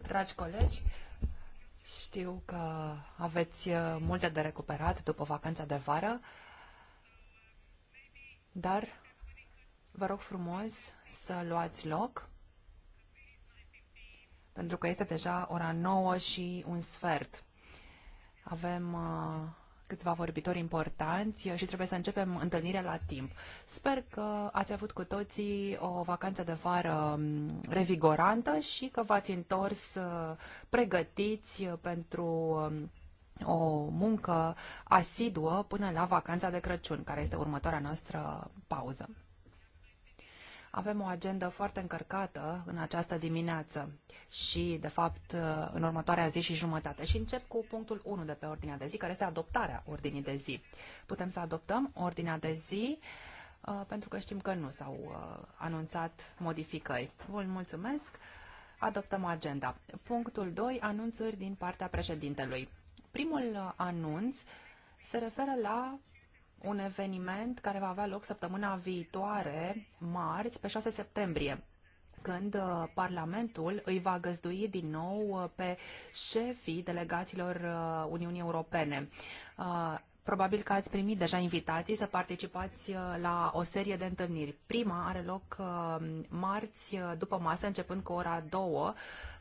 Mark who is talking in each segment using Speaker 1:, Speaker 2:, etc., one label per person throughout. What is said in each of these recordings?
Speaker 1: Dragi colegi, știu că aveți uh, multe de recuperat după vacanța de vară, dar vă rog frumos să luați loc, pentru că este deja ora 9 și un sfert. Avem uh, câțiva vorbitori importanți și trebuie să începem întâlnirea la timp. Sper că ați avut cu toții o vacanță de vară mm, revigorantă și că v-ați întors uh, pregătiți pentru um, o muncă asiduă până la vacanța de Crăciun, care este următoarea noastră pauză. Avem o agendă foarte încărcată în această dimineață și, de fapt, în următoarea zi și jumătate. Și încep cu punctul 1 de pe ordinea de zi, care este adoptarea ordinii de zi. Putem să adoptăm ordinea de zi uh, pentru că știm că nu s-au uh, anunțat modificări. Vă mulțumesc! Adoptăm agenda. Punctul 2. Anunțuri din partea președintelui. Primul uh, anunț se referă la un eveniment care va avea loc săptămâna viitoare, marți, pe 6 septembrie când uh, Parlamentul îi va găzdui din nou uh, pe șefii delegațiilor uh, Uniunii Europene. Probabil că ați primit deja invitații să participați uh, la o serie de întâlniri. Prima are loc uh, marți uh, după masă, începând cu ora 2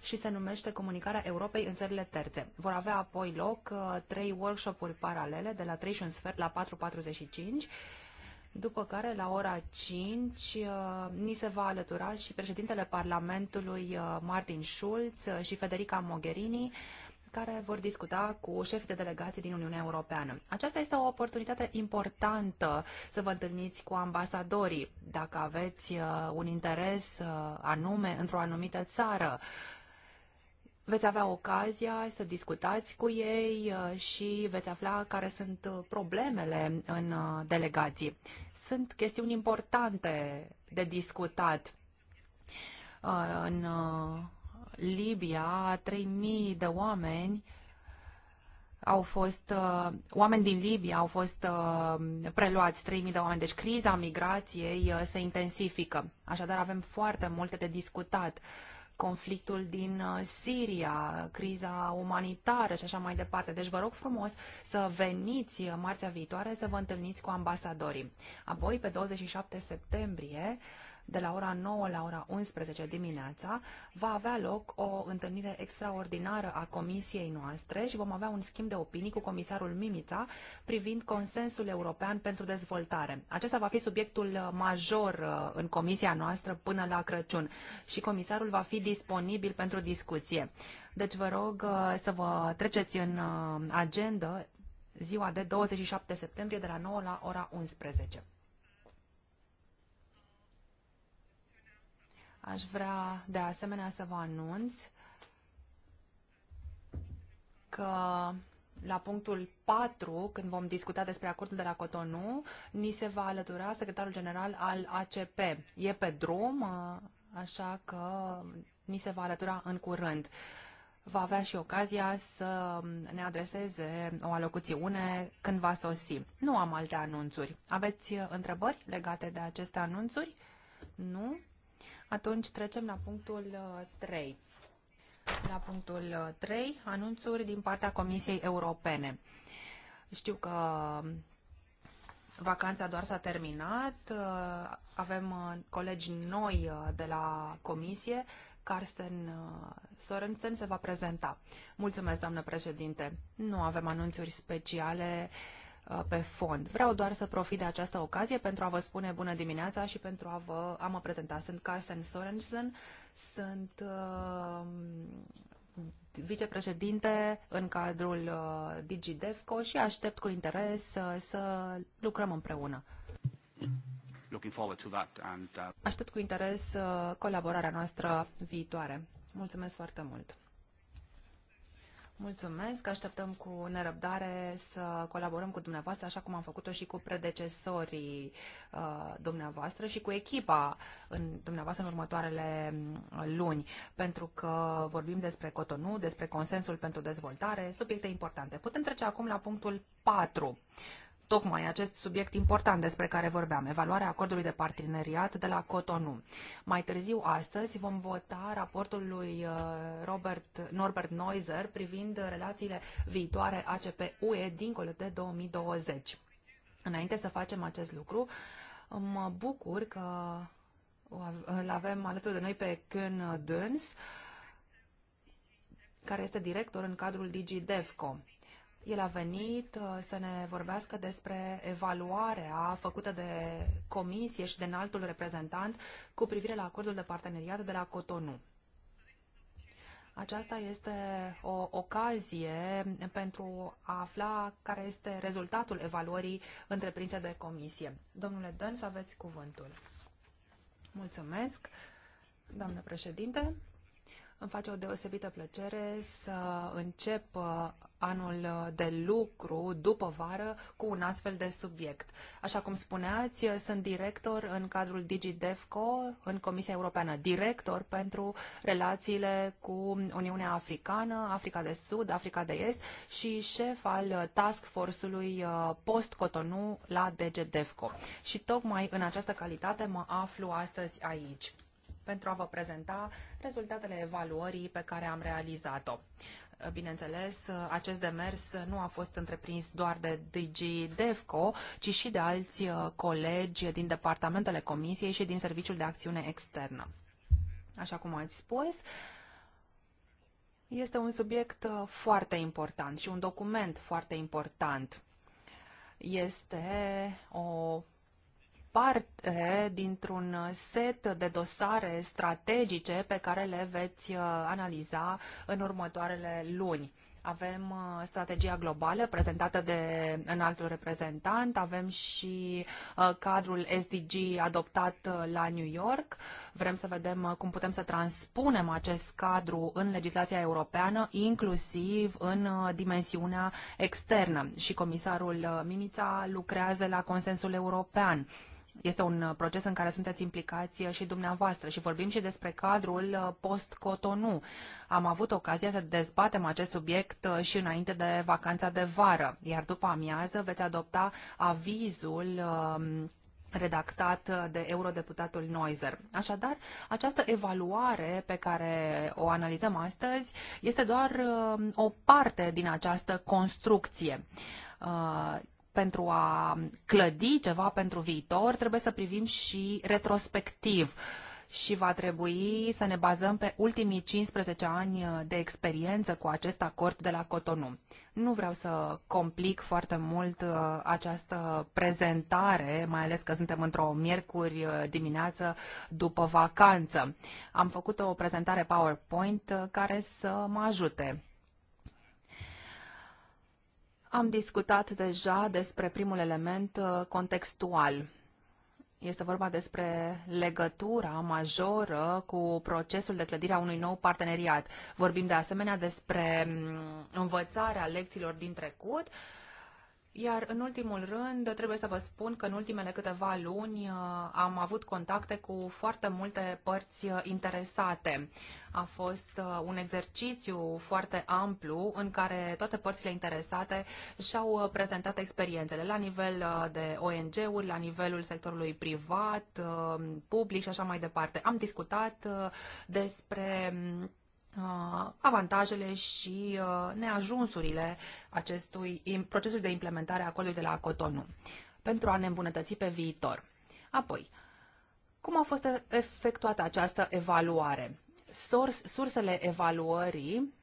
Speaker 1: și se numește Comunicarea Europei în țările terțe. Vor avea apoi loc trei workshop-uri paralele de la 3 și un sfert la 4.45 după care la ora 5 ni se va alătura și președintele Parlamentului Martin Schulz și Federica Mogherini, care vor discuta cu șefii de delegații din Uniunea Europeană. Aceasta este o oportunitate importantă să vă întâlniți cu ambasadorii, dacă aveți uh, un interes uh, anume într-o anumită țară. Veți avea ocazia să discutați cu ei uh, și veți afla care sunt problemele în delegații. Sunt chestiuni importante de discutat în Libia, 3.000 de oameni au fost, uh, oameni din Libia au fost uh, preluați, 3.000 de oameni, deci criza migrației uh, se intensifică. Așadar avem foarte multe de discutat. Conflictul din uh, Siria, criza umanitară și așa mai departe. Deci vă rog frumos să veniți uh, marțea viitoare să vă întâlniți cu ambasadorii. Apoi, pe 27 septembrie, uh, de la ora 9 la ora 11 dimineața, va avea loc o întâlnire extraordinară a comisiei noastre și vom avea un schimb de opinii cu comisarul Mimița privind consensul european pentru dezvoltare. Acesta va fi subiectul major uh, în comisia noastră până la Crăciun și comisarul va fi disponibil pentru discuție. Deci vă rog uh, să vă treceți în uh, agenda ziua de 27 septembrie de la 9 la ora 11. Aș vrea de asemenea să vă anunț că la punctul 4, când vom discuta despre acordul de la Cotonou, ni se va alătura secretarul general al ACP. E pe drum, așa că ni se va alătura în curând. Va avea și ocazia să ne adreseze o alocuțiune când va sosi. Nu am alte anunțuri. Aveți întrebări legate de aceste anunțuri? Nu? Atunci trecem la punctul 3. Uh, la punctul 3, uh, anunțuri din partea Comisiei Europene. Știu că um, vacanța doar s-a terminat, uh, avem colegi noi de la Comisie, Carsten Sorensen se va prezenta. Mulțumesc, doamnă președinte. Nu avem anunțuri speciale uh, Uh, pe fond. Vreau doar să profit de această ocazie pentru a vă spune bună dimineața și pentru a, vă, a mă prezenta. Sunt Carsten Sorensen, sunt uh, vicepreședinte în cadrul uh, DigiDevco și aștept cu interes uh, să lucrăm împreună.
Speaker 2: Looking forward to that and, uh...
Speaker 1: Aștept cu interes uh, colaborarea noastră viitoare. Mulțumesc foarte mult! Mulțumesc, așteptăm cu nerăbdare să colaborăm cu dumneavoastră, așa cum am făcut-o și cu predecesorii uh, dumneavoastră și cu echipa în, dumneavoastră în următoarele mm, luni, pentru că vorbim despre Cotonou, despre consensul pentru dezvoltare, subiecte importante. Putem trece acum la punctul 4 tocmai acest subiect important despre care vorbeam, evaluarea acordului de parteneriat de la Cotonou. Mai târziu astăzi vom vota raportul lui uh, Robert, Norbert Neuser privind relațiile viitoare ACP-UE dincolo de 2020. Înainte să facem acest lucru, mă bucur că îl avem alături de noi pe Ken Duns, care este director în cadrul DigiDevco. El a venit uh, să ne vorbească despre evaluarea făcută de comisie și de înaltul reprezentant cu privire la acordul de parteneriat de la Cotonou. Aceasta este o ocazie pentru a afla care este rezultatul evaluării întreprinse de comisie. Domnule Dăns, aveți cuvântul. Mulțumesc, doamnă președinte. Îmi face o deosebită plăcere să încep uh, anul de lucru după vară cu un astfel de subiect. Așa cum spuneați, sunt director în cadrul DigiDevco în Comisia Europeană, director pentru relațiile cu Uniunea Africană, Africa de Sud, Africa de Est și șef al task force-ului uh, post-Cotonou la DGDevco. Și tocmai în această calitate mă aflu astăzi aici pentru a vă prezenta rezultatele evaluării pe care am realizat-o. Bineînțeles, acest demers nu a fost întreprins doar de DG DEFCO, ci și de alți uh, colegi din departamentele Comisiei și din Serviciul de Acțiune Externă. Așa cum ați spus, este un subiect uh, foarte important și un document foarte important. Este o parte dintr-un set de dosare strategice pe care le veți uh, analiza în următoarele luni. Avem uh, strategia globală prezentată de înaltul reprezentant, avem și uh, cadrul SDG adoptat la New York. Vrem să vedem cum putem să transpunem acest cadru în legislația europeană, inclusiv în dimensiunea externă. Și comisarul Mimița lucrează la consensul european este un uh, proces în care sunteți implicați uh, și dumneavoastră și vorbim și despre cadrul uh, post-Cotonou. Am avut ocazia să dezbatem acest subiect și înainte de vacanța de vară, iar după amiază veți adopta avizul um, redactat de eurodeputatul Noizer. Așadar, această evaluare pe care o analizăm astăzi este doar um, o parte din această construcție pentru a clădi ceva pentru viitor, trebuie să privim și retrospectiv și va trebui să ne bazăm pe ultimii 15 ani de experiență cu acest acord de la Cotonou. Nu vreau să complic foarte mult uh, această prezentare, mai ales că suntem într-o miercuri uh, dimineață după vacanță. Am făcut o prezentare PowerPoint uh, care să mă ajute am discutat deja despre primul element uh, contextual. Este vorba despre legătura majoră cu procesul de clădire a unui nou parteneriat. Vorbim de asemenea despre mm, învățarea lecțiilor din trecut, uh, iar în ultimul rând, trebuie să vă spun că în ultimele câteva luni uh, am avut contacte cu foarte multe părți uh, interesate. A fost uh, un exercițiu foarte amplu în care toate părțile interesate și-au prezentat experiențele la nivel de ONG-uri, la nivelul sectorului privat, public și așa mai departe. Am discutat despre mm, Uh, avantajele și uh, neajunsurile acestui procesul de implementare a acordului de la Cotonou pentru a ne îmbunătăți pe viitor. Apoi, cum a fost efectuată această evaluare? Sursele evaluării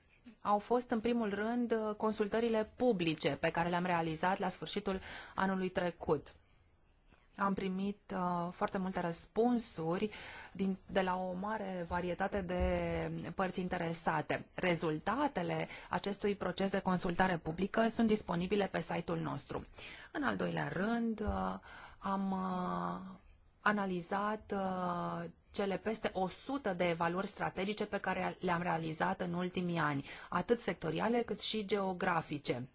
Speaker 1: au fost, în primul rând, consultările publice pe care le-am realizat la sfârșitul anului trecut am primit uh, foarte multe răspunsuri din, de la o mare varietate de părți interesate. Rezultatele acestui proces de consultare publică sunt disponibile pe site-ul nostru. În al doilea rând, uh, am uh, analizat uh, cele peste 100 de evaluări strategice pe care le-am realizat în ultimii ani, atât sectoriale cât și geografice.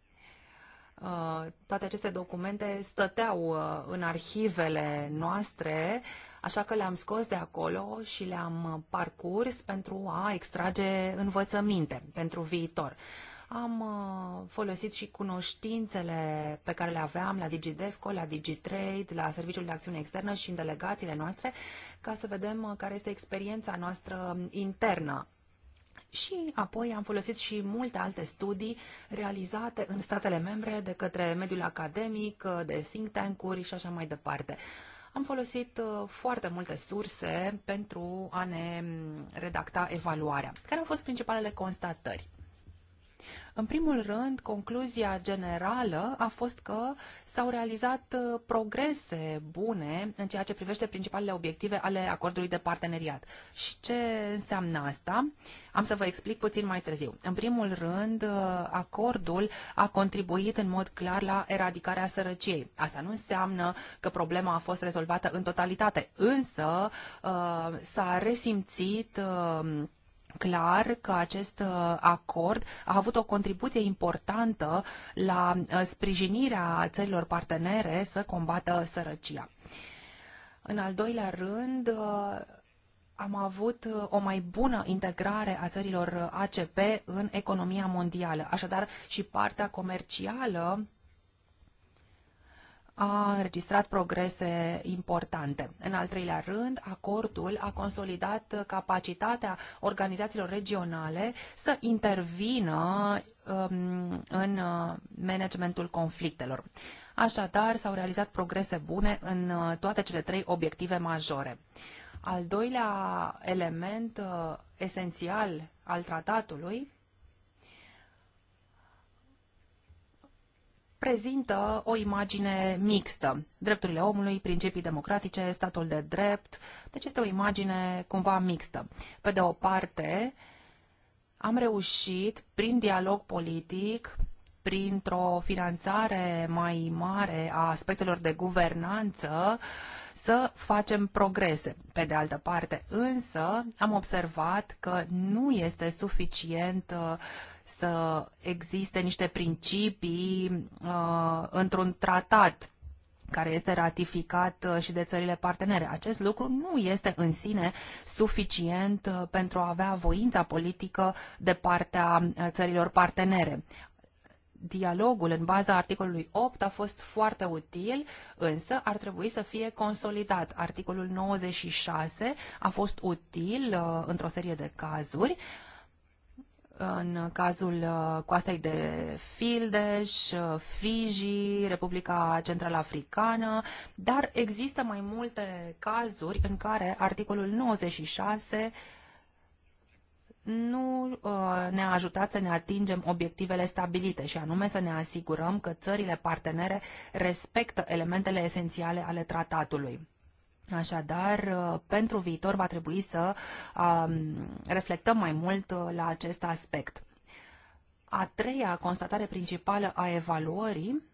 Speaker 1: Uh, toate aceste documente stăteau uh, în arhivele noastre, așa că le-am scos de acolo și le-am uh, parcurs pentru a extrage învățăminte pentru viitor. Am folosit și cunoștințele pe care le aveam la DigiDefco, la DigiTrade, la Serviciul de Acțiune Externă și în delegațiile noastre ca să vedem care este experiența noastră internă și apoi am folosit și multe alte studii realizate în statele membre de către mediul academic, de think tank-uri și așa mai departe. Am folosit uh, foarte multe surse pentru a ne redacta evaluarea. Care au fost principalele constatări? În primul rând, concluzia generală a fost că s-au realizat uh, progrese bune în ceea ce privește principalele obiective ale acordului de parteneriat. Și ce înseamnă asta? Am să vă explic puțin mai târziu. În primul rând, uh, acordul a contribuit în mod clar la eradicarea sărăciei. Asta nu înseamnă că problema a fost rezolvată în totalitate, însă uh, s-a resimțit clar că acest uh, acord a avut o contribuție importantă la uh, sprijinirea țărilor partenere să combată sărăcia. În al doilea rând, uh, am avut o mai bună integrare a țărilor ACP în economia mondială. Așadar, și partea comercială a înregistrat progrese importante. În al treilea rând, acordul a consolidat capacitatea organizațiilor regionale să intervină um, în uh, managementul conflictelor. Așadar, s-au realizat progrese bune în uh, toate cele trei obiective majore. Al doilea element uh, esențial al tratatului prezintă o imagine mixtă. Drepturile omului, principii democratice, statul de drept, deci este o imagine cumva mixtă. Pe de o parte, am reușit, prin dialog politic, printr-o finanțare mai mare a aspectelor de guvernanță, să facem progrese. Pe de altă parte, însă, am observat că nu este suficient uh, să existe niște principii uh, într-un tratat care este ratificat uh, și de țările partenere. Acest lucru nu este în sine suficient uh, pentru a avea voința politică de partea uh, țărilor partenere. Dialogul în baza articolului 8 a fost foarte util, însă ar trebui să fie consolidat. Articolul 96 a fost util într-o serie de cazuri, uh, în cazul uh, coastei de Fildeș, uh, Fiji, Republica Central Africană, dar există mai multe cazuri în care articolul 96 nu uh, ne-a ajutat să ne atingem obiectivele stabilite și anume să ne asigurăm că țările partenere respectă elementele esențiale ale tratatului. Așadar, uh, pentru viitor va trebui să um, reflectăm mai mult uh, la acest aspect. A treia constatare principală a evaluării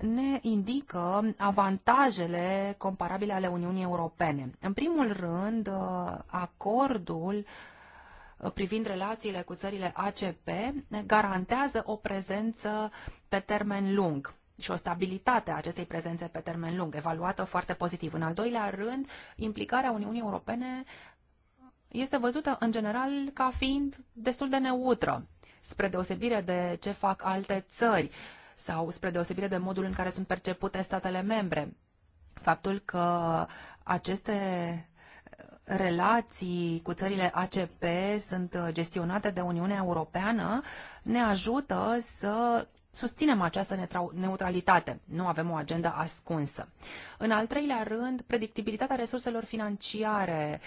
Speaker 1: ne indică avantajele comparabile ale Uniunii Europene. În primul rând, uh, acordul privind relațiile cu țările ACP garantează o prezență pe termen lung și o stabilitate a acestei prezențe pe termen lung, evaluată foarte pozitiv. În al doilea rând, implicarea Uniunii Europene este văzută în general ca fiind destul de neutră, spre deosebire de ce fac alte țări sau spre deosebire de modul în care sunt percepute statele membre. Faptul că aceste relații cu țările ACP sunt gestionate de Uniunea Europeană ne ajută să susținem această neutralitate. Nu avem o agendă ascunsă. În al treilea rând, predictibilitatea resurselor financiare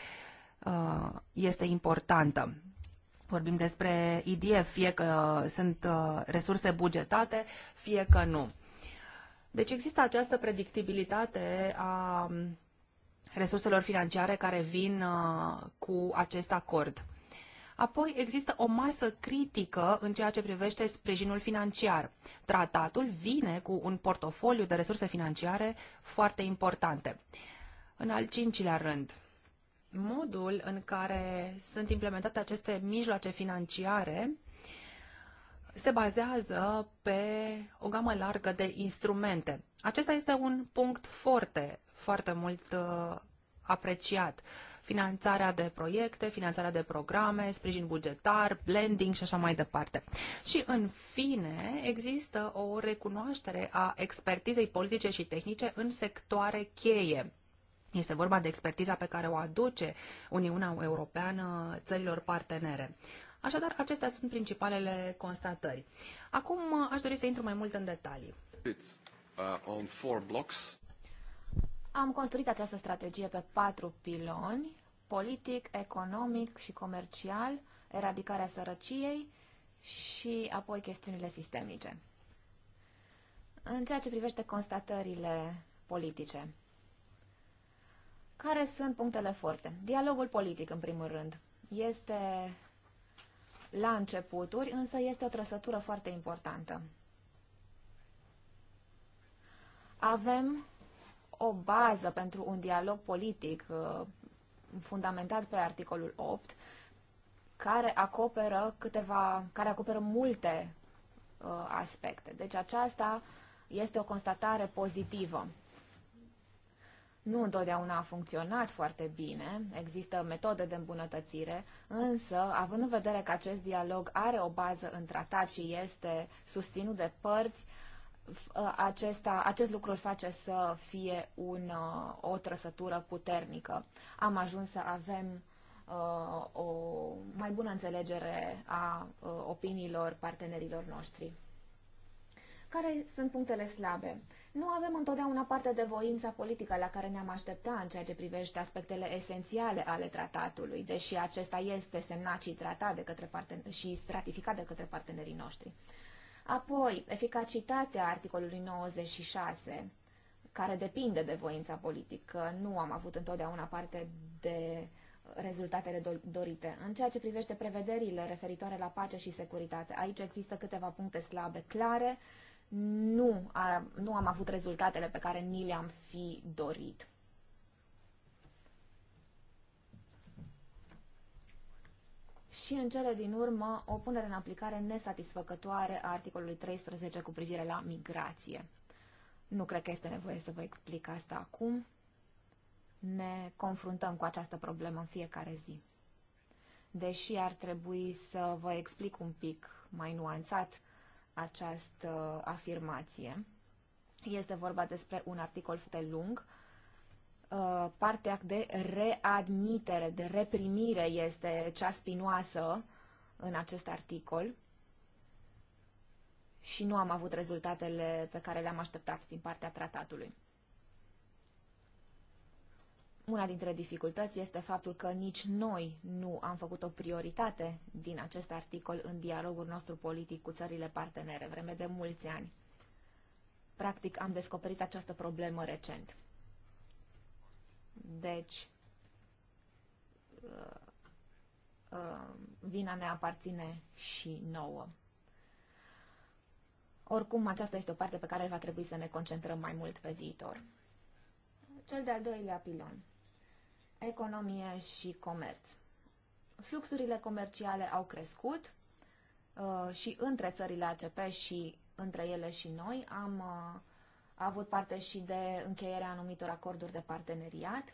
Speaker 1: uh, este importantă vorbim despre IDF, fie că sunt uh, resurse bugetate, fie că nu. Deci există această predictibilitate a um, resurselor financiare care vin uh, cu acest acord. Apoi există o masă critică în ceea ce privește sprijinul financiar. Tratatul vine cu un portofoliu de resurse financiare foarte importante. În al cincilea rând, modul în care sunt implementate aceste mijloace financiare se bazează pe o gamă largă de instrumente. Acesta este un punct foarte, foarte mult uh, apreciat. Uh, finanțarea de proiecte, finanțarea de programe, sprijin bugetar, blending și așa mai departe. Și în fine, există o recunoaștere a expertizei politice și tehnice în sectoare cheie. Este vorba de expertiza pe care o aduce Uniunea Europeană țărilor partenere. Așadar, acestea sunt principalele constatări. Acum aș dori să intru mai mult în detalii.
Speaker 3: Uh,
Speaker 2: am construit această strategie pe patru piloni, politic, economic și comercial, eradicarea sărăciei și apoi chestiunile sistemice. În ceea ce privește constatările politice, care sunt punctele forte? Dialogul politic, în primul rând, este la începuturi, însă este o trăsătură foarte importantă. Avem o bază pentru un dialog politic uh, fundamentat pe articolul 8, care acoperă câteva, care acoperă multe uh, aspecte. Deci aceasta este o constatare pozitivă. Nu întotdeauna a funcționat foarte bine, există metode de îmbunătățire, însă, având în vedere că acest dialog are o bază în tratat și este susținut de părți, uh, Uh, acesta, acest lucru îl face să fie un, uh, o trăsătură puternică. Am ajuns să avem uh, o mai bună înțelegere a uh, opiniilor partenerilor noștri. Care sunt punctele slabe? Nu avem întotdeauna parte de voința politică la care ne-am aștepta în ceea ce privește aspectele esențiale ale tratatului, deși acesta este semnat și tratat de către parten- și stratificat de către partenerii noștri. Uh, Apoi, eficacitatea articolului 96, care depinde de voința politică. Nu am avut întotdeauna parte de rezultatele dorite. În ceea ce privește prevederile referitoare la pace și securitate, aici există câteva puncte slabe clare. Nu, a, nu am avut rezultatele pe care ni le-am fi dorit. și în cele din urmă o punere în aplicare nesatisfăcătoare a articolului 13 cu privire la migrație. Nu cred că este nevoie să vă explic asta acum. Ne confruntăm cu această problemă în fiecare zi. Deși ar trebui să vă explic un pic mai nuanțat această afirmație, este vorba despre un articol foarte lung Uh, partea de readmitere, de reprimire este cea spinoasă în acest articol și nu am avut rezultatele pe care le-am așteptat din partea tratatului. Una dintre dificultăți este faptul că nici noi nu am făcut o prioritate din acest articol în dialogul nostru politic cu țările partenere, vreme de mulți ani. Practic, am descoperit această problemă recent. Deci, uh, uh, vina ne aparține și nouă. Oricum, aceasta este o parte pe care va trebui să ne concentrăm mai mult pe viitor. Cel de-al doilea pilon. Economie și comerț. Fluxurile comerciale au crescut uh, și între țările ACP și între ele și noi am a avut parte și de încheierea anumitor acorduri de parteneriat.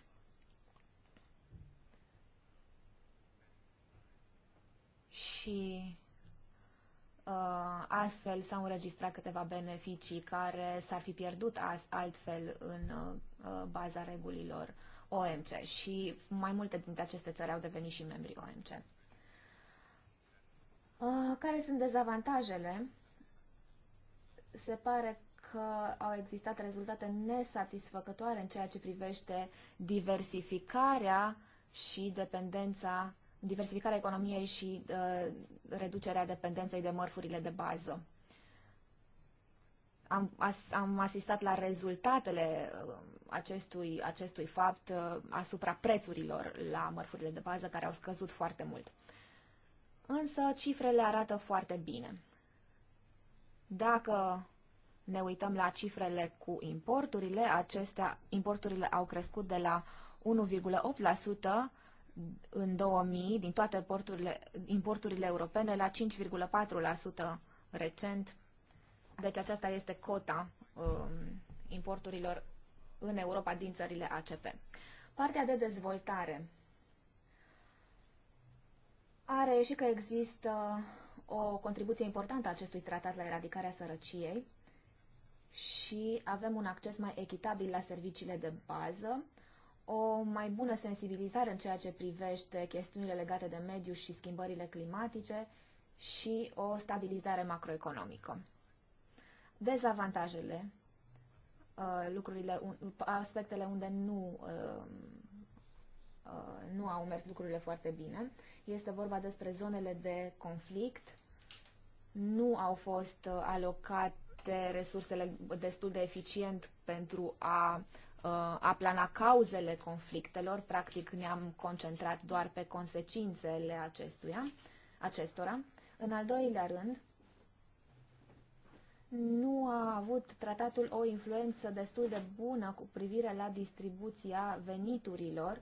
Speaker 2: Și uh, astfel s-au înregistrat câteva beneficii care s-ar fi pierdut altfel în uh, baza regulilor OMC și mai multe dintre aceste țări au devenit și membri OMC. Uh, care sunt dezavantajele? Se pare că au existat rezultate nesatisfăcătoare în ceea ce privește diversificarea și dependența, diversificarea economiei și uh, reducerea dependenței de mărfurile de bază. Am, as, am asistat la rezultatele uh, acestui, acestui fapt uh, asupra prețurilor la mărfurile de bază care au scăzut foarte mult. Însă cifrele arată foarte bine. Dacă ne uităm la cifrele cu importurile, acestea, importurile au crescut de la 1,8% în 2000 din toate porturile, importurile europene la 5,4% recent. Deci aceasta este cota um, importurilor în Europa din țările ACP. Partea de dezvoltare are și că există o contribuție importantă a acestui tratat la eradicarea sărăciei și avem un acces mai echitabil la serviciile de bază, o mai bună sensibilizare în ceea ce privește chestiunile legate de mediu și schimbările climatice și o stabilizare macroeconomică. Dezavantajele, uh, lucrurile, aspectele unde nu, uh, uh, nu au mers lucrurile foarte bine, este vorba despre zonele de conflict, nu au fost alocate folosește resursele destul de eficient pentru a, uh, a plana cauzele conflictelor. Practic ne-am concentrat doar pe consecințele acestuia, acestora. În al doilea rând, nu a avut tratatul o influență destul de bună cu privire la distribuția veniturilor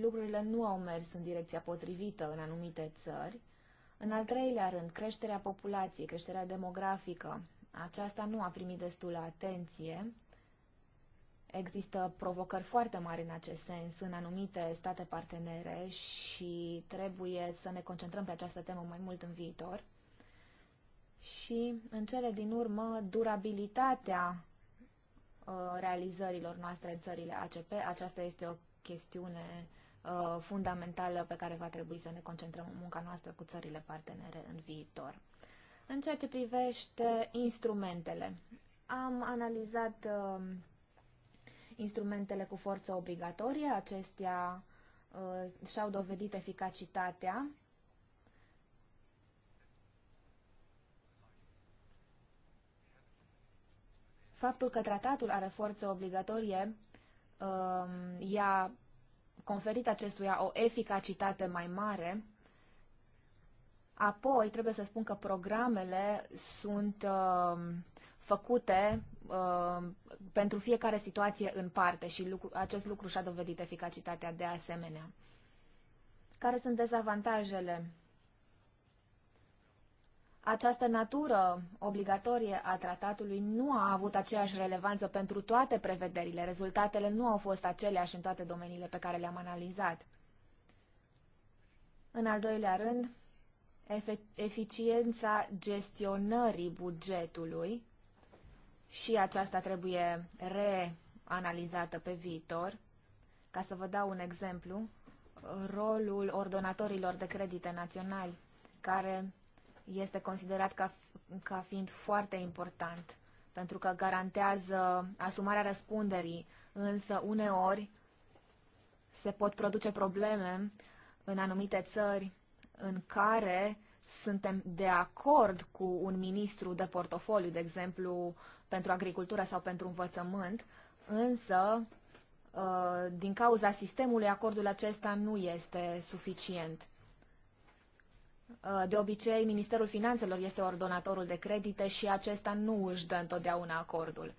Speaker 2: lucrurile nu au mers în direcția potrivită în anumite țări. În al treilea rând, creșterea populației, creșterea demografică. Aceasta nu a primit destulă atenție. Există provocări foarte mari în acest sens în anumite state partenere și trebuie să ne concentrăm pe această temă mai mult în viitor. Și, în cele din urmă, durabilitatea uh, realizărilor noastre în țările ACP. Aceasta este o chestiune Uh, fundamentală pe care va trebui să ne concentrăm în munca noastră cu țările partenere în viitor. În ceea ce privește instrumentele, am analizat uh, instrumentele cu forță obligatorie, acestea uh, și-au dovedit eficacitatea faptul că tratatul are forță obligatorie ea conferit acestuia o eficacitate mai mare. Apoi, trebuie să spun că programele sunt uh, făcute uh, pentru fiecare situație în parte și lucru, acest lucru și-a dovedit eficacitatea de asemenea. Care sunt dezavantajele această natură obligatorie a tratatului nu a avut aceeași relevanță pentru toate prevederile. Rezultatele nu au fost aceleași în toate domeniile pe care le-am analizat. În al doilea rând, eficiența gestionării bugetului și aceasta trebuie reanalizată pe viitor. Ca să vă dau un exemplu, rolul ordonatorilor de credite naționali care este considerat ca, ca fiind foarte important pentru că garantează asumarea răspunderii, însă uneori se pot produce probleme în anumite țări în care suntem de acord cu un ministru de portofoliu, de exemplu pentru agricultură sau pentru învățământ, însă uh, din cauza sistemului acordul acesta nu este suficient. Uh, de obicei, Ministerul Finanțelor este ordonatorul de credite și acesta nu își dă întotdeauna acordul.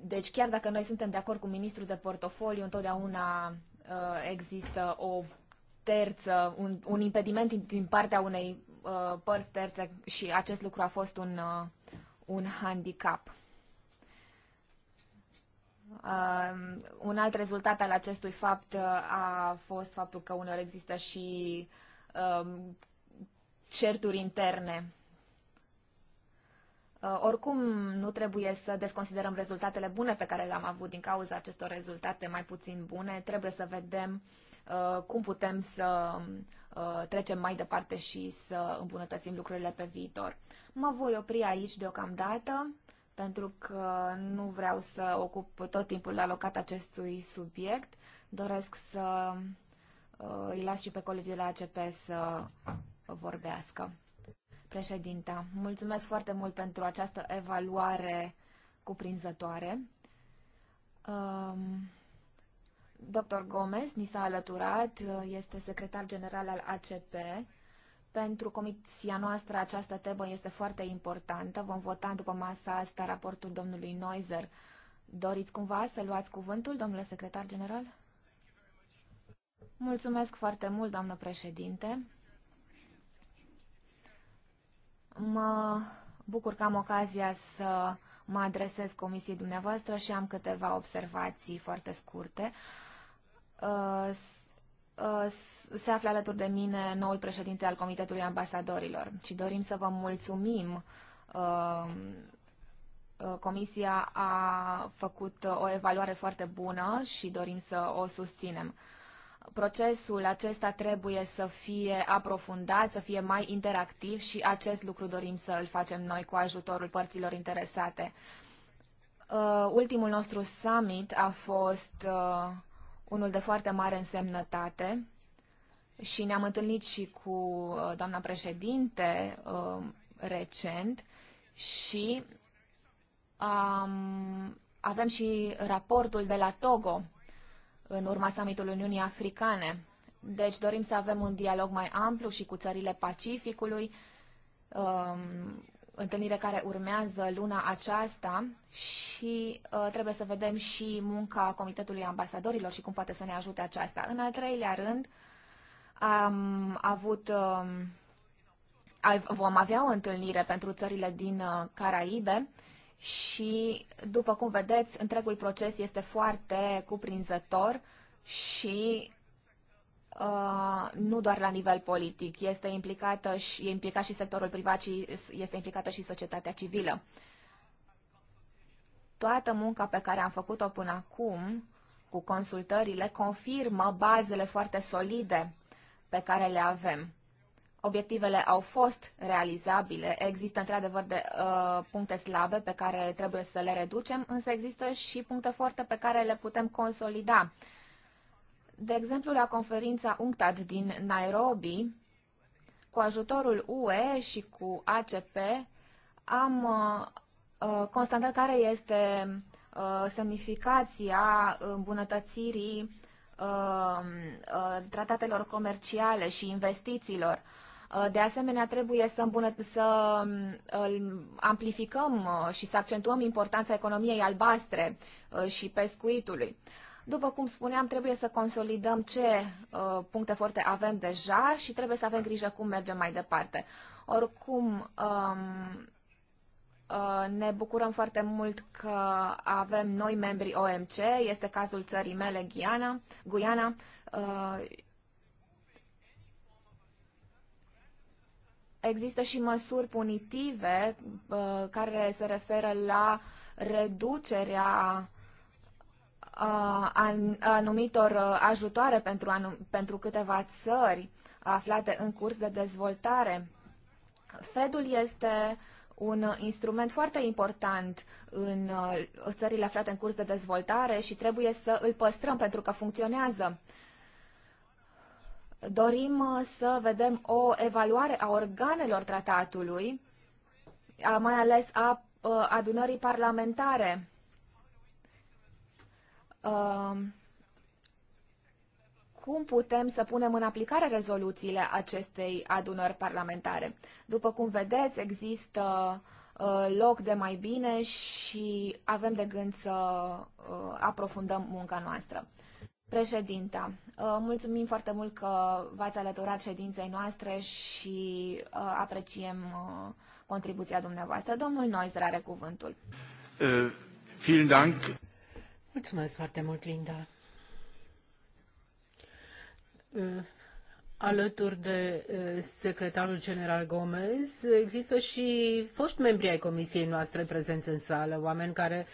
Speaker 2: Deci chiar dacă noi suntem de acord cu ministrul de portofoliu, întotdeauna uh, există o terță, un, un impediment din partea unei uh, părți terțe și acest lucru a fost un, uh, un handicap. Uh, un alt rezultat al acestui fapt uh, a fost faptul că uneori există și Um, certuri interne. Uh, oricum, nu trebuie să desconsiderăm rezultatele bune pe care le-am avut din cauza acestor rezultate mai puțin bune. Trebuie să vedem uh, cum putem să uh, trecem mai departe și să îmbunătățim lucrurile pe viitor. Mă voi opri aici deocamdată pentru că nu vreau să ocup tot timpul alocat acestui subiect. Doresc să Uh, îi las și pe colegii de la ACP să vorbească. Președinta, mulțumesc foarte mult pentru această evaluare cuprinzătoare. Um, Dr. Gomez ni s-a alăturat, uh, este secretar general al ACP. Pentru comisia noastră această temă este foarte importantă. Vom vota după masa asta raportul domnului Noizer. Doriți cumva să luați cuvântul, domnule secretar general? Mulțumesc foarte mult, doamnă președinte. Mă bucur că am ocazia să mă adresez comisiei dumneavoastră și am câteva observații foarte scurte. Uh, uh, se află alături de mine noul președinte al Comitetului Ambasadorilor și dorim să vă mulțumim. Uh, comisia a făcut o evaluare foarte bună și dorim să o susținem. Procesul acesta trebuie să fie aprofundat, să fie mai interactiv și acest lucru dorim să îl facem noi cu ajutorul părților interesate. Uh, ultimul nostru summit a fost uh, unul de foarte mare însemnătate și ne-am întâlnit și cu uh, doamna președinte recent și um, avem și raportul de la Togo în urma summitului Uniunii Africane. Deci dorim să avem un dialog mai amplu și cu țările Pacificului, um, întâlnire care urmează luna aceasta și uh, trebuie să vedem și munca Comitetului Ambasadorilor și cum poate să ne ajute aceasta. În al treilea rând, am avut, um, vom avea o întâlnire pentru țările din uh, Caraibe, și, după cum vedeți, întregul proces este foarte cuprinzător și uh, nu doar la nivel politic, este implicată și, e implicat și sectorul privat și este implicată și societatea civilă. Toată munca pe care am făcut-o până acum cu consultările confirmă bazele foarte solide pe care le avem obiectivele au fost realizabile, există într-adevăr de uh, puncte slabe pe care trebuie să le reducem, însă există și puncte forte pe care le putem consolida. De exemplu, la conferința UNCTAD din Nairobi, cu ajutorul UE și cu ACP, am uh, uh, constatat care este uh, semnificația îmbunătățirii uh, uh tratatelor comerciale și investițiilor. Uh, Uh, de asemenea, trebuie să, îmbunăt- să um, amplificăm uh, și să accentuăm importanța economiei albastre uh, și pescuitului. După cum spuneam, trebuie să consolidăm ce uh, puncte forte avem deja și trebuie să avem grijă cum mergem mai departe. Oricum, um, uh, ne bucurăm foarte mult că avem noi membri OMC, este cazul țării mele, Ghiana, Guiana, uh, Există și măsuri punitive uh, care se referă la reducerea uh, anumitor uh, ajutoare pentru, anum, pentru câteva țări aflate în curs de dezvoltare. Fedul este un instrument foarte important în uh, țările aflate în curs de dezvoltare și trebuie să îl păstrăm pentru că funcționează. Dorim uh, să vedem o evaluare a organelor tratatului, mai ales a uh, adunării parlamentare. Uh, cum putem să punem în aplicare rezoluțiile acestei adunări parlamentare? După cum vedeți, există loc de mai bine și avem de gând să aprofundăm munca noastră. Președinta, uh, mulțumim foarte mult că v-ați alăturat ședinței noastre și uh, apreciem uh, contribuția dumneavoastră. Domnul Noizer are cuvântul.
Speaker 1: Uh, vielen Dank.
Speaker 3: Mulțumesc foarte mult, Linda. alături de secretarul general Gomez, există și foști membri ai comisiei noastre prezenți în sală, oameni care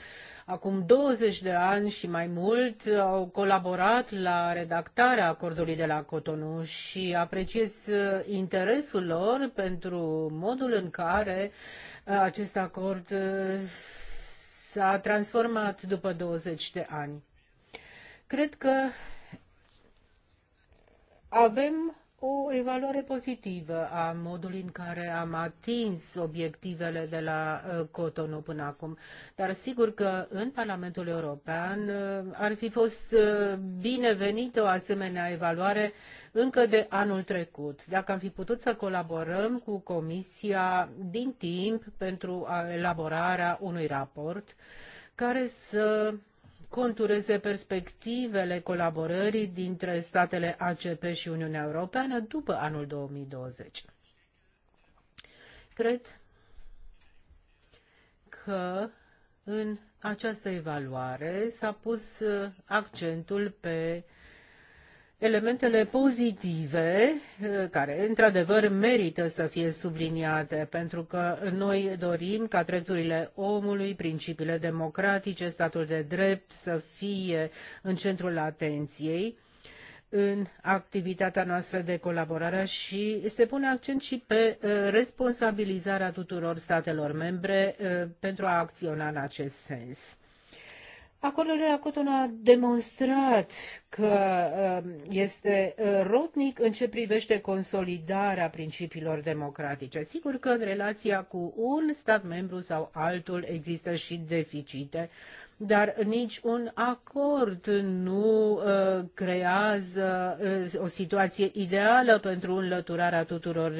Speaker 3: acum 20 de ani și mai mult au colaborat la redactarea acordului de la Cotonou și apreciez interesul lor pentru modul în care uh, acest acord uh, s-a transformat după 20 de ani. Cred că avem o evaluare pozitivă a modului în care am atins obiectivele de la uh, Cotonou până acum. Dar sigur că în Parlamentul European uh, ar fi fost uh, binevenită o asemenea evaluare încă de anul trecut. Dacă am fi putut să colaborăm cu Comisia din timp pentru elaborarea unui raport care să contureze perspectivele colaborării dintre statele ACP și Uniunea Europeană după anul 2020. Cred că în această evaluare s-a pus uh, accentul pe uh, elementele pozitive eh, care într-adevăr merită să fie subliniate pentru că noi dorim ca drepturile omului, principiile democratice, statul de drept să fie în centrul atenției în activitatea noastră de colaborare și se pune accent și pe eh, responsabilizarea tuturor statelor membre eh, pentru a acționa în acest sens. Acordul de la Cotonou a demonstrat că um, este uh, rotnic în ce privește consolidarea principiilor democratice. Sigur că în relația cu un stat membru sau altul există și deficite, dar nici un acord nu uh, creează uh, o situație ideală pentru înlăturarea tuturor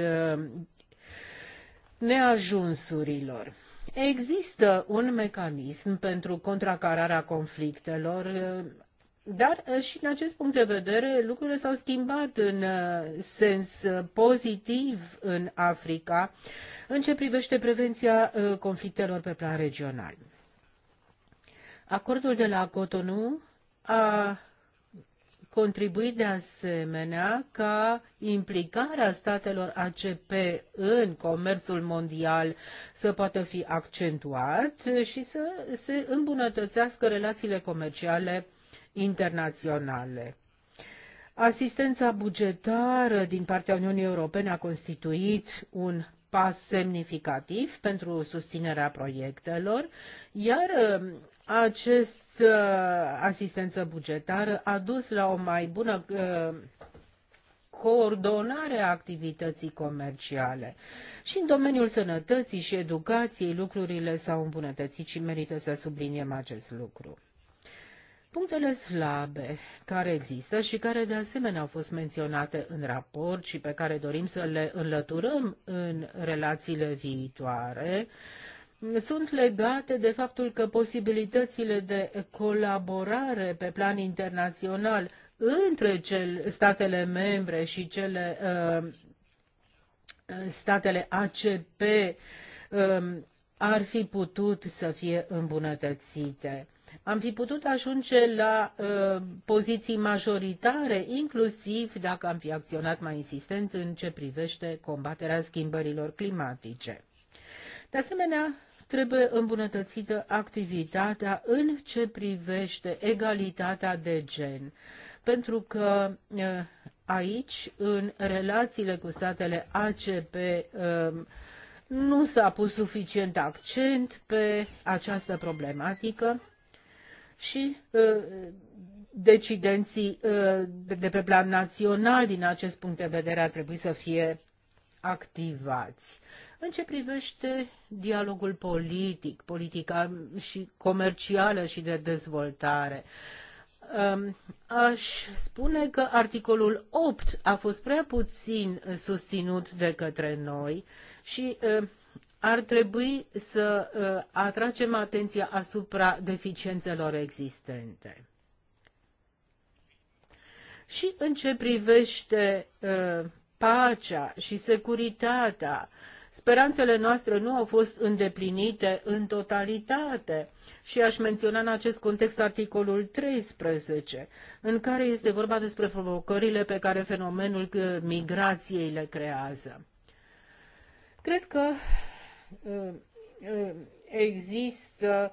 Speaker 3: neajunsurilor. Există un mecanism pentru contracararea conflictelor, dar eh, și în acest punct de vedere lucrurile s-au schimbat în eh, sens eh, pozitiv în Africa în ce privește prevenția conflictelor pe plan regional. Acordul de la Cotonou a contribuit de asemenea ca implicarea statelor ACP în comerțul mondial să poată fi accentuat și să se îmbunătățească relațiile comerciale internaționale. Asistența bugetară din partea Uniunii Europene a constituit un pas semnificativ pentru susținerea proiectelor, iar această uh, asistență bugetară a dus la o mai bună uh, coordonare a activității comerciale. Și în domeniul sănătății și educației lucrurile s-au îmbunătățit și merită să subliniem acest lucru. Punctele slabe care există și care de asemenea au fost menționate în raport și pe care dorim să le înlăturăm în relațiile viitoare uh, sunt legate de faptul că posibilitățile de colaborare pe plan internațional între cel, statele membre și cele uh, statele ACP uh, um, ar fi putut să fie îmbunătățite. Am fi putut ajunge la uh, poziții majoritare, inclusiv dacă am fi acționat mai insistent în ce privește combaterea schimbărilor climatice. De asemenea, trebuie îmbunătățită activitatea în ce privește egalitatea de gen. Pentru că eh, aici, în relațiile cu statele ACP, eh, nu s-a pus suficient accent pe această problematică și eh, decidenții de pe plan național din acest punct de vedere ar trebui să fie activați. În ce privește dialogul politic, politica și comercială și de dezvoltare, um, aș spune că articolul 8 a fost prea puțin susținut de către noi și um, ar trebui să uh, atragem atenția asupra deficiențelor existente. Și în ce privește uh, pacea și securitatea, uh, Speranțele noastre nu au fost îndeplinite în totalitate și aș menționa în acest context articolul 13, în care este vorba despre provocările pe care fenomenul uh, migrației le creează. Cred că uh, uh, există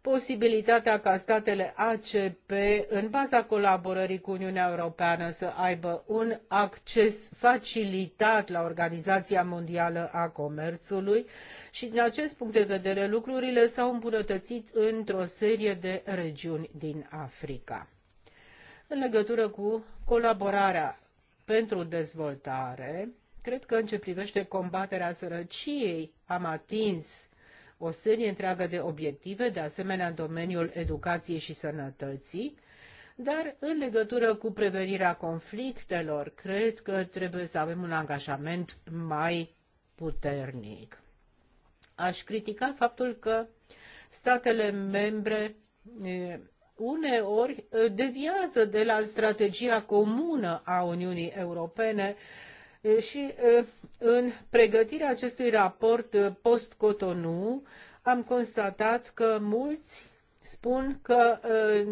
Speaker 3: posibilitatea ca statele ACP, în baza colaborării cu Uniunea Europeană, să aibă un acces facilitat la Organizația Mondială a Comerțului și, din acest punct de vedere, lucrurile s-au îmbunătățit într-o serie de regiuni din Africa. În legătură cu colaborarea pentru dezvoltare, cred că în ce privete combaterea sărăciei am atins o serie întreagă de obiective, de asemenea în domeniul educației și sănătății, dar în legătură cu prevenirea conflictelor, cred că trebuie să avem un angajament mai puternic. Aș critica faptul că statele membre uneori deviază de la strategia comună a Uniunii Europene și în pregătirea acestui raport post-Cotonou am constatat că mulți spun că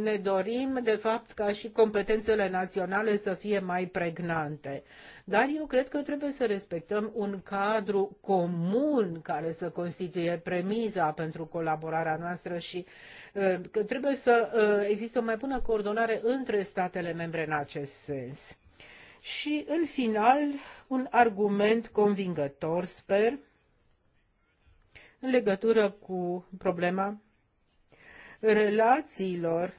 Speaker 3: ne dorim, de fapt, ca și competențele naționale să fie mai pregnante. Dar eu cred că trebuie să respectăm un cadru comun care să constituie premiza pentru colaborarea noastră și că trebuie să existe o mai bună coordonare între statele membre în acest sens și, în final, un argument convingător, sper, în legătură cu problema relațiilor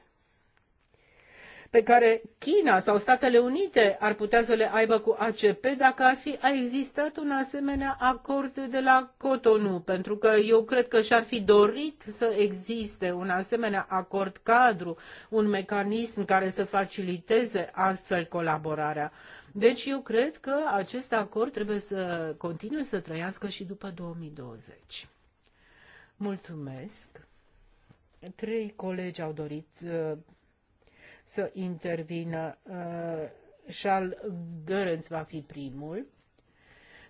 Speaker 3: pe care China sau Statele Unite ar putea să le aibă cu ACP dacă ar fi a existat un asemenea acord de la Cotonou, pentru că eu cred că și-ar fi dorit să existe un asemenea acord cadru, un mecanism care să faciliteze astfel colaborarea. Deci eu cred că acest acord trebuie să continue să trăiască și după 2020. Mulțumesc. Trei colegi au dorit uh, să intervină. Uh, Charles Görens va fi primul.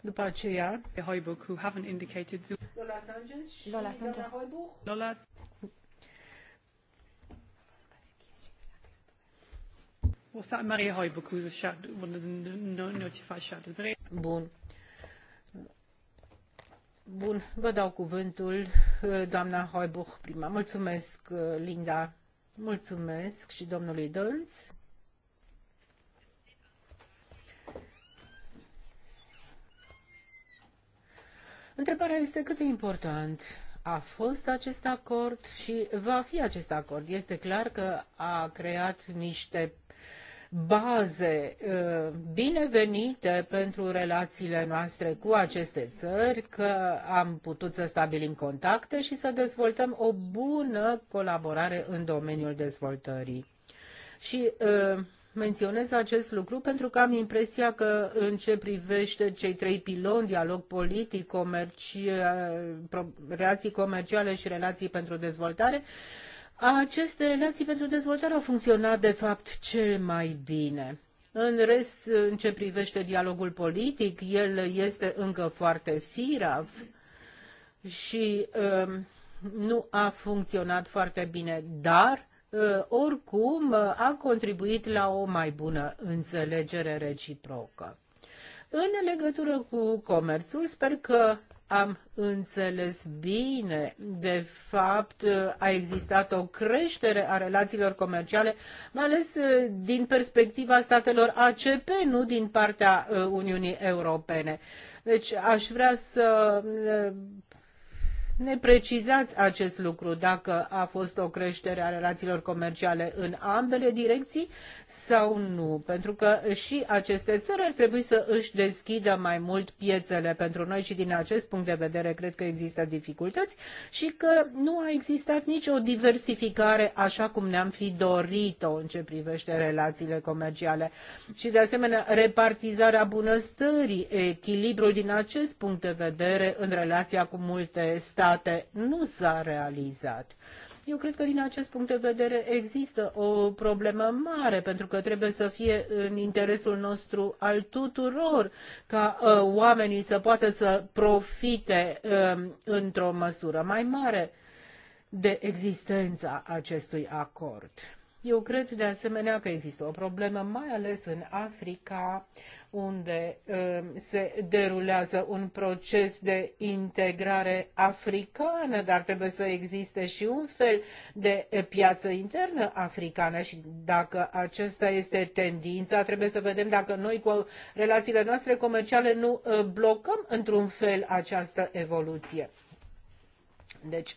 Speaker 3: După aceea... Hoibuch, who haven't indicated... Lola Sanchez și Lola Sanchez. Hoibuch. Lola... O Maria Hoibuch, who's a shadow, one of the notified shadow. Bun. Bun, vă dau cuvântul, uh, doamna Hoibuch, prima. Mulțumesc, uh, Linda. Mulțumesc și domnului Dălz. Întrebarea este cât de important a fost acest acord și va fi acest acord. Este clar că a creat niște baze uh, binevenite pentru relațiile noastre cu aceste țări, că am putut să stabilim contacte și să dezvoltăm o bună colaborare în domeniul dezvoltării. Și uh, menționez acest lucru pentru că am impresia că în ce privește cei trei piloni, dialog politic, comerci, uh, relații comerciale și relații pentru dezvoltare, aceste relații pentru dezvoltare au funcționat, de fapt, cel mai bine. În rest, în ce privește dialogul politic, el este încă foarte firav și uh, nu a funcționat foarte bine, dar uh, oricum uh, a contribuit la o mai bună înțelegere reciprocă. În legătură cu comerțul, sper că am înțeles bine, de fapt a existat o creștere a relațiilor comerciale, mai ales uh, din perspectiva statelor ACP, nu din partea uh, Uniunii Europene. Deci aș vrea să uh, ne precizați acest lucru, dacă a fost o creștere a relațiilor comerciale în ambele direcții sau nu, pentru că și aceste țări ar trebui să își deschidă mai mult piețele pentru noi și din acest punct de vedere cred că există dificultăți și că nu a existat nicio diversificare așa cum ne-am fi dorit-o în ce privește relațiile comerciale și de asemenea repartizarea bunăstării, echilibrul din acest punct de vedere în relația cu multe state menționate nu s-a realizat. Eu cred că din acest punct de vedere există o problemă mare, pentru că trebuie să fie în interesul nostru al tuturor ca uh, oamenii să poată să profite uh, într-o măsură mai mare de existența acestui acord. Eu cred de asemenea că există o problemă, mai ales în Africa, unde um, se derulează un proces de integrare africană, dar trebuie să existe și un fel de piață internă africană și dacă acesta este tendința, trebuie să vedem dacă noi cu relațiile noastre comerciale nu uh, blocăm într-un fel această evoluție. Deci,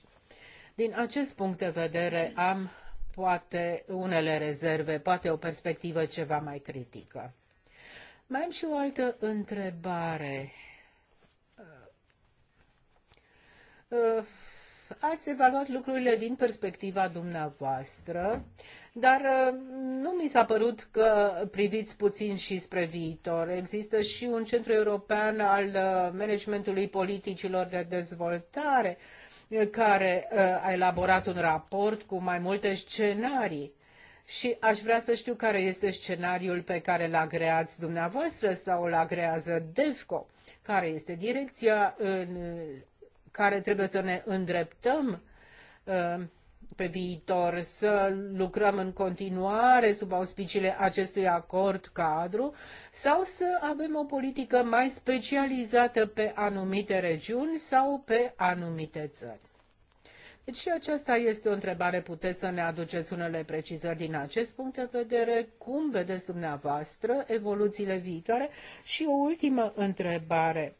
Speaker 3: din acest punct de vedere, am poate unele rezerve, poate o perspectivă ceva mai critică. Mai am și o altă întrebare. Uh, uh, ați evaluat lucrurile din perspectiva dumneavoastră, dar uh, nu mi s-a părut că priviți puțin și spre viitor. Există și un centru european al managementului politicilor de dezvoltare care uh, a elaborat un raport cu mai multe scenarii și aș vrea să știu care este scenariul pe care îl agreați dumneavoastră sau îl agrează DEVCO, care este direcția în care trebuie să ne îndreptăm uh, pe viitor să lucrăm în continuare sub auspiciile acestui acord cadru sau să avem o politică mai specializată pe anumite regiuni sau pe anumite țări. Deci și aceasta este o întrebare. Puteți să ne aduceți unele precizări din acest punct de vedere? Cum vedeți dumneavoastră evoluțiile viitoare? Și o ultimă întrebare.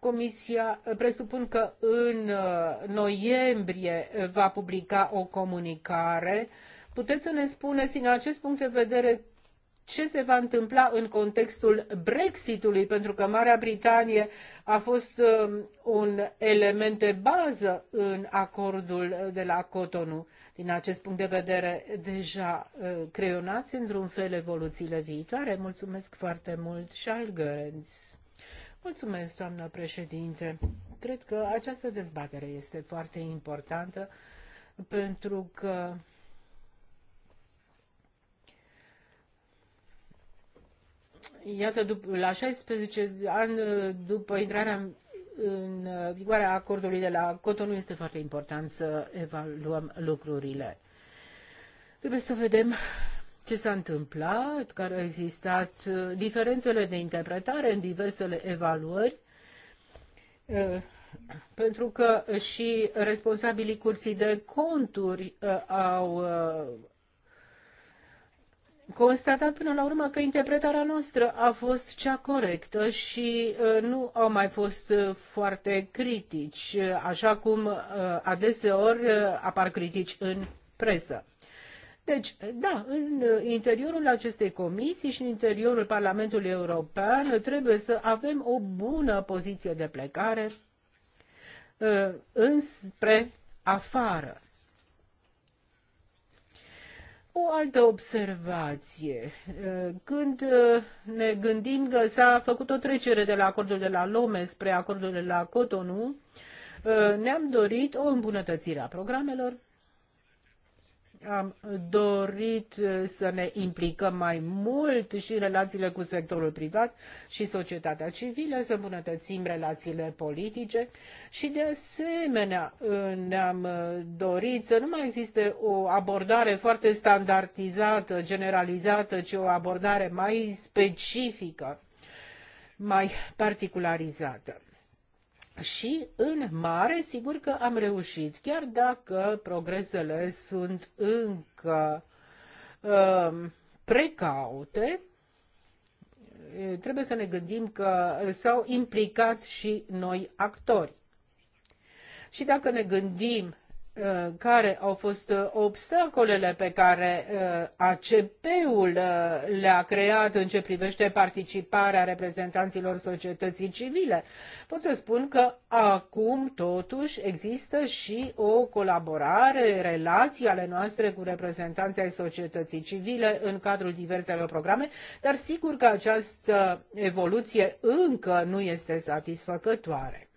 Speaker 3: Comisia eh, presupun că în eh, noiembrie eh, va publica o comunicare. Puteți să ne spuneți din acest punct de vedere ce se va întâmpla în contextul Brexitului, pentru că Marea Britanie a fost un element de bază în acordul de la Cotonou. Din acest punct de vedere, deja creionați într-un fel evoluțiile viitoare. Mulțumesc foarte mult, Charles Görens. Mulțumesc, doamnă președinte. Cred că această dezbatere este foarte importantă pentru că Iată, după, la 16 ani după intrarea în, în vigoare a acordului de la Cotonou este foarte important să evaluăm lucrurile. Trebuie să vedem ce s-a întâmplat, care au existat uh, diferențele de interpretare în diversele evaluări, uh, pentru că și responsabilii curții de conturi uh, au constatat până la urmă că interpretarea noastră a fost cea corectă și nu au mai fost foarte critici, așa cum adeseori apar critici în presă. Deci, da, în interiorul acestei comisii și în interiorul Parlamentului European trebuie să avem o bună poziție de plecare uh, înspre afară. O altă observație. Uh, când uh, ne gândim că s-a făcut o trecere de la acordul de la Lome spre acordul de la Cotonou, ne-am dorit o îmbunătățire a programelor, am dorit uh, să ne implicăm mai mult și în relațiile cu sectorul privat și societatea civilă, să îmbunătățim relațiile politice și de asemenea uh, ne-am uh, dorit să nu mai existe o abordare foarte standardizată, generalizată, ci o abordare mai specifică, mai particularizată. Și în mare, sigur că am reușit, chiar dacă progresele sunt încă uh, precaute, trebuie să ne gândim că s-au implicat și noi actori. Și dacă ne gândim Uh, care au fost uh, obstacolele pe care uh, ACP-ul le-a creat în ce privește participarea reprezentanților societății civile. Pot să spun că acum totuși există și o colaborare, relații ale noastre cu reprezentanții ai societății civile în cadrul diverselor programe, dar sigur că această evoluție încă nu este satisfăcătoare.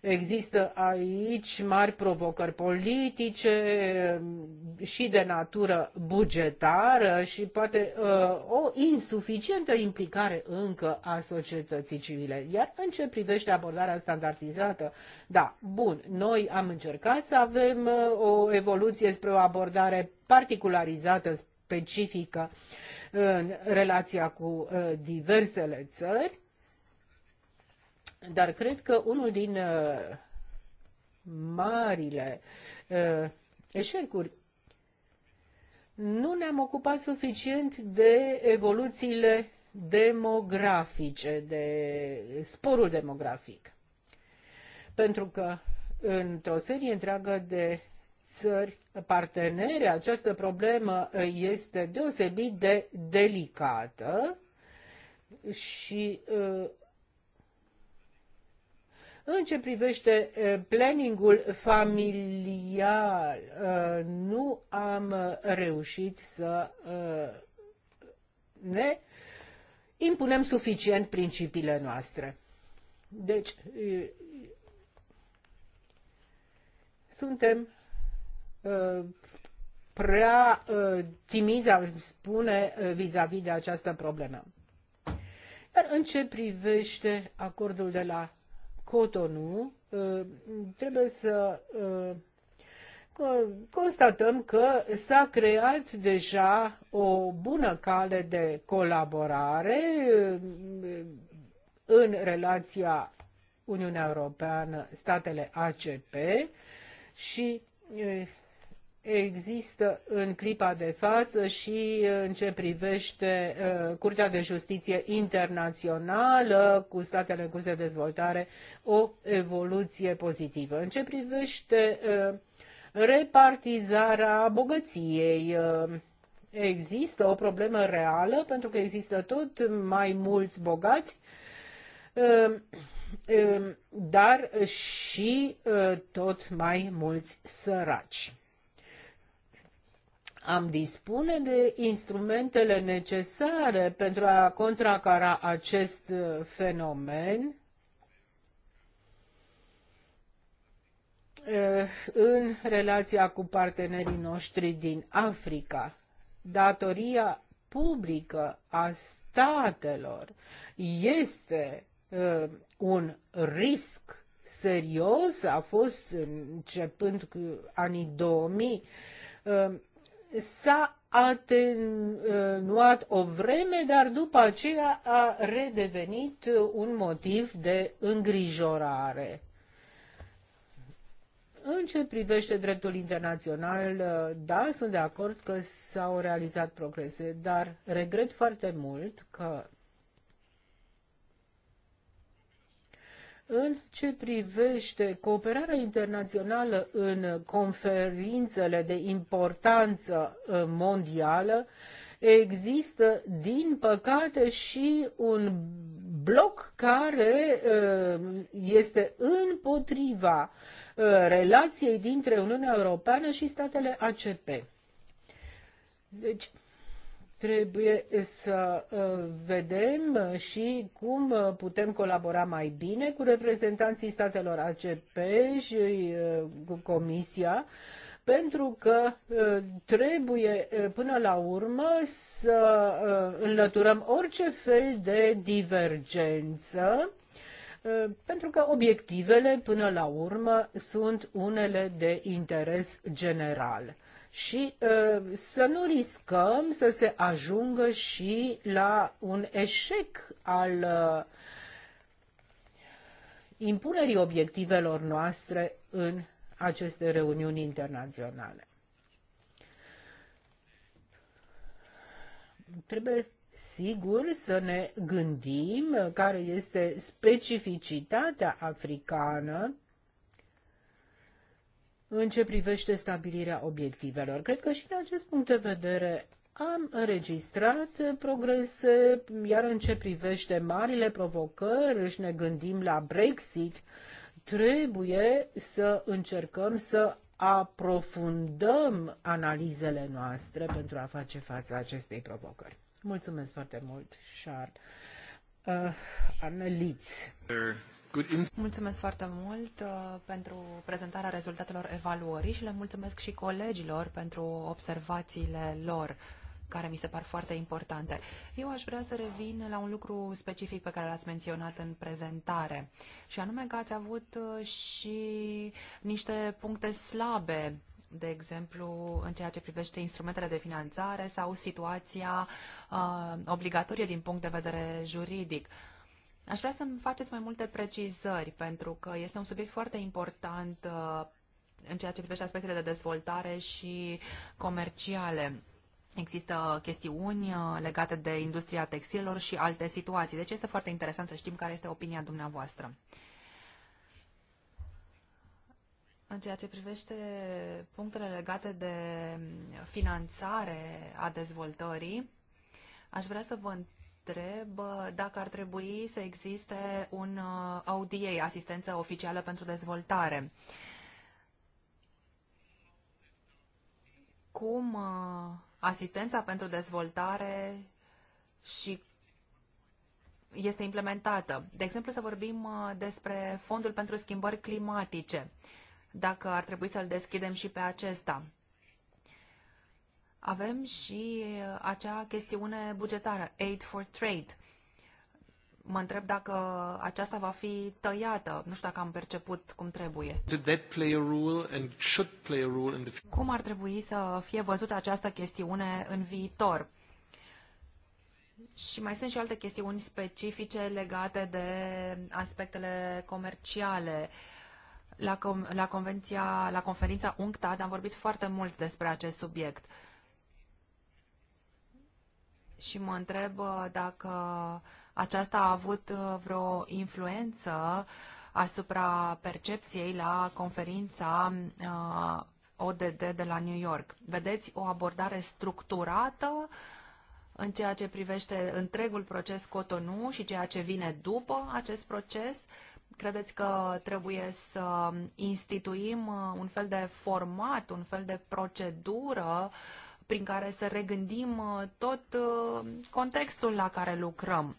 Speaker 3: Există aici mari provocări politice mm, și de natură bugetară și poate uh, o insuficientă implicare încă a societății civile. Iar în ce privește abordarea standardizată, da, bun, noi am încercat să avem uh, o evoluție spre o abordare particularizată, specifică în relația cu uh, diversele țări, dar cred că unul din uh, marile uh, eșecuri nu ne-am ocupat suficient de evoluțiile demografice, de sporul demografic. Pentru că într-o serie întreagă de țări partenere, această problemă este deosebit de delicată și uh, în ce privește planningul familial, nu am reușit să ne impunem suficient principiile noastre. Deci, suntem prea timizi, aș spune, vis-a-vis -vis de această problemă. Dar în ce privește acordul de la Cotonou, uh, trebuie să uh, constatăm că s-a creat deja o bună cale de colaborare uh, în relația Uniunea Europeană, statele ACP și există în clipa de față și uh, în ce privește uh, Curtea de Justiție Internațională cu statele în curs de dezvoltare o evoluție pozitivă. În ce privește uh, repartizarea bogăției, există o problemă reală pentru că există tot mai mulți bogați dar și tot mai mulți săraci am dispune de instrumentele necesare pentru a contracara acest uh, fenomen uh, în relația cu partenerii noștri din Africa. Datoria publică a statelor este uh, un risc serios, a fost începând cu anii 2000, s-a atenuat o vreme, dar după aceea a redevenit un motiv de îngrijorare. În ce privește dreptul internațional, da, sunt de acord că s-au realizat progrese, dar regret foarte mult că În ce privește cooperarea internațională în conferințele de importanță uh, mondială, există, din păcate, și un bloc care uh, este împotriva uh, relației dintre Uniunea Europeană și statele ACP. Deci, Trebuie să uh, vedem uh, și cum uh, putem colabora mai bine cu reprezentanții statelor ACP și cu Comisia, pentru că trebuie până la urmă să înlăturăm orice fel de divergență pentru că obiectivele, până la urmă, sunt unele de interes general și uh, să nu riscăm să se ajungă și la un eșec al uh, impunerii obiectivelor noastre în aceste reuniuni internaționale. Trebuie sigur să ne gândim care este specificitatea africană în ce privește stabilirea obiectivelor. Cred că și în acest punct de vedere am înregistrat progrese, iar în ce privește marile provocări și ne gândim la Brexit, trebuie să încercăm să aprofundăm analizele noastre pentru a face față acestei provocări. Mulțumesc foarte mult, Charles. Uh, Aneliți.
Speaker 1: Mulțumesc foarte mult uh, pentru prezentarea rezultatelor evaluării și le mulțumesc și colegilor pentru observațiile lor care mi se par foarte importante. Eu aș vrea să revin la un lucru specific pe care l-ați menționat în prezentare, și anume că ați avut uh, și niște puncte slabe de exemplu, în ceea ce privește instrumentele de finanțare sau situația uh, obligatorie din punct de vedere juridic. Uh, Aș vrea să-mi faceți mai multe precizări, pentru că este un subiect foarte important uh, în ceea ce privește aspectele de dezvoltare și comerciale. Există chestiuni uh, legate de industria textilor și alte situații. Deci este foarte interesant să știm care este opinia dumneavoastră. În ceea ce privește punctele legate de finanțare a dezvoltării, aș vrea să vă întreb uh, dacă ar trebui să existe un uh, AUDA, asistență oficială pentru dezvoltare. Cum uh, asistența pentru dezvoltare și este implementată. De exemplu, să vorbim despre Fondul pentru Schimbări Climatice, dacă ar trebui să-l deschidem și pe acesta avem și uh, acea chestiune bugetară, Aid for Trade. Mă întreb dacă aceasta va fi tăiată. Nu știu dacă am perceput cum trebuie. Cum ar trebui să fie văzută această chestiune în viitor? Și mai sunt și alte chestiuni specifice legate de aspectele comerciale. La, com- la, convenția, la conferința UNCTAD am vorbit foarte mult despre acest subiect. Uh, și mă întreb uh, dacă aceasta a avut uh, vreo influență asupra percepției la conferința uh, ODD de la New York. Vedeți o abordare structurată în ceea ce privește întregul proces Cotonou și ceea ce vine după acest proces? Credeți că trebuie să instituim un fel de format, un fel de procedură uh, prin care să regândim uh, tot uh, contextul la care lucrăm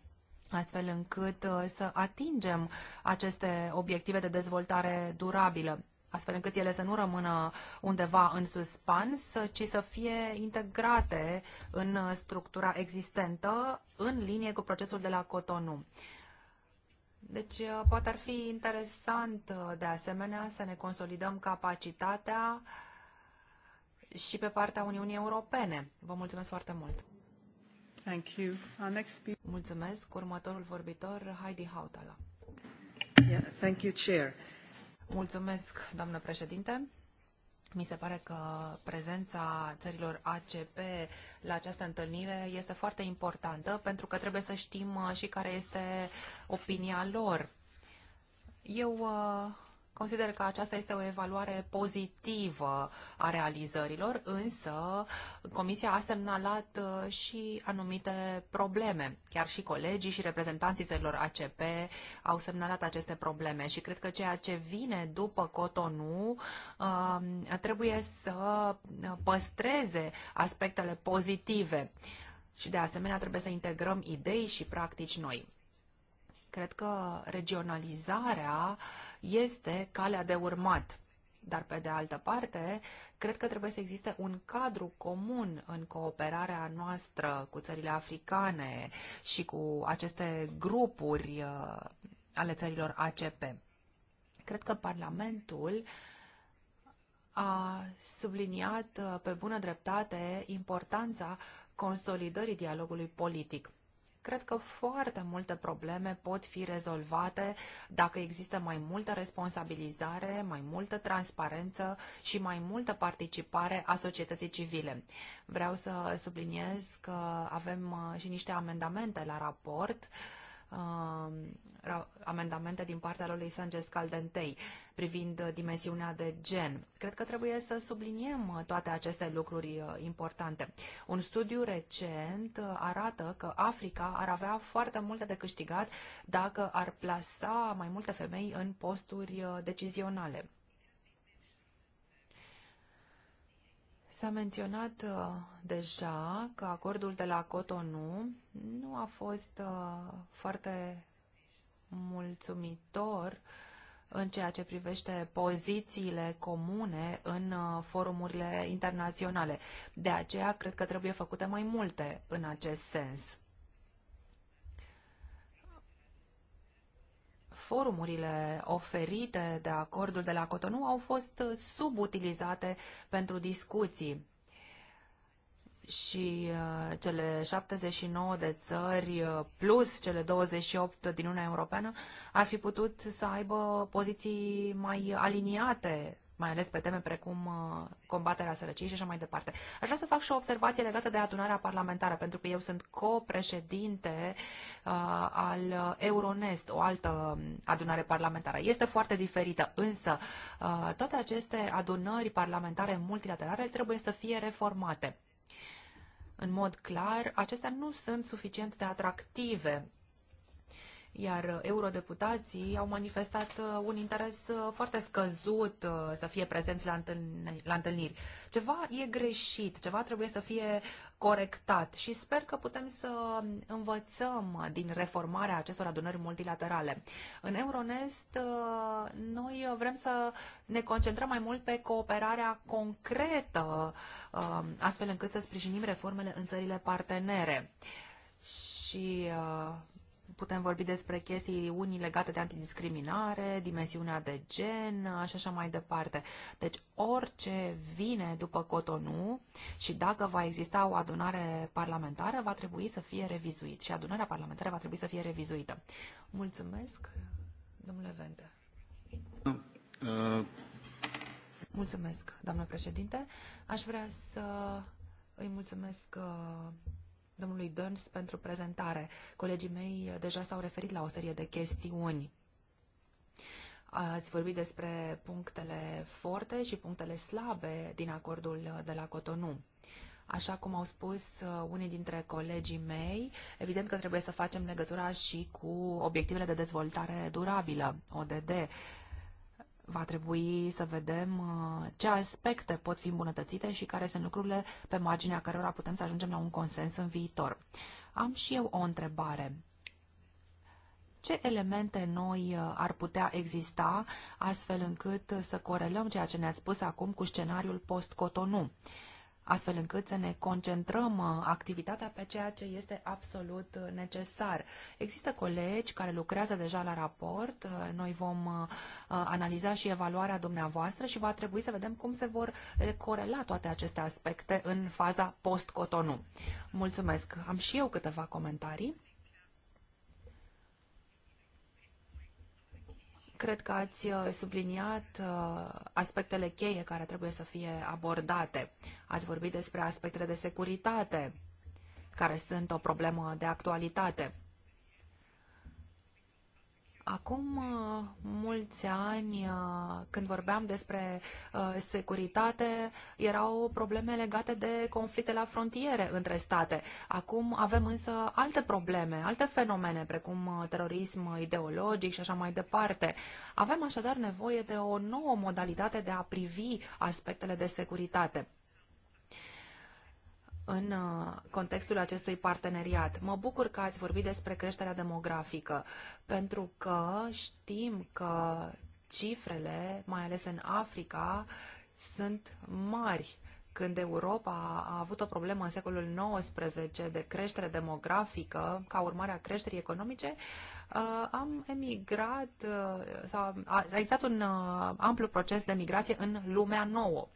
Speaker 1: astfel încât uh, să atingem aceste obiective de dezvoltare durabilă, astfel încât ele să nu rămână undeva în suspans, ci să fie integrate în structura existentă, în linie cu procesul de la Cotonou. Deci, poate ar fi interesant, de asemenea, să ne consolidăm capacitatea uh, și pe partea Uniunii Europene. Vă mulțumesc foarte mult! Thank you. Our next speaker... Mulțumesc. Următorul vorbitor, Heidi Hautala.
Speaker 3: Yeah, thank you, Chair.
Speaker 1: Mulțumesc, doamnă președinte. Mi se pare că prezența țărilor ACP la această întâlnire este foarte importantă pentru că trebuie să știm uh, și care este opinia lor. Eu uh, Consider că aceasta este o evaluare pozitivă a realizărilor, însă Comisia a semnalat uh, și anumite probleme. Chiar și colegii și reprezentanții țărilor ACP au semnalat aceste probleme și cred că ceea ce vine după Cotonou um, trebuie să păstreze aspectele pozitive și de asemenea trebuie să integrăm idei și practici noi. Cred că regionalizarea este calea de urmat. Dar, pe de altă parte, cred că trebuie să existe un cadru comun în cooperarea noastră cu țările africane și cu aceste grupuri uh, ale țărilor ACP. Cred că Parlamentul a subliniat uh, pe bună dreptate importanța consolidării dialogului politic. Cred că foarte multe probleme pot fi rezolvate dacă există mai multă responsabilizare, mai multă transparență și mai multă participare a societății civile. Vreau să subliniez că avem uh, și niște amendamente la raport uh, uh, amendamente din partea lui Sanchez Caldentei privind dimensiunea de gen. Cred că trebuie să subliniem toate aceste lucruri uh, importante. Un studiu recent uh, arată că Africa ar avea foarte multe de câștigat dacă ar plasa mai multe femei în posturi uh, decizionale. S-a menționat uh, deja că acordul de la Cotonou nu a fost uh, foarte mulțumitor în ceea ce privește pozițiile comune în uh, forumurile internaționale. De aceea, cred că trebuie făcute mai multe în acest sens. forumurile oferite de acordul de la Cotonou au fost subutilizate pentru discuții și uh, cele 79 de țări uh, plus cele 28 din Uniunea Europeană ar fi putut să aibă poziții mai aliniate mai ales pe teme precum uh, combaterea sărăciei și așa mai departe. Aș vrea să fac și o observație legată de adunarea parlamentară, pentru că eu sunt copreședinte uh, al uh, Euronest, o altă um, adunare parlamentară. Este foarte diferită, însă toate aceste adunări parlamentare multilaterale trebuie să fie reformate. În mod clar, acestea nu sunt suficient de atractive iar eurodeputații au manifestat uh, un interes uh, foarte scăzut uh, să fie prezenți la, la întâlniri. Ceva e greșit, ceva trebuie să fie corectat și sper că putem să învățăm din reformarea acestor adunări multilaterale. În Euronest, noi vrem să ne concentrăm mai mult pe cooperarea concretă, astfel încât să sprijinim reformele în țările partenere. Și putem vorbi despre chestii unii legate de antidiscriminare, dimensiunea de gen și așa mai departe. Deci orice vine după Cotonou și dacă va exista o adunare parlamentară, va trebui să fie revizuit și adunarea parlamentară va trebui să fie revizuită. Mulțumesc, domnule Vente. Uh. Mulțumesc, doamnă președinte. Aș vrea să îi mulțumesc uh, domnului Dons pentru prezentare. Colegii mei deja s-au referit la o serie de chestiuni. Ați vorbit despre punctele forte și punctele slabe din acordul de la Cotonou. Așa cum au spus uh, unii dintre colegii mei, evident că trebuie să facem legătura și cu obiectivele de dezvoltare durabilă, ODD, va trebui să vedem uh, ce aspecte pot fi îmbunătățite și care sunt lucrurile pe marginea cărora putem să ajungem la un consens în viitor. Am și eu o întrebare. Ce elemente noi uh, ar putea exista astfel încât să corelăm ceea ce ne-ați spus acum cu scenariul post-Cotonou? astfel încât să ne concentrăm uh, activitatea pe ceea ce este absolut uh, necesar. Există colegi care lucrează deja la raport, uh, noi vom analiza și evaluarea dumneavoastră și va trebui să vedem cum se vor corela toate aceste aspecte în faza post cotonu Mulțumesc! Am și eu câteva comentarii. Cred că ați uh, subliniat uh, aspectele cheie care trebuie să fie abordate. Ați vorbit despre aspectele de securitate, care sunt o problemă de actualitate. Acum uh, mulți ani, uh, când vorbeam despre uh, securitate, erau probleme legate de conflicte la frontiere între state. Acum avem însă alte probleme, alte fenomene, precum terorism ideologic și așa mai departe. Avem așadar nevoie de o nouă modalitate de a privi aspectele de securitate în uh, contextul acestui parteneriat. Mă bucur că ați vorbit despre creșterea demografică, pentru că știm că cifrele, mai ales în Africa, sunt mari. Când Europa a avut o problemă în secolul XIX de creștere demografică, ca urmare a creșterii economice, uh, am emigrat, uh, sau a existat un amplu proces de migrație în lumea nouă.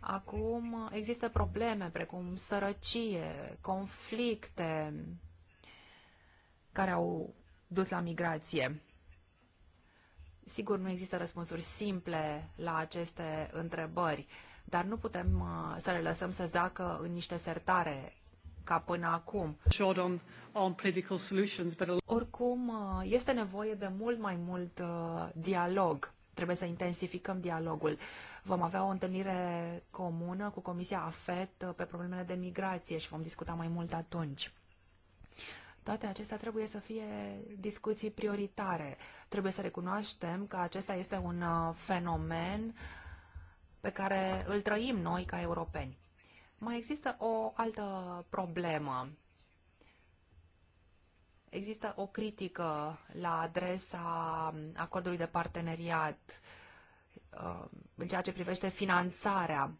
Speaker 1: Acum există probleme precum sărăcie, conflicte care au dus la migrație. Sigur, nu există răspunsuri simple la aceste întrebări, dar nu putem uh, să le lăsăm să zacă în niște sertare ca până acum. Oricum, uh, este nevoie de mult mai mult uh, dialog. Trebuie să intensificăm dialogul. Vom avea o întâlnire comună cu Comisia AFET pe problemele de migrație și vom discuta mai mult atunci. Toate acestea trebuie să fie discuții prioritare. Trebuie să recunoaștem că acesta este un uh, fenomen pe care îl trăim noi ca europeni. Mai există o altă problemă. Există o critică la adresa acordului de parteneriat Um, în ceea ce privește finanțarea.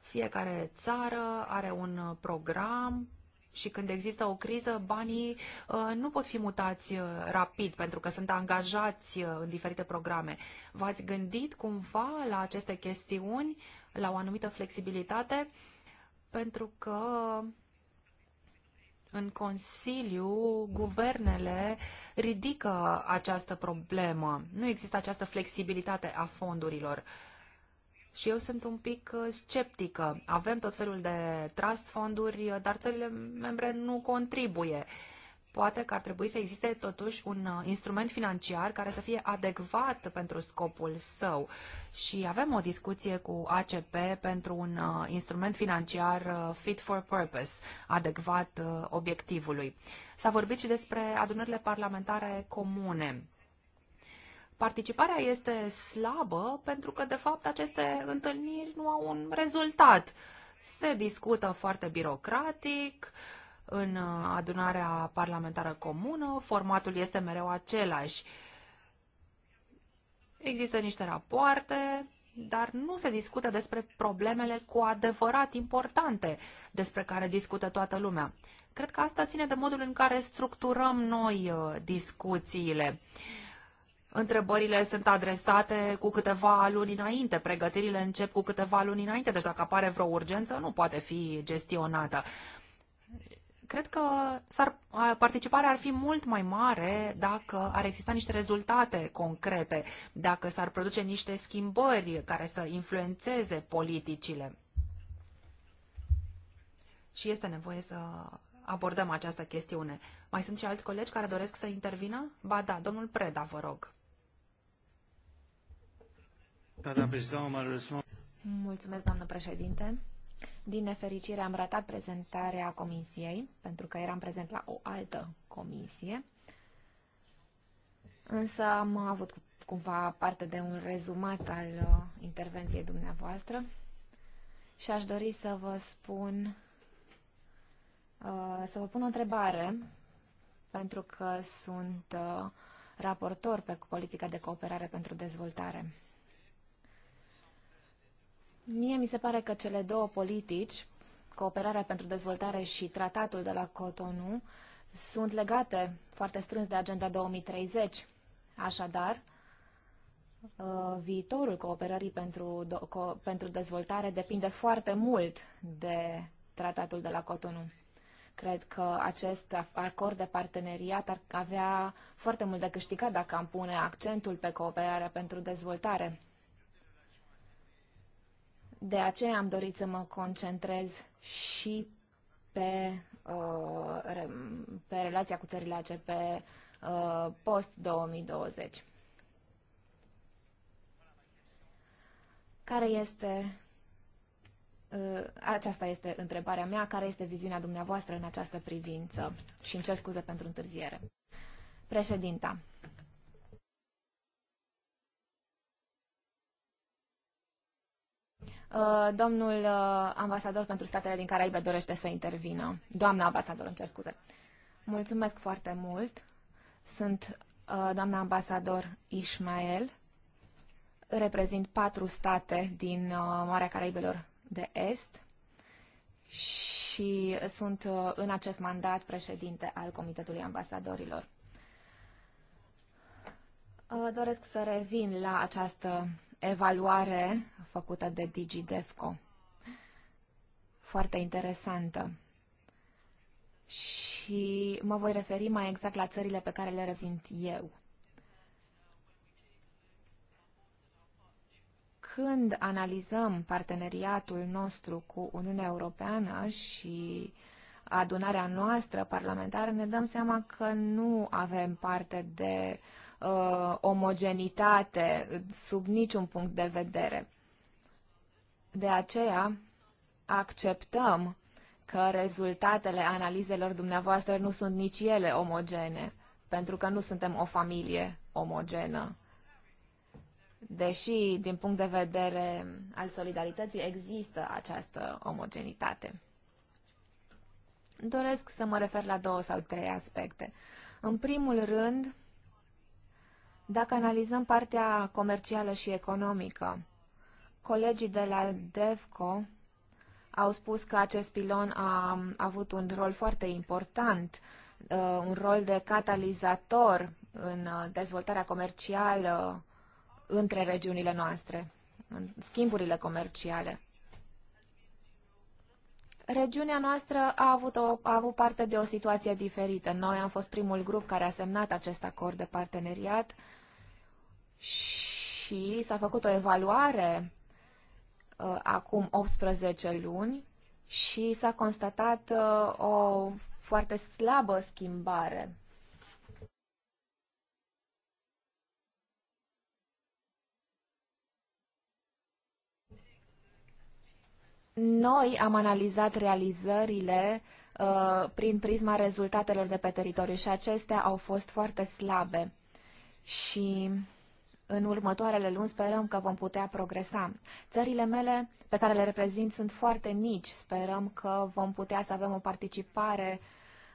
Speaker 1: Fiecare țară are un program și când există o criză, banii uh, nu pot fi mutați uh, rapid pentru că sunt angajați uh, în diferite programe. V-ați gândit cumva la aceste chestiuni, la o anumită flexibilitate? Pentru că în Consiliu guvernele ridică această problemă. Nu există această flexibilitate a fondurilor. Și eu sunt un pic uh, sceptică. Avem tot felul de trust fonduri, uh, dar țările membre nu contribuie. Uh, poate că ar trebui să existe totuși un uh, instrument financiar care să fie adecvat pentru scopul său. Și avem o discuție cu ACP pentru un uh, instrument financiar uh, fit for purpose, adecvat obiectivului. S-a vorbit și despre adunările parlamentare comune. Participarea este slabă
Speaker 2: pentru că, de fapt, aceste întâlniri nu au un
Speaker 1: rezultat. Se discută foarte birocratic, uh, în uh, adunarea parlamentară comună, formatul este mereu același. Există niște rapoarte, dar nu se discută despre problemele cu adevărat importante despre care discută toată lumea. Cred că asta ține de modul în care structurăm noi uh, discuțiile. Întrebările sunt adresate cu câteva luni înainte, pregătirile încep cu câteva luni înainte, deci dacă apare vreo urgență, nu poate fi gestionată. Cred că s-ar, participarea ar fi mult mai mare dacă ar exista niște rezultate concrete, dacă s-ar produce niște schimbări care să influențeze politicile. Și este nevoie să abordăm această chestiune. Mai sunt și alți colegi care doresc să
Speaker 2: intervină? Ba
Speaker 1: da, domnul Preda, vă rog.
Speaker 2: Mulțumesc, doamnă președinte. Din nefericire am ratat prezentarea comisiei, pentru că eram prezent la o altă comisie, însă am avut cumva parte de un rezumat al uh, intervenției dumneavoastră și aș dori să vă spun, uh, să vă pun o întrebare, pentru că sunt uh, raportor pe politica de cooperare pentru dezvoltare. Mie mi se pare că cele două politici, cooperarea pentru dezvoltare și tratatul de la Cotonou, sunt legate foarte strâns de Agenda 2030. Așadar, uh, viitorul cooperării pentru, co, pentru dezvoltare depinde foarte mult de tratatul de la Cotonou. Cred că acest acord de parteneriat ar avea foarte mult de câștigat dacă am pune accentul pe cooperarea pentru dezvoltare de aceea am dorit să mă concentrez și pe, uh, pe relația cu țările ACP uh, post-2020. Care este, uh, aceasta este întrebarea mea, care este viziunea dumneavoastră în această privință? Și îmi cer scuze pentru întârziere. Președinta, Uh, domnul uh, ambasador pentru statele din Caraibe dorește să intervină. Doamna ambasador, îmi cer scuze. Mulțumesc foarte mult. Sunt uh, doamna ambasador Ismael. Reprezint patru state din Marea Caraibelor de Est și sunt în acest mandat președinte al Comitetului Ambasadorilor. Doresc să revin la această evaluare făcută de DigiDevco, Foarte interesantă. Și mă voi referi mai exact la țările pe care le reprezint eu. Când analizăm parteneriatul nostru cu Uniunea Europeană și adunarea noastră parlamentară, ne dăm seama că nu avem parte de uh, uh, omogenitate sub niciun punct de vedere. De aceea acceptăm că rezultatele analizelor dumneavoastră nu sunt nici ele omogene, pentru că nu suntem o familie omogenă. Deși, din punct de vedere al solidarității, există această omogenitate. Doresc să mă refer la două sau trei aspecte. În primul rând, dacă analizăm partea comercială și economică, colegii de la DEVCO au spus că acest pilon a avut un rol foarte important, uh, un rol de catalizator în uh, dezvoltarea comercială între regiunile noastre, în schimburile comerciale. Regiunea noastră a avut, o, a avut parte de o situație diferită. Noi am fost primul grup care a semnat acest acord de parteneriat și s-a făcut o evaluare uh, acum 18 luni și s-a constatat uh, o foarte slabă schimbare. Noi am analizat realizările uh, prin prisma rezultatelor de pe teritoriu și acestea au fost foarte slabe. Și în următoarele luni sperăm că vom putea progresa. Țările mele pe care le reprezint sunt foarte mici. Sperăm că vom putea să avem o participare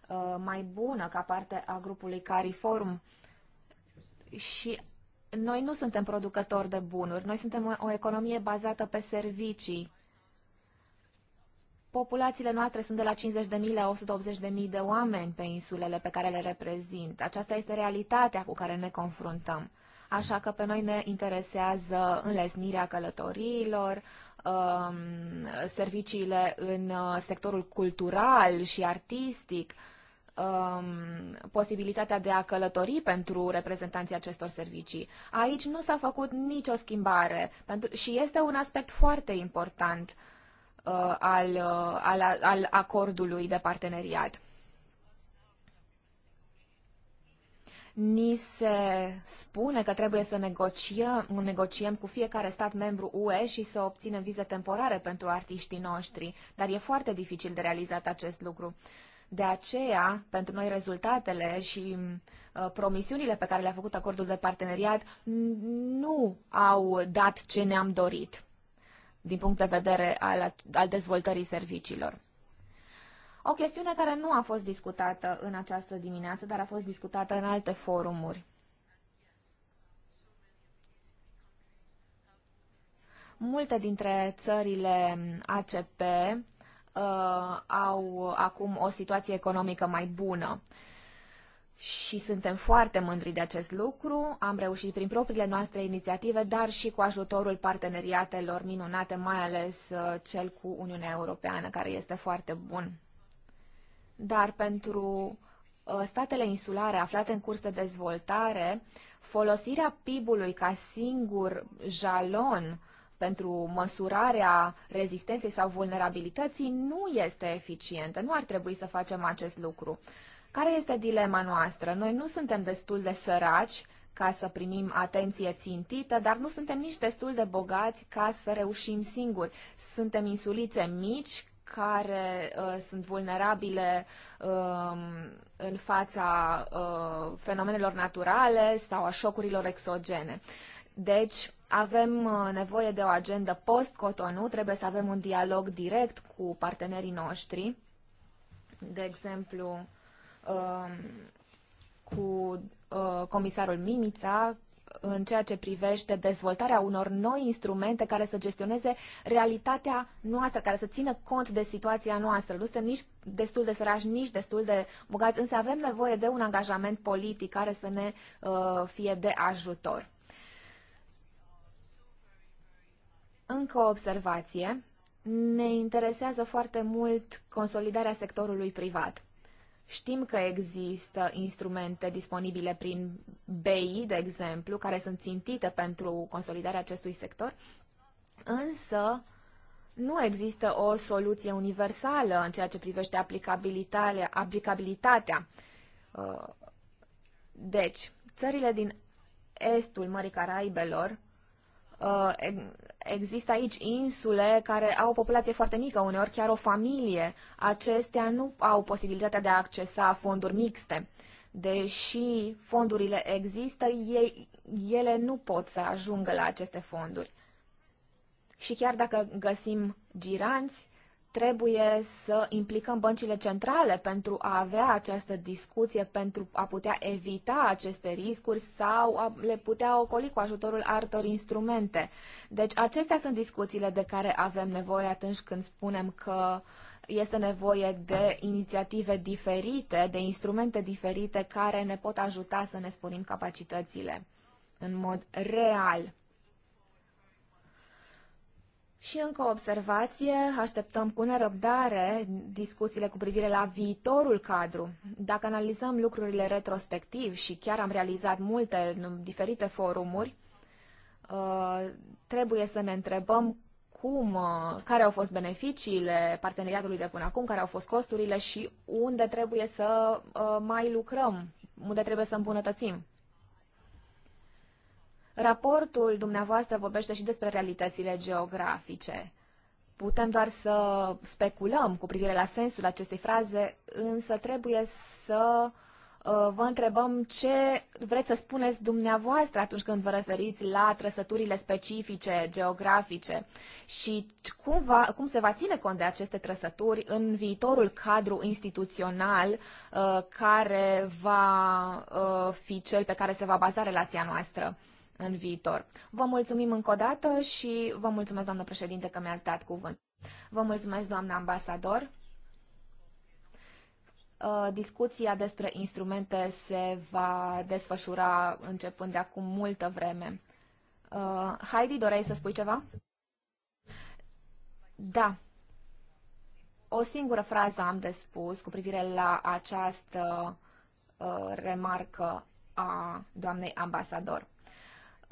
Speaker 2: uh, mai bună ca parte a grupului CARIFORM. Și noi nu suntem producători de bunuri, noi suntem o economie bazată pe servicii. Populațiile noastre sunt de la 50.000 la 180.000 de oameni pe insulele pe care le reprezint. Aceasta este realitatea cu care ne confruntăm. Așa că pe noi ne interesează înlesnirea călătoriilor, um, serviciile în uh, sectorul cultural și artistic, um, posibilitatea de a călători pentru reprezentanții acestor servicii. Aici nu s-a făcut nicio schimbare și este un aspect foarte important uh, al, uh, al, al acordului de parteneriat. Ni se spune că trebuie să negociem, negociem cu fiecare stat membru UE și să obținem vize temporare pentru artiștii noștri, dar e foarte dificil de realizat acest lucru. De aceea, pentru noi, rezultatele și uh, promisiunile pe care le-a făcut acordul de parteneriat nu au dat ce ne-am dorit din punct de vedere al, al dezvoltării serviciilor. O chestiune care nu a fost discutată în această dimineață, dar a fost discutată în alte forumuri. Multe dintre țările ACP uh, au acum o situație economică mai bună. Și suntem foarte mândri de acest lucru. Am reușit prin propriile noastre inițiative, dar și cu ajutorul parteneriatelor minunate, mai ales uh, cel cu Uniunea Europeană, care este foarte bun dar pentru uh, statele insulare aflate în curs de dezvoltare, folosirea PIB-ului ca singur jalon pentru măsurarea rezistenței sau vulnerabilității nu este eficientă. Nu ar trebui să facem acest lucru. Care este dilema noastră? Noi nu suntem destul de săraci ca să primim atenție țintită, dar nu suntem nici destul de bogați ca să reușim singuri. Suntem insulițe mici care uh, sunt vulnerabile uh, în fața uh, fenomenelor naturale sau a șocurilor exogene. Deci, avem uh, nevoie de o agendă post-Cotonou, trebuie să avem un dialog direct cu partenerii noștri, de exemplu, um, cu uh, comisarul Mimița, în ceea ce privește dezvoltarea unor noi instrumente care să gestioneze realitatea noastră, care să țină cont de situația noastră. Nu suntem nici destul de sărași, nici destul de bogați, însă avem nevoie de un angajament politic care să ne uh, fie de ajutor. Încă o observație. Ne interesează foarte mult consolidarea sectorului privat. Știm că există instrumente disponibile prin BI, de exemplu, care sunt țintite pentru consolidarea acestui sector, însă nu există o soluție universală în ceea ce privește aplicabilitatea. aplicabilitatea. Uh, deci, țările din estul Mării Caraibelor Uh, există aici insule care au o populație foarte mică, uneori chiar o familie. Acestea nu au posibilitatea de a accesa fonduri mixte. Deși fondurile există, ei, ele nu pot să ajungă la aceste fonduri. Și chiar dacă găsim giranți, trebuie să implicăm băncile centrale pentru a avea această discuție, pentru a putea evita aceste riscuri sau a le putea ocoli cu ajutorul altor instrumente. Deci acestea sunt discuțiile de care avem nevoie atunci când spunem că este nevoie de inițiative diferite, de instrumente diferite care ne pot ajuta să ne sporim capacitățile în mod real. Și încă o observație, așteptăm cu nerăbdare discuțiile cu privire la viitorul cadru. Dacă analizăm lucrurile retrospectiv și chiar am realizat multe în diferite forumuri, uh, trebuie să ne întrebăm cum, uh, care au fost beneficiile parteneriatului de până acum, care au fost costurile și unde trebuie să uh, mai lucrăm, unde trebuie să îmbunătățim. Raportul dumneavoastră vorbește și despre realitățile geografice. Putem doar să speculăm cu privire la sensul acestei fraze, însă trebuie să uh, vă întrebăm ce vreți să spuneți dumneavoastră atunci când vă referiți la trăsăturile specifice geografice și cum, va, cum se va ține cont de aceste trăsături în viitorul cadru instituțional uh, care va uh, fi cel pe care se va baza relația noastră în viitor. Vă mulțumim încă o dată și vă mulțumesc, doamnă președinte, că mi-ați dat cuvânt. Vă mulțumesc, doamnă ambasador. Uh, discuția despre instrumente se va desfășura începând de acum multă vreme. Uh, Heidi, doreai să spui ceva? Da. O singură frază am de spus cu privire la această uh, remarcă a doamnei ambasador.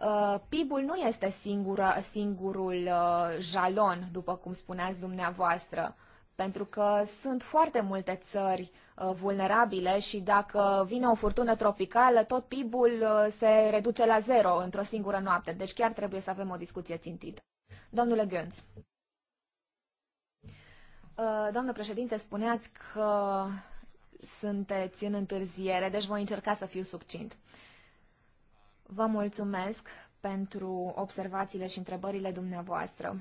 Speaker 2: Uh, PIB-ul nu este singura, singurul uh, jalon, după cum spuneați dumneavoastră, pentru că sunt foarte multe țări uh, vulnerabile și dacă vine o furtună tropicală, tot PIB-ul uh, se reduce la zero într-o singură noapte. Deci chiar trebuie să avem o discuție țintită. Domnule Gönz. Uh, doamnă președinte, spuneați că sunteți în întârziere, deci voi încerca să fiu succint. Uh, Vă mulțumesc pentru observațiile și întrebările dumneavoastră.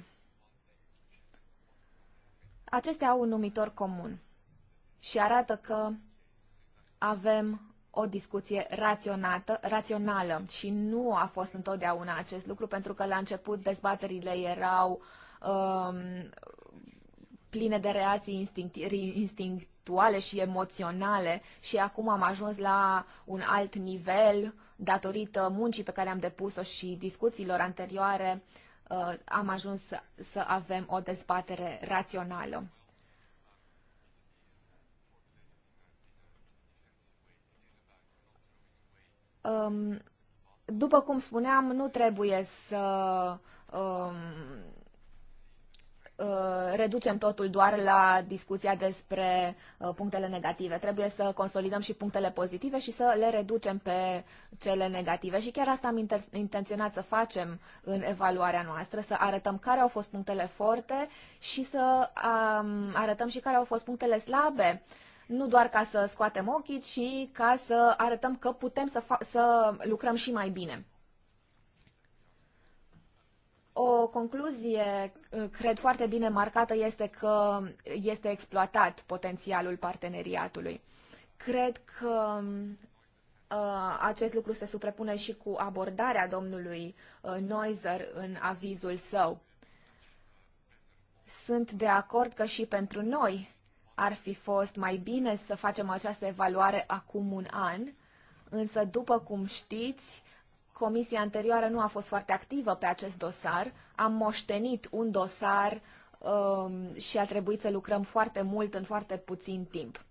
Speaker 2: Acestea au un numitor comun și arată că avem o discuție raționată, rațională și nu a fost întotdeauna acest lucru pentru că la început dezbaterile erau um, pline de reații instinctuale și emoționale și acum am ajuns la un alt nivel datorită muncii pe care am depus-o și discuțiilor anterioare, uh, am ajuns să avem o dezbatere rațională. Um, după cum spuneam, nu trebuie să um, Uh, reducem totul doar la discuția despre uh, punctele negative. Trebuie să consolidăm și punctele pozitive și să le reducem pe cele negative. Și chiar asta am intenționat să facem în evaluarea noastră, să arătăm care au fost punctele forte și să um, arătăm și care au fost punctele slabe nu doar ca să scoatem ochii, ci ca să arătăm că putem să, să lucrăm și mai bine. O concluzie, uh, cred foarte bine marcată, este că este exploatat potențialul parteneriatului. Cred că um, uh, acest lucru se suprepune și cu abordarea domnului uh, Noizer în avizul său. Sunt de acord că și pentru noi ar fi fost mai bine să facem această evaluare acum un an, însă, după cum știți, comisia anterioară nu a fost foarte activă pe acest dosar. Am moștenit un dosar um, și a trebuit să lucrăm foarte mult în foarte puțin timp.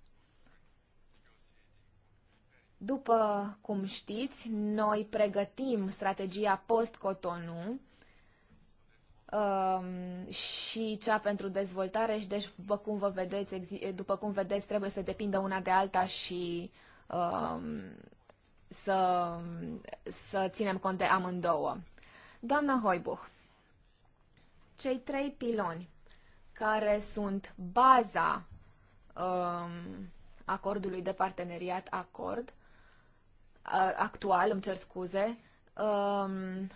Speaker 2: După cum știți, noi pregătim strategia post-Cotonou um, și cea pentru dezvoltare și deci, după cum, vă vedeți, după cum vedeți, trebuie să depindă una de alta și um, să, să ținem cont de amândouă. Doamna Hoibuch, cei trei piloni care sunt baza um, acordului de parteneriat acord uh, actual, îmi cer scuze, um,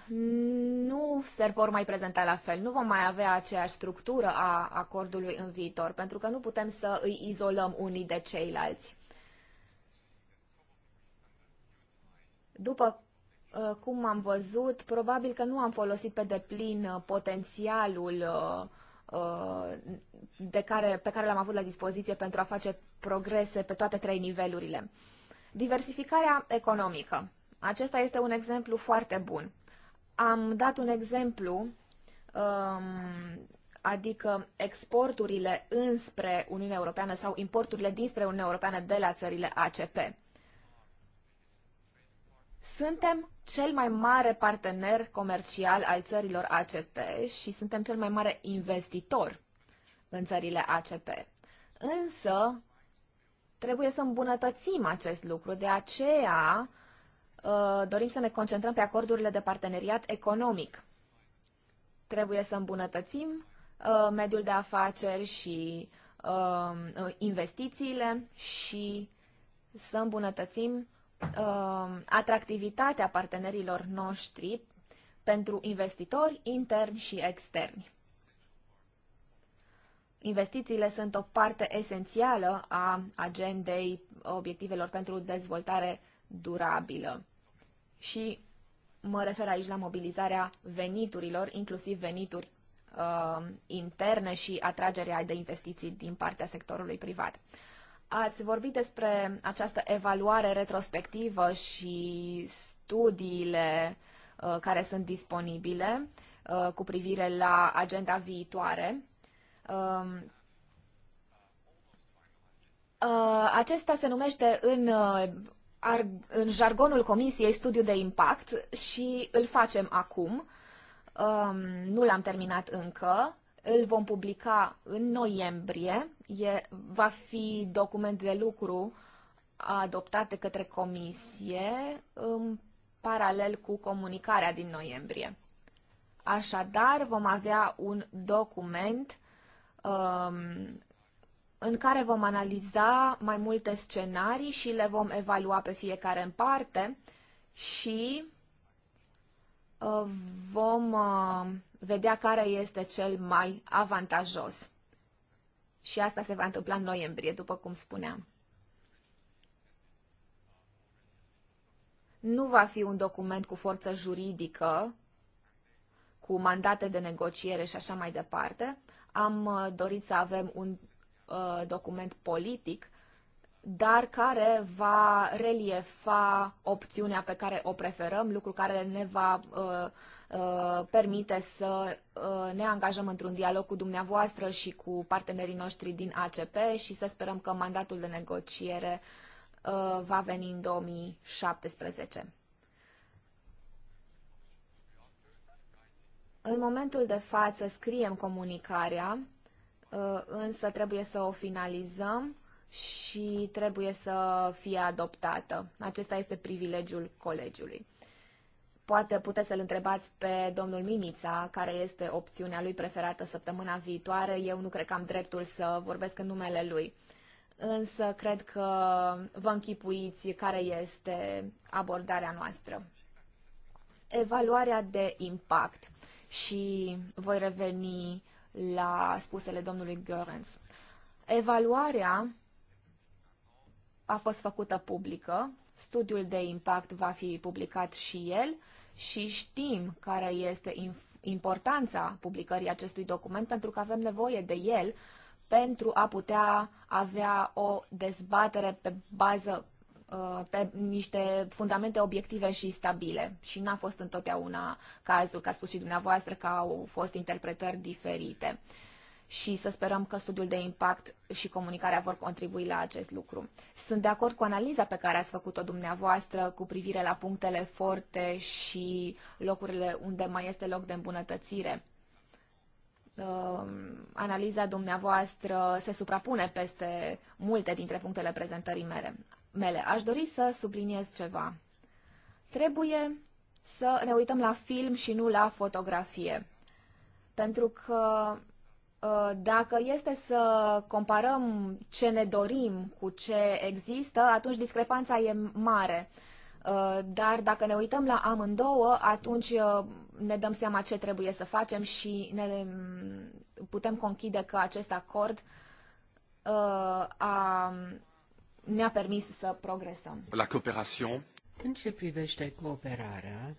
Speaker 2: nu se vor mai prezenta la fel. Nu vom mai avea aceeași structură a acordului în viitor, pentru că nu putem să îi izolăm unii de ceilalți. După uh, cum am văzut, probabil că nu am folosit pe deplin uh, potențialul uh, de care, pe care l-am avut la dispoziție pentru a face progrese pe toate trei nivelurile. Diversificarea economică. Acesta este un exemplu foarte bun. Am dat un exemplu, um, adică exporturile înspre Uniunea Europeană sau importurile dinspre Uniunea Europeană de la țările ACP. Suntem cel mai mare partener comercial al țărilor ACP și suntem cel mai mare investitor în țările ACP. Însă, trebuie să îmbunătățim acest lucru, de aceea uh, dorim să ne concentrăm pe acordurile de parteneriat economic. Trebuie să îmbunătățim uh, mediul de afaceri și uh, investițiile și să îmbunătățim Um, atractivitatea partenerilor noștri pentru investitori interni și externi. Investițiile sunt o parte esențială a agendei obiectivelor pentru dezvoltare durabilă. Și mă refer aici la mobilizarea veniturilor, inclusiv venituri uh, interne și atragerea de investiții din partea sectorului privat. Ați vorbit despre această evaluare retrospectivă și studiile uh, care sunt disponibile uh, cu privire la agenda viitoare. Um, uh, acesta se numește în, în jargonul Comisiei studiu de impact și îl facem acum. Um, nu l-am terminat încă îl vom publica în noiembrie. E, va fi document de lucru adoptat de către comisie în paralel cu comunicarea din noiembrie. Așadar, vom avea un document um, în care vom analiza mai multe scenarii și le vom evalua pe fiecare în parte și uh, vom uh, vedea care este cel mai avantajos. Și asta se va întâmpla în noiembrie, după cum spuneam. Nu va fi un document cu forță juridică, cu mandate de negociere și așa mai departe. Am uh, dorit să avem un uh, document politic dar care va reliefa opțiunea pe care o preferăm, lucru care ne va uh, uh, permite să uh, ne angajăm într-un dialog cu dumneavoastră și cu partenerii noștri din ACP și să sperăm că mandatul de negociere uh, va veni în 2017. În momentul de față scriem comunicarea, uh, însă trebuie să o finalizăm și trebuie să fie adoptată. Acesta este privilegiul colegiului. Poate puteți să-l întrebați pe domnul Mimița, care este opțiunea lui preferată săptămâna viitoare. Eu nu cred că am dreptul să vorbesc în numele lui. Însă cred că vă închipuiți care este abordarea noastră. Evaluarea de impact. Și voi reveni la spusele domnului Görens. Evaluarea a fost făcută publică, studiul de impact va fi publicat și el și știm care este importanța publicării acestui document pentru că avem nevoie de el pentru a putea avea o dezbatere pe bază uh, pe niște fundamente obiective și stabile. Și n-a fost întotdeauna cazul, că a spus și dumneavoastră, că au fost interpretări diferite și să sperăm că studiul de impact și comunicarea vor contribui la acest lucru. Sunt de acord cu analiza pe care ați făcut-o dumneavoastră cu privire la punctele forte și locurile unde mai este loc de îmbunătățire. Um, analiza dumneavoastră se suprapune peste multe dintre punctele prezentării mele. mele. Aș dori să subliniez ceva. Trebuie să ne uităm la film și nu la fotografie. Pentru că Uh, dacă este să comparăm ce ne dorim cu ce există, atunci discrepanța e mare. Uh, dar dacă ne uităm la amândouă, atunci uh, ne dăm seama ce trebuie să facem și ne mm, putem conchide că acest acord a, ne-a permis să progresăm.
Speaker 1: La cooperație.
Speaker 2: În ce privește
Speaker 3: cooperarea,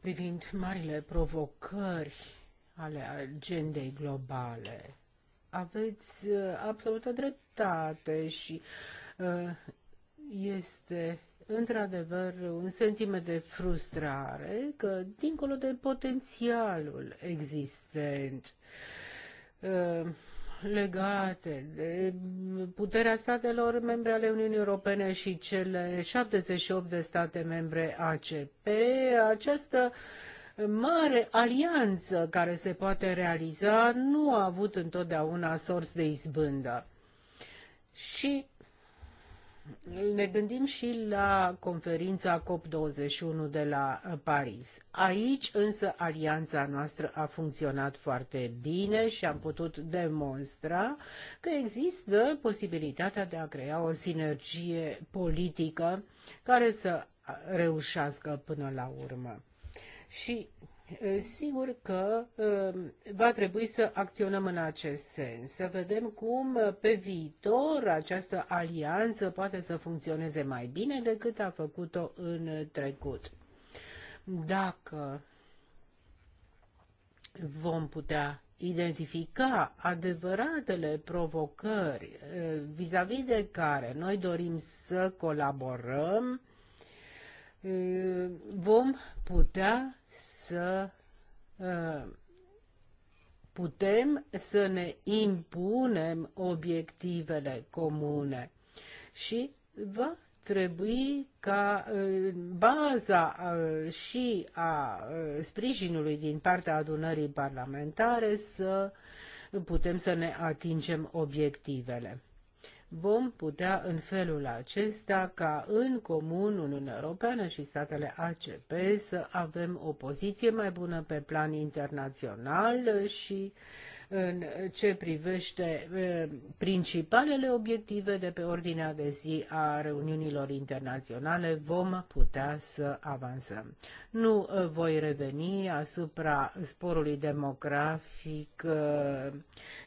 Speaker 3: privind marile provocări ale agendei globale. Aveți uh, absolută dreptate și uh, este într-adevăr un sentiment de frustrare că, dincolo de potențialul existent, uh, legate de puterea statelor membre ale Uniunii Europene și cele 78 de state membre ACP, această uh, mare alianță care se poate realiza nu a avut întotdeauna sorți de izbândă. Și ne gândim și la conferința COP21 de la Paris. Aici însă alianța noastră a funcționat foarte bine și am putut demonstra că există posibilitatea de a crea o sinergie politică care să reușească până la urmă. Și Sigur că va trebui să acționăm în acest sens, să vedem cum pe viitor această alianță poate să funcționeze mai bine decât a făcut-o în trecut. Dacă vom putea identifica adevăratele provocări vis-a-vis -vis de care noi dorim să colaborăm, vom putea să uh, putem să ne impunem obiectivele comune și va trebui ca uh, baza uh, și a sprijinului din partea adunării parlamentare să putem să ne atingem obiectivele vom putea în felul acesta ca în comun Uniunea Europeană și statele ACP să avem o poziție mai bună pe plan internațional și în ce privește principalele obiective de pe ordinea de zi a reuniunilor internaționale, vom putea să avansăm. Nu voi reveni asupra sporului demografic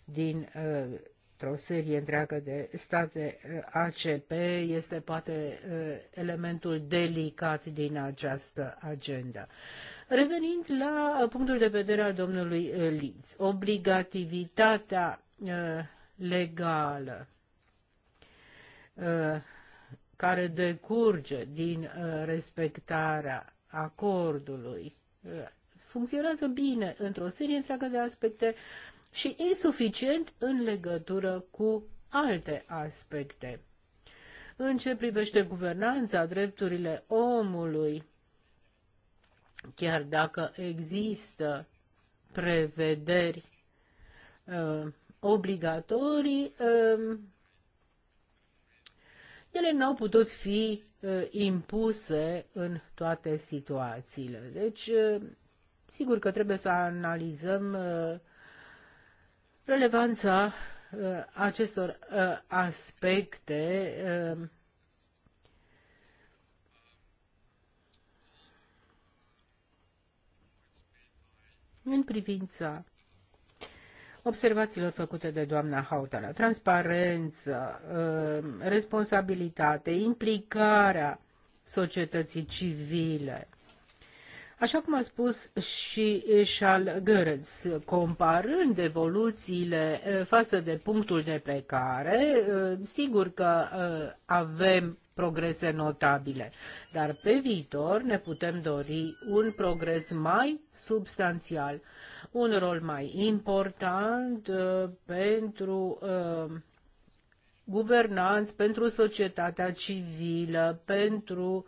Speaker 3: din într o serie întreagă de state eh, ACP este poate eh, elementul delicat din această agenda. Revenind la eh, punctul de vedere al domnului Linz, obligativitatea legală care decurge din respectarea acordului funcționează bine într-o serie întreagă de aspecte uh, și insuficient în legătură cu alte aspecte. În ce privește guvernanța, drepturile omului, chiar dacă există prevederi uh, obligatorii, uh, ele n-au putut fi uh, impuse în toate situațiile. Deci, uh, sigur că trebuie să analizăm uh, Relevanța uh, acestor uh, aspecte uh, în privința observațiilor făcute de doamna Hautala, transparență, responsabilitate, implicarea societății civile. Așa cum a spus și Charles Goerens, comparând evoluțiile eh, față de punctul de plecare, eh, sigur că eh, avem progrese notabile, dar pe viitor ne putem dori un progres mai substanțial, un rol mai important pentru guvernanți, pentru societatea civilă, pentru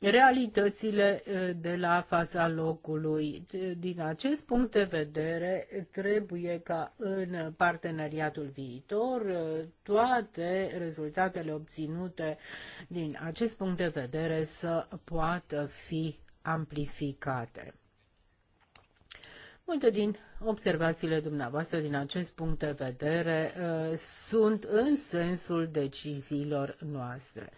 Speaker 3: realitățile eh, de la fața locului. Din acest punct de vedere, trebuie ca în parteneriatul viitor eh, toate rezultatele obținute din acest punct de vedere să poată fi amplificate. Multe din observațiile dumneavoastră din acest punct de vedere uh, sunt în sensul deciziilor noastre.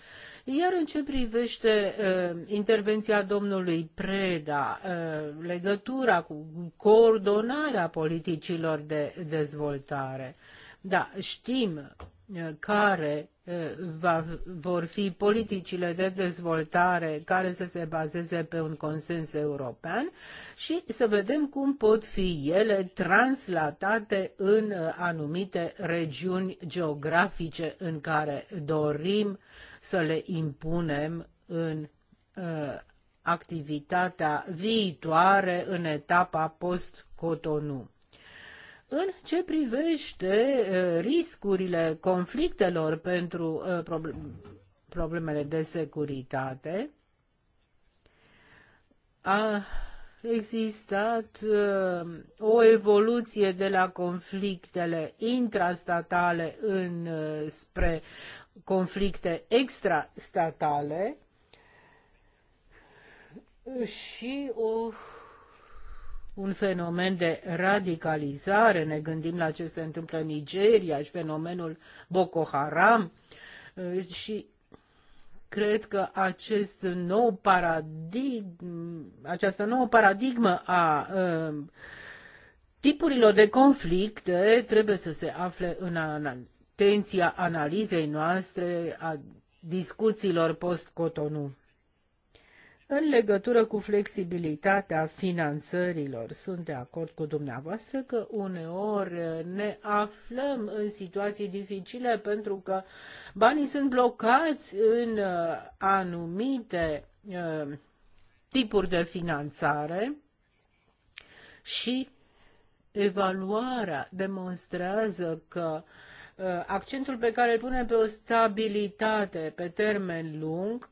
Speaker 3: Iar în ce privește uh, intervenția domnului Preda, uh, legătura cu coordonarea politicilor de dezvoltare, da, știm uh, care uh, va, vor fi politicile de dezvoltare care să se bazeze pe un consens european și să vedem cum pot fi ele translatate în uh, anumite regiuni geografice în care dorim să le impunem în uh, activitatea viitoare în etapa post-Cotonou. În ce privește riscurile conflictelor pentru problemele de securitate, a existat o evoluție de la conflictele intrastatale în, spre conflicte extrastatale și o un fenomen de radicalizare, ne gândim la ce se întâmplă în Nigeria și fenomenul Boko Haram uh, și cred că acest nou paradigm, această nouă paradigmă a uh, tipurilor de conflicte trebuie să se afle în atenția analizei noastre a discuțiilor post-Cotonou. În legătură cu flexibilitatea finanțărilor, sunt de acord cu dumneavoastră că uneori ne aflăm în situații dificile pentru că banii sunt blocați în uh, anumite uh, tipuri de finanțare și evaluarea demonstrează că uh, accentul pe care îl punem pe o stabilitate pe termen lung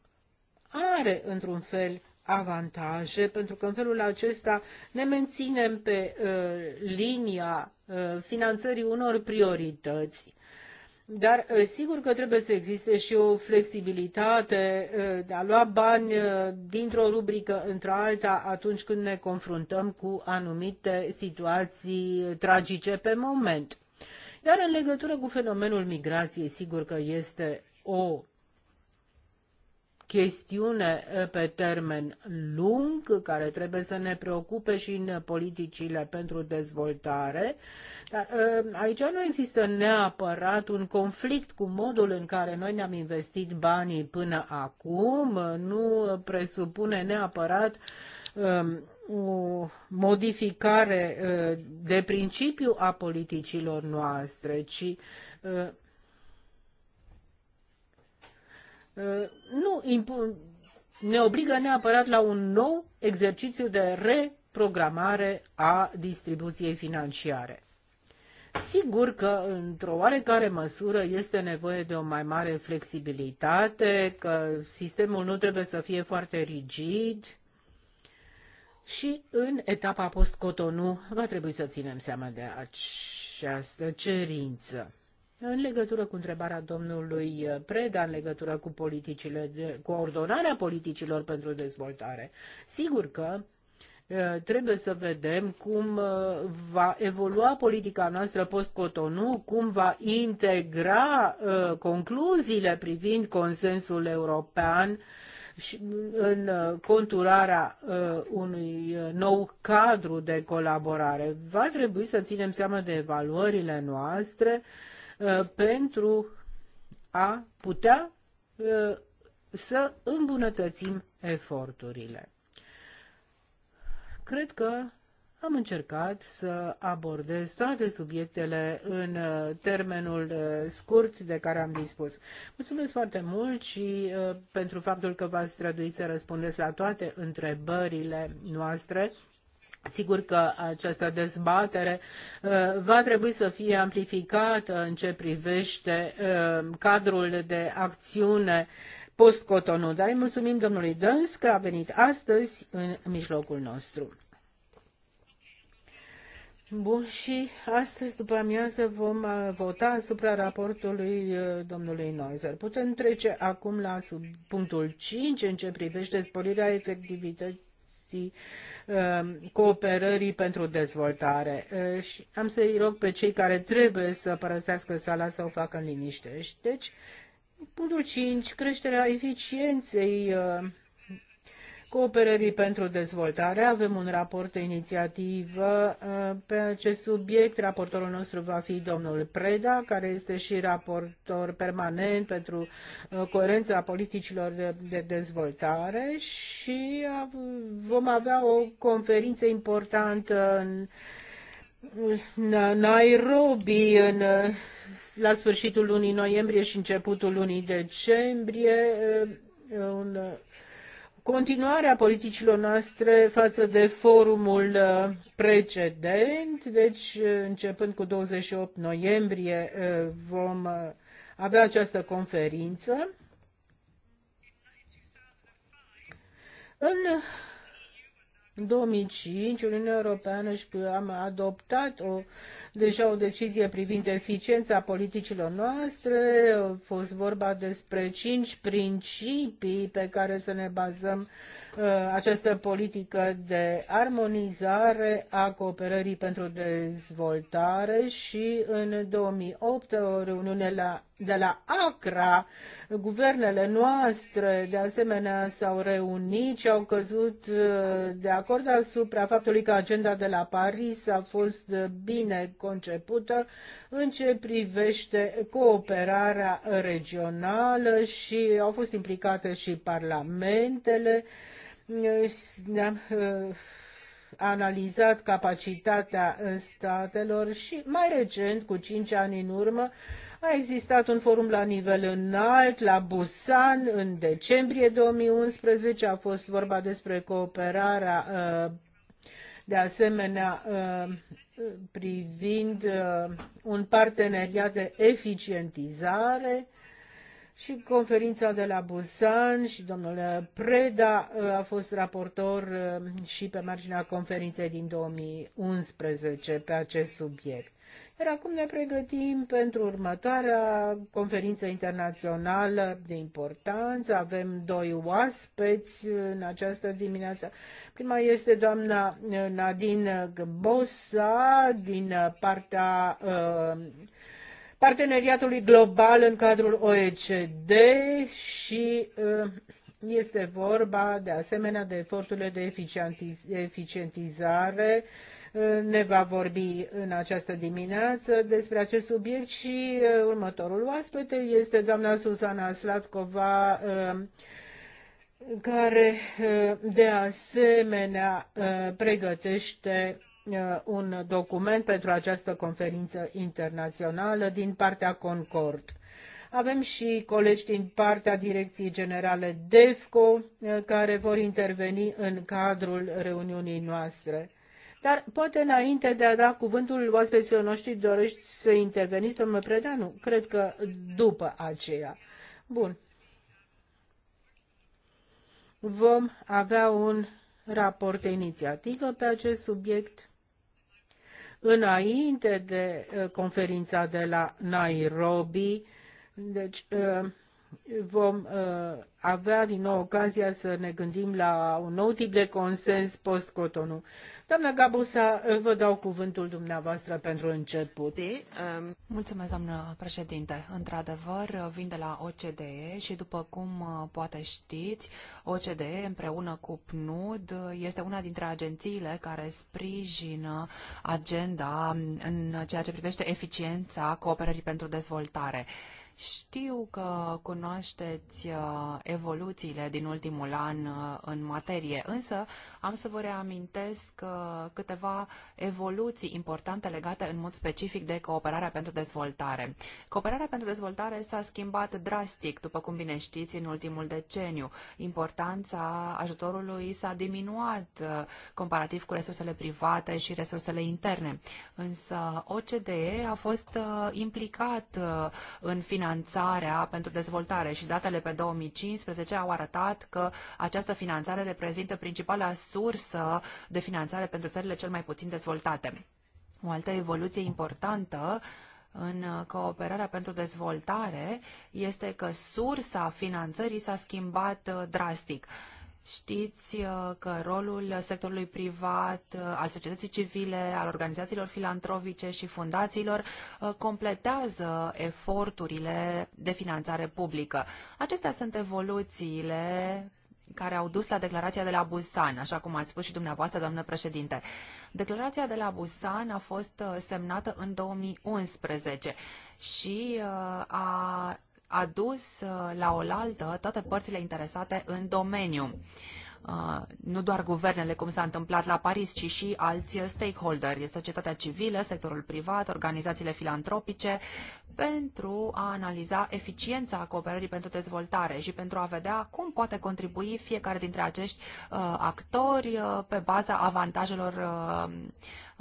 Speaker 3: are într-un fel avantaje, pentru că în felul acesta ne menținem pe uh, linia uh, finanțării unor priorități. Dar uh, sigur că trebuie să existe și o flexibilitate uh, de a lua bani uh, dintr-o rubrică într-alta atunci când ne confruntăm cu anumite situații tragice pe moment. Iar în legătură cu fenomenul migrației, sigur că este o chestiune eh, pe termen lung care trebuie să ne preocupe și în politicile pentru dezvoltare. Dar eh, aici nu există neapărat un conflict cu modul în care noi ne-am investit banii până acum, nu presupune neapărat eh, o modificare de principiu a politicilor noastre, ci Uh, nu ne obligă neapărat la un nou exercițiu de reprogramare a distribuției financiare. Sigur că, într-o oarecare măsură, este nevoie de o mai mare flexibilitate, că sistemul nu trebuie să fie foarte rigid și, în etapa post-Cotonou, va trebui să ținem seama de această cerință. În legătură cu întrebarea domnului eh, Preda, în legătură cu politicile, de, coordonarea politicilor pentru dezvoltare, sigur că eh, trebuie să vedem cum eh, va evolua politica noastră post-Cotonou, cum va integra concluziile privind consensul european mm, în conturarea unui nou cadru de colaborare. Va trebui să ținem seama de evaluările noastre Uh, pentru a putea uh, să îmbunătățim eforturile. Cred că am încercat să abordez toate subiectele în uh, termenul scurt de care am dispus. Mulțumesc foarte mult și pentru faptul că v-ați străduit să răspundeți la toate întrebările noastre. Sigur că această dezbatere uh, va trebui să fie amplificată în ce privește uh, cadrul de acțiune post-Cotonou, dar îi mulțumim domnului Dăns că a venit astăzi în mijlocul nostru. Bun, și astăzi după amiază vom uh, vota asupra raportului domnului Noizer. Putem trece acum la sub punctul 5 în ce privește sporirea efectivității chestii um, cooperării pentru dezvoltare. Uh, și am să-i rog pe cei care trebuie să părăsească sala să o facă în liniște. Deci, punctul 5, creșterea eficienței uh, cooperării pentru dezvoltare. Avem un raport de inițiativă uh, pe acest subiect. Raportorul nostru va fi domnul Preda, care este și raportor permanent pentru uh, coerența politicilor de, de dezvoltare și uh, vom avea o conferință importantă în Nairobi în, la sfârșitul lunii noiembrie și începutul lunii decembrie un continuarea politicilor noastre față de forumul uh, precedent, deci uh, începând cu 28 noiembrie uh, vom avea această conferință. În în 2005, Uniunea Europeană și am adoptat o, deja o decizie privind eficiența politicilor noastre. A fost vorba despre cinci principii pe care să ne bazăm Uh, această politică de armonizare a cooperării pentru dezvoltare și în 2008 o reuniune la, de la Acra, guvernele noastre de asemenea s-au reunit și au căzut uh, de acord asupra faptului că agenda de la Paris a fost bine concepută în ce privește cooperarea regională și au fost implicate și parlamentele ne-am uh, analizat capacitatea uh, statelor și mai recent, cu cinci ani în urmă, a existat un forum la nivel înalt, la Busan, în decembrie 2011. A fost vorba despre cooperarea uh, de asemenea privind un parteneriat de eficientizare și conferința de la Busan și domnul uh, Preda uh, a fost raportor uh, și pe marginea conferinței din 2011 pe acest subiect. Iar acum ne pregătim pentru următoarea conferință internațională de importanță. Avem doi oaspeți în această dimineață. Prima este doamna Nadine Gbosa din partea uh, parteneriatului global în cadrul OECD și uh, este vorba de asemenea de eforturile de eficientizare. Uh, ne va vorbi în această dimineață despre acest subiect și uh, următorul oaspete este doamna Susana Slatkova, care de asemenea pregătește Uh, un document pentru această conferință internațională din partea Concord. Avem și colegi din partea Direcției Generale DEFCO uh, care vor interveni în cadrul reuniunii noastre. Dar poate înainte de a da cuvântul oaspeților noștri dorești să interveni să mă predea? Nu Cred că după aceea. Bun. Vom avea un raport de inițiativă pe acest subiect înainte de uh, conferința de la Nairobi. Deci, uh, vom uh, avea din nou ocazia să ne gândim la un nou tip de consens post-Cotonou. Doamna Gabusa, uh, vă dau cuvântul dumneavoastră pentru început. Um, Mulțumesc, doamnă
Speaker 1: președinte. Într-adevăr, vin de la OCDE și, după cum uh, poate știți, OCDE împreună cu PNUD este una dintre agențiile care sprijină agenda în ceea ce privește eficiența cooperării pentru dezvoltare. Știu că cunoașteți uh, evoluțiile din ultimul an uh, în materie, însă am să vă reamintesc uh, câteva evoluții importante legate în mod specific de cooperarea pentru dezvoltare. Cooperarea pentru dezvoltare s-a schimbat drastic, după cum bine știți, în ultimul deceniu. Importanța ajutorului s-a diminuat comparativ cu resursele private și resursele interne, însă OCDE a fost implicat în finanțare finanțarea pentru dezvoltare și datele pe 2015 au arătat că această finanțare reprezintă principala sursă de finanțare pentru țările cel mai puțin dezvoltate. O altă evoluție importantă în cooperarea pentru dezvoltare este că sursa finanțării s-a schimbat drastic Știți uh, că rolul sectorului privat, uh, al societății civile, al organizațiilor filantropice și fundațiilor uh, completează eforturile de finanțare publică. Acestea sunt evoluțiile care au dus la declarația de la Busan, așa cum ați spus și dumneavoastră, doamnă președinte. Declarația de la Busan a fost semnată în 2011 și a adus uh, la oaltă toate părțile interesate în domeniu. Uh, nu doar guvernele, cum s-a întâmplat la Paris, ci și alți stakeholderi, societatea civilă, sectorul privat, organizațiile filantropice, pentru a analiza eficiența cooperării pentru dezvoltare și pentru a vedea cum poate contribui fiecare dintre acești uh, actori pe baza avantajelor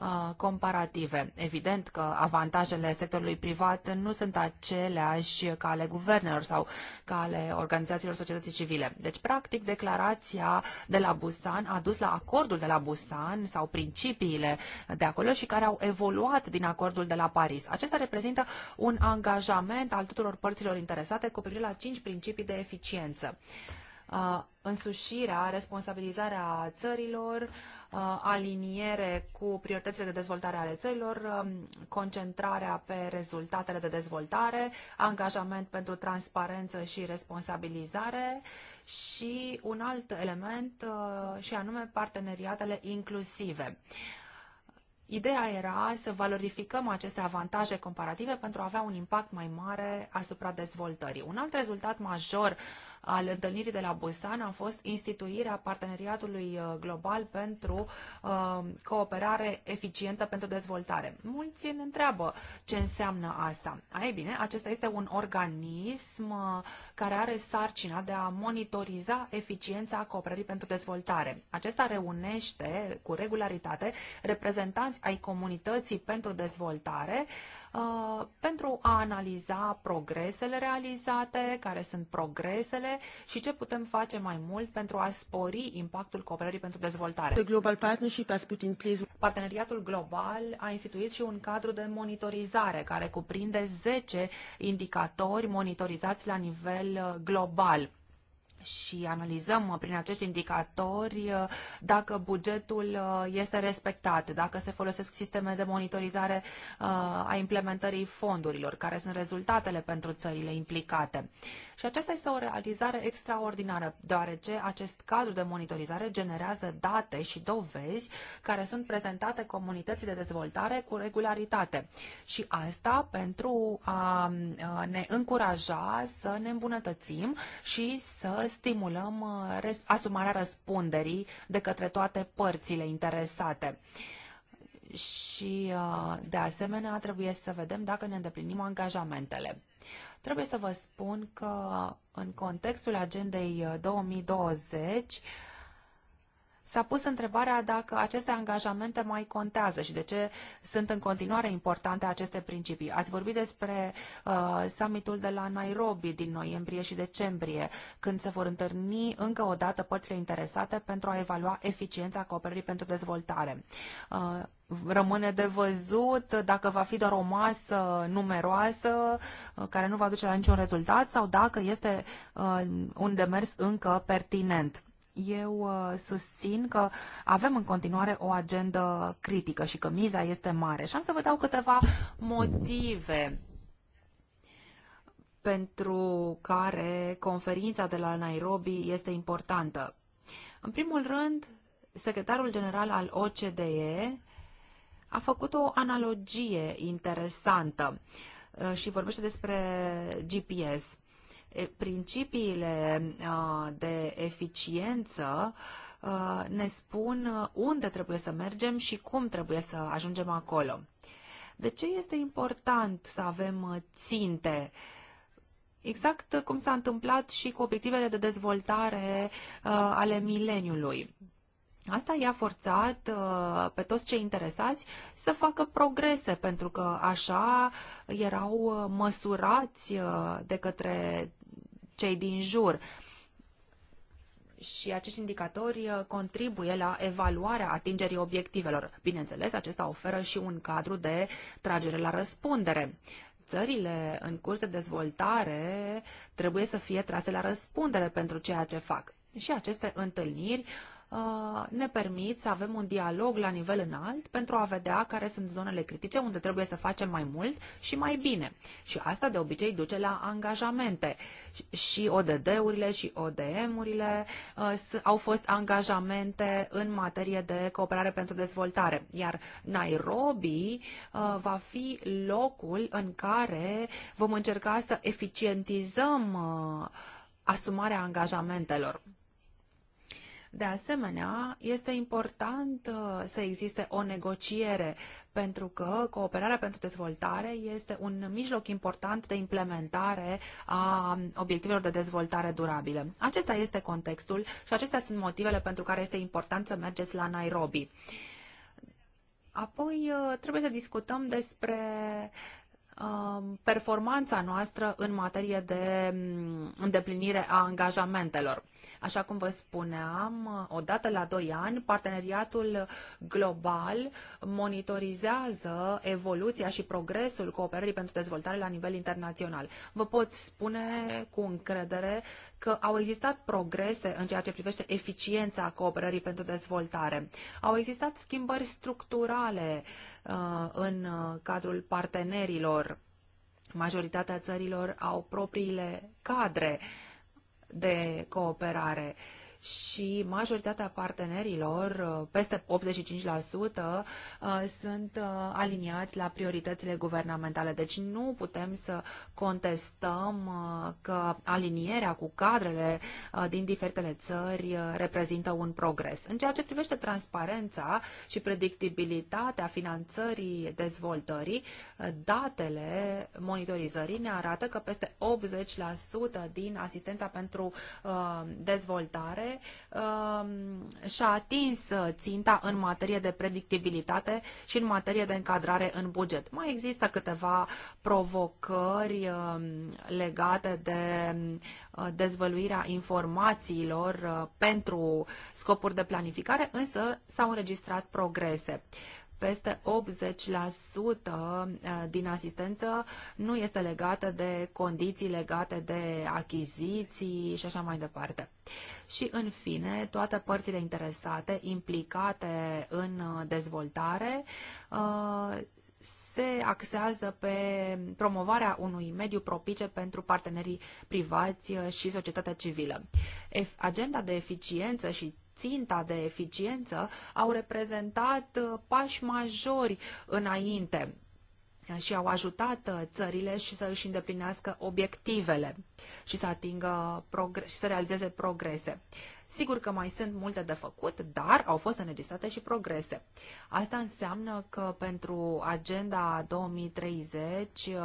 Speaker 1: Uh, comparative. Evident că avantajele sectorului privat nu sunt aceleași ca ale guvernelor sau ca ale organizațiilor societății civile. Deci, practic, declarația de la Busan a dus la acordul de la Busan sau principiile de acolo și care au evoluat din acordul de la Paris. Acesta reprezintă un angajament al tuturor părților interesate cu privire la cinci principii de eficiență însușirea, responsabilizarea țărilor, aliniere cu prioritățile de dezvoltare ale țărilor, concentrarea pe rezultatele de dezvoltare, angajament pentru transparență și responsabilizare și un alt element și anume parteneriatele inclusive. Ideea era să valorificăm aceste avantaje comparative pentru a avea un impact mai mare asupra dezvoltării. Un alt rezultat major al întâlnirii de la Busan a fost instituirea parteneriatului uh, global pentru uh, cooperare eficientă pentru dezvoltare. Mulți ne întreabă ce înseamnă asta. Ei bine, acesta este un organism uh, care are sarcina de a monitoriza eficiența cooperării pentru dezvoltare. Acesta reunește cu regularitate reprezentanți ai comunității pentru dezvoltare, Uh, pentru a analiza progresele realizate, care sunt progresele și ce putem face mai mult pentru a spori impactul cooperării pentru dezvoltare. The global partnership has put in place... Parteneriatul global a instituit și un cadru de monitorizare care cuprinde 10 indicatori monitorizați la nivel uh, global și analizăm prin acești indicatori uh, dacă bugetul uh, este respectat, dacă se folosesc sisteme de monitorizare uh, a implementării fondurilor, care sunt rezultatele pentru țările implicate. Și aceasta este o realizare extraordinară, deoarece acest cadru de monitorizare generează date și dovezi care sunt prezentate comunității de dezvoltare cu regularitate. Și asta pentru a ne încuraja să ne îmbunătățim și să stimulăm uh, asumarea răspunderii de către toate părțile interesate. Și, uh, de asemenea, trebuie să vedem dacă ne îndeplinim angajamentele. Trebuie să vă spun că, în contextul agendei 2020, uh, S-a pus întrebarea dacă aceste angajamente mai contează și de ce sunt în continuare importante aceste principii. Ați vorbit despre uh, summitul de la Nairobi din noiembrie și decembrie, când se vor întâlni încă o dată părțile interesate pentru a evalua eficiența cooperării pentru dezvoltare. Uh, Rămâne de văzut dacă va fi doar o masă numeroasă uh, care nu va duce la niciun rezultat sau dacă este uh, un demers încă pertinent eu uh, susțin că avem în continuare o agendă critică și că miza este mare. Și am să vă dau câteva motive pentru care conferința de la Nairobi este importantă. În primul rând, secretarul general al OCDE a făcut o analogie interesantă uh, și vorbește despre GPS principiile de eficiență ne spun unde trebuie să mergem și cum trebuie să ajungem acolo. De ce este important să avem ținte? Exact cum s-a întâmplat și cu obiectivele de dezvoltare ale mileniului. Asta i-a forțat pe toți cei interesați să facă progrese, pentru că așa erau măsurați de către cei din jur. Și acești indicatori uh, contribuie la evaluarea atingerii obiectivelor. Bineînțeles, acesta oferă și un cadru de tragere la răspundere țările în curs de dezvoltare trebuie să fie trase la răspundere pentru ceea ce fac. Și aceste întâlniri Uh, ne permit să avem un dialog la nivel înalt pentru a vedea care sunt zonele critice unde trebuie să facem mai mult și mai bine. Și asta de obicei duce la angajamente. Și ODD-urile și ODM-urile uh, au fost angajamente în materie de cooperare pentru dezvoltare. Iar Nairobi uh, va fi locul în care vom încerca să eficientizăm asumarea angajamentelor. De asemenea, este important uh, să existe o negociere, pentru că cooperarea pentru dezvoltare este un mijloc important de implementare a obiectivelor de dezvoltare durabilă. Acesta este contextul și acestea sunt motivele pentru care este important să mergeți la Nairobi. Apoi uh, trebuie să discutăm despre uh, performanța noastră în materie de mm, îndeplinire a angajamentelor. Așa cum vă spuneam, odată la 2 ani, parteneriatul global monitorizează evoluția și progresul cooperării pentru dezvoltare la nivel internațional. Vă pot spune cu încredere că au existat progrese în ceea ce privește eficiența cooperării pentru dezvoltare. Au existat schimbări structurale uh, în cadrul partenerilor. Majoritatea țărilor au propriile cadre uh, de cooperare și majoritatea partenerilor, uh, peste 85%, uh, sunt uh, aliniați la prioritățile guvernamentale. Deci nu putem să contestăm că alinierea cu cadrele din diferitele țări reprezintă un progres. În ceea ce privește transparența și predictibilitatea finanțării dezvoltării, datele monitorizării ne arată că peste 80% din asistența pentru dezvoltare uh, și-a atins uh, ținta în materie de predictibilitate și în materie de încadrare în buget. Mai există câteva provocări uh, legate de uh, dezvăluirea informațiilor uh, pentru scopuri de planificare, însă s-au înregistrat progrese peste 80% eh, din asistență nu este legată de condiții legate de achiziții și așa mai departe. Și, în fine, toate părțile interesate, implicate în eh, dezvoltare, eh, se axează pe promovarea unui mediu propice pentru partenerii privați și societatea civilă. Agenda de eficiență și ținta de eficiență au reprezentat uh, pași majori înainte și au ajutat uh, țările și să își îndeplinească obiectivele și să atingă și să realizeze progrese. Sigur că mai sunt multe de făcut, dar au fost înregistrate și progrese. Asta înseamnă că pentru Agenda 2030 uh,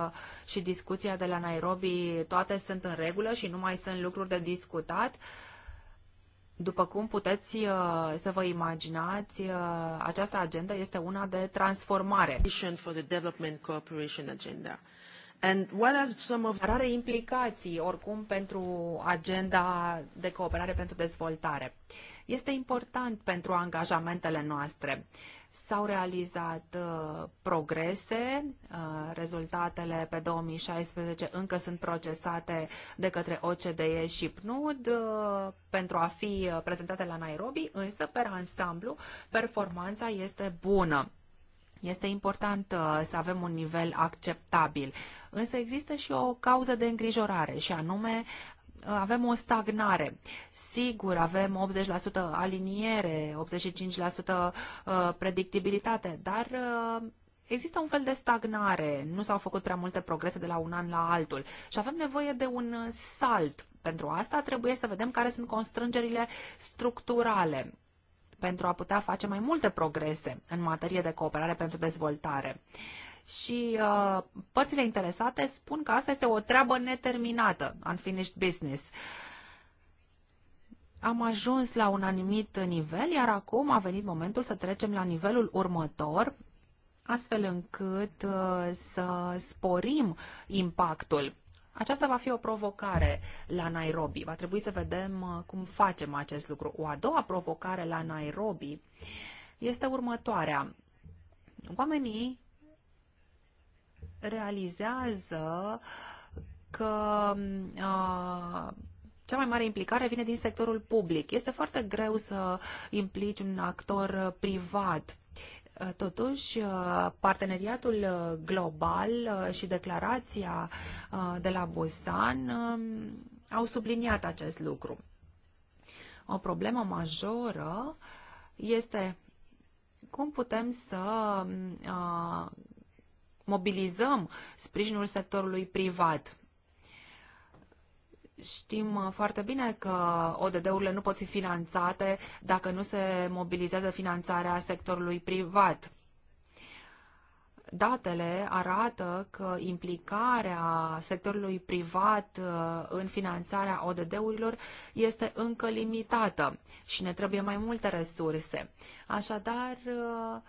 Speaker 1: și discuția de la Nairobi toate sunt în regulă și nu mai sunt lucruri de discutat. După cum puteți uh, să vă imaginați, uh, această agendă este una de transformare. And are implicații, oricum, pentru agenda de cooperare pentru dezvoltare. Este important pentru angajamentele noastre. S-au realizat uh, progrese, uh, rezultatele pe 2016 încă sunt procesate de către OCDE și PNUD uh, pentru a fi prezentate la Nairobi, însă, per ansamblu, performanța este bună. Este important să avem un nivel acceptabil Însă există și o cauză de îngrijorare și anume uh, avem o stagnare. Sigur, avem 80% aliniere, 85% uh, predictibilitate, dar uh, Există un fel de stagnare, nu s-au făcut prea multe progrese de la un an la altul și avem nevoie de un salt. Pentru asta trebuie să vedem care sunt constrângerile structurale pentru a putea face mai multe progrese în materie de cooperare pentru dezvoltare. Uh, și uh, părțile interesate spun că asta este o treabă neterminată, unfinished business. Am ajuns la un anumit nivel, iar acum a venit momentul să trecem la nivelul următor, astfel încât uh, să sporim impactul. Aceasta va fi o provocare la Nairobi. Va trebui să vedem uh, cum facem acest lucru. O a doua provocare la Nairobi este următoarea. Oamenii realizează că a, cea mai mare implicare vine din sectorul public. Este foarte greu să implici un actor privat. Totuși, parteneriatul global și declarația de la Busan au subliniat acest lucru. O problemă majoră este cum putem să mobilizăm sprijinul sectorului privat. Știm uh, foarte bine că ODD-urile nu pot fi finanțate dacă nu se mobilizează finanțarea sectorului privat. Datele arată că implicarea sectorului privat uh, în finanțarea ODD-urilor este încă limitată și ne trebuie mai multe resurse. Așadar, uh,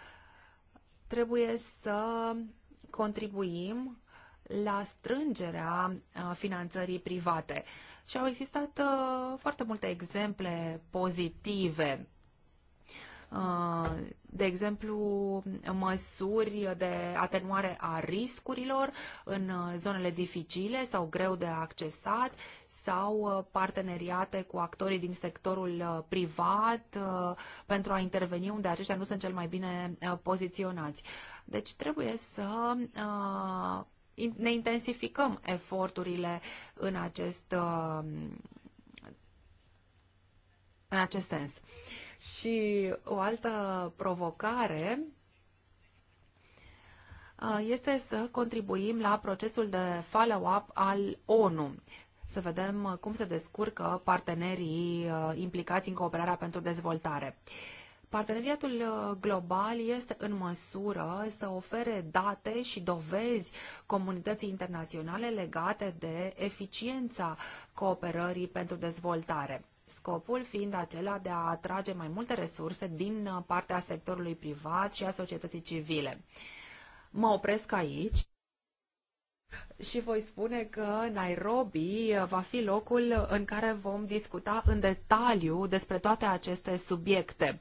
Speaker 1: trebuie să contribuim la strângerea finanțării private. Și au existat foarte multe exemple pozitive Uh, de exemplu, măsuri de atenuare a riscurilor în uh, zonele dificile sau greu de accesat sau uh, parteneriate cu actorii din sectorul privat pentru a interveni unde aceștia nu sunt cel mai bine poziționați. Deci trebuie să ne intensificăm eforturile în acest, în acest sens. Și o altă provocare este să contribuim la procesul de follow-up al ONU să vedem cum se descurcă partenerii implicați în cooperarea pentru dezvoltare. Parteneriatul global este în măsură să ofere date și dovezi comunității internaționale legate de eficiența cooperării pentru dezvoltare scopul fiind acela de a atrage mai multe resurse din uh, partea sectorului privat și a societății civile. Mă opresc aici și voi spune că Nairobi uh, va fi locul în care vom discuta în detaliu despre toate aceste subiecte.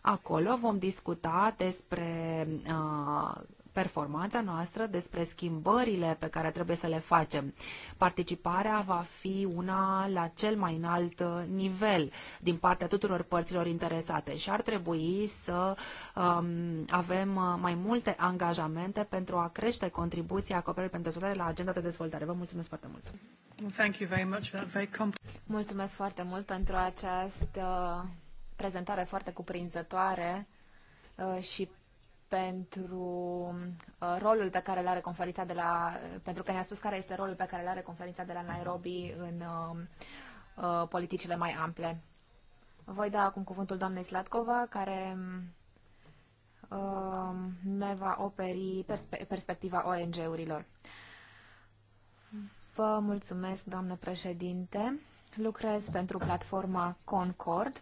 Speaker 1: Acolo vom discuta despre uh, performanța noastră, despre schimbările pe care trebuie să le facem. Participarea va fi una la cel mai înalt uh, nivel din partea tuturor părților interesate și ar trebui să um, avem uh, mai multe angajamente pentru a crește contribuția acoperirii pentru dezvoltare la agenda de dezvoltare. Vă mulțumesc foarte mult!
Speaker 2: Mulțumesc foarte mult pentru această prezentare foarte cuprinzătoare uh, și pentru uh, rolul pe care l are conferința de la, pentru că ne-a spus care este rolul pe care l are conferința de la Nairobi în um, uh, politicile mai ample. Voi da acum cuvântul doamnei Slatkova, care uh, ne va operi perspe perspectiva ONG-urilor. Vă mulțumesc, doamnă președinte. Lucrez pentru platforma Concord,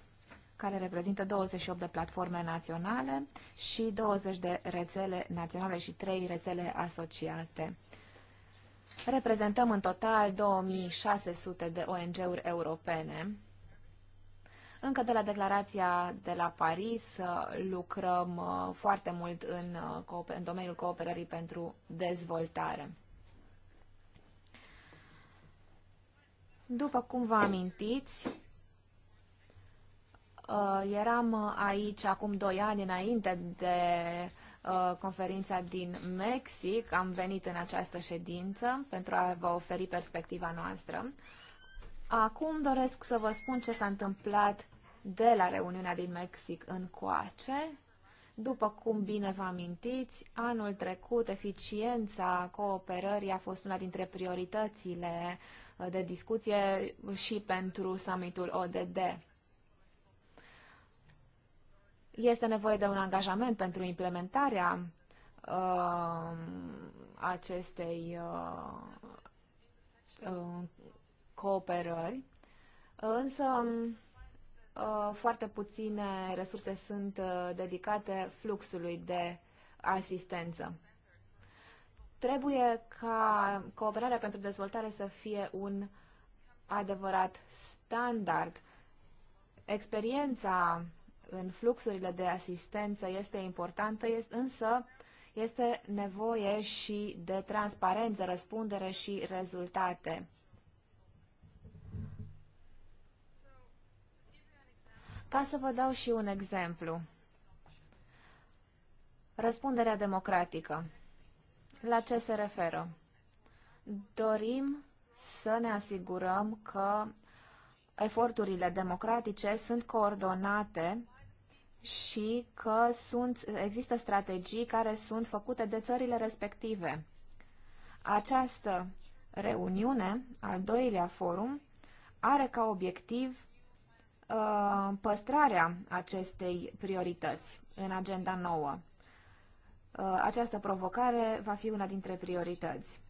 Speaker 2: care reprezintă 28 de platforme naționale și 20 de rețele naționale și 3 rețele asociate. Reprezentăm în total 2600 de ONG-uri europene. Încă de la declarația de la Paris uh, lucrăm uh, foarte mult în, uh, în domeniul cooperării pentru dezvoltare. După cum vă amintiți, Uh, eram uh, aici acum doi ani înainte de uh, conferința din Mexic. Am venit în această ședință pentru a vă oferi perspectiva noastră. Acum doresc să vă spun ce s-a întâmplat de la reuniunea din Mexic în coace. După cum bine vă amintiți, anul trecut eficiența cooperării a fost una dintre prioritățile uh, de discuție și pentru summitul ODD. Este nevoie de un angajament pentru implementarea uh, acestei uh, uh, cooperări, însă uh, foarte puține resurse sunt uh, dedicate fluxului de asistență. Trebuie ca cooperarea pentru dezvoltare să fie un adevărat standard. Experiența în fluxurile de asistență este importantă, este, însă este nevoie și de transparență, răspundere și rezultate. Ca să vă dau și un exemplu. Răspunderea democratică. La ce se referă? Dorim să ne asigurăm că eforturile democratice sunt coordonate și că sunt, există strategii care sunt făcute de țările respective. Această reuniune, al doilea forum, are ca obiectiv uh, păstrarea acestei priorități în agenda nouă. Uh, această provocare va fi una dintre priorități.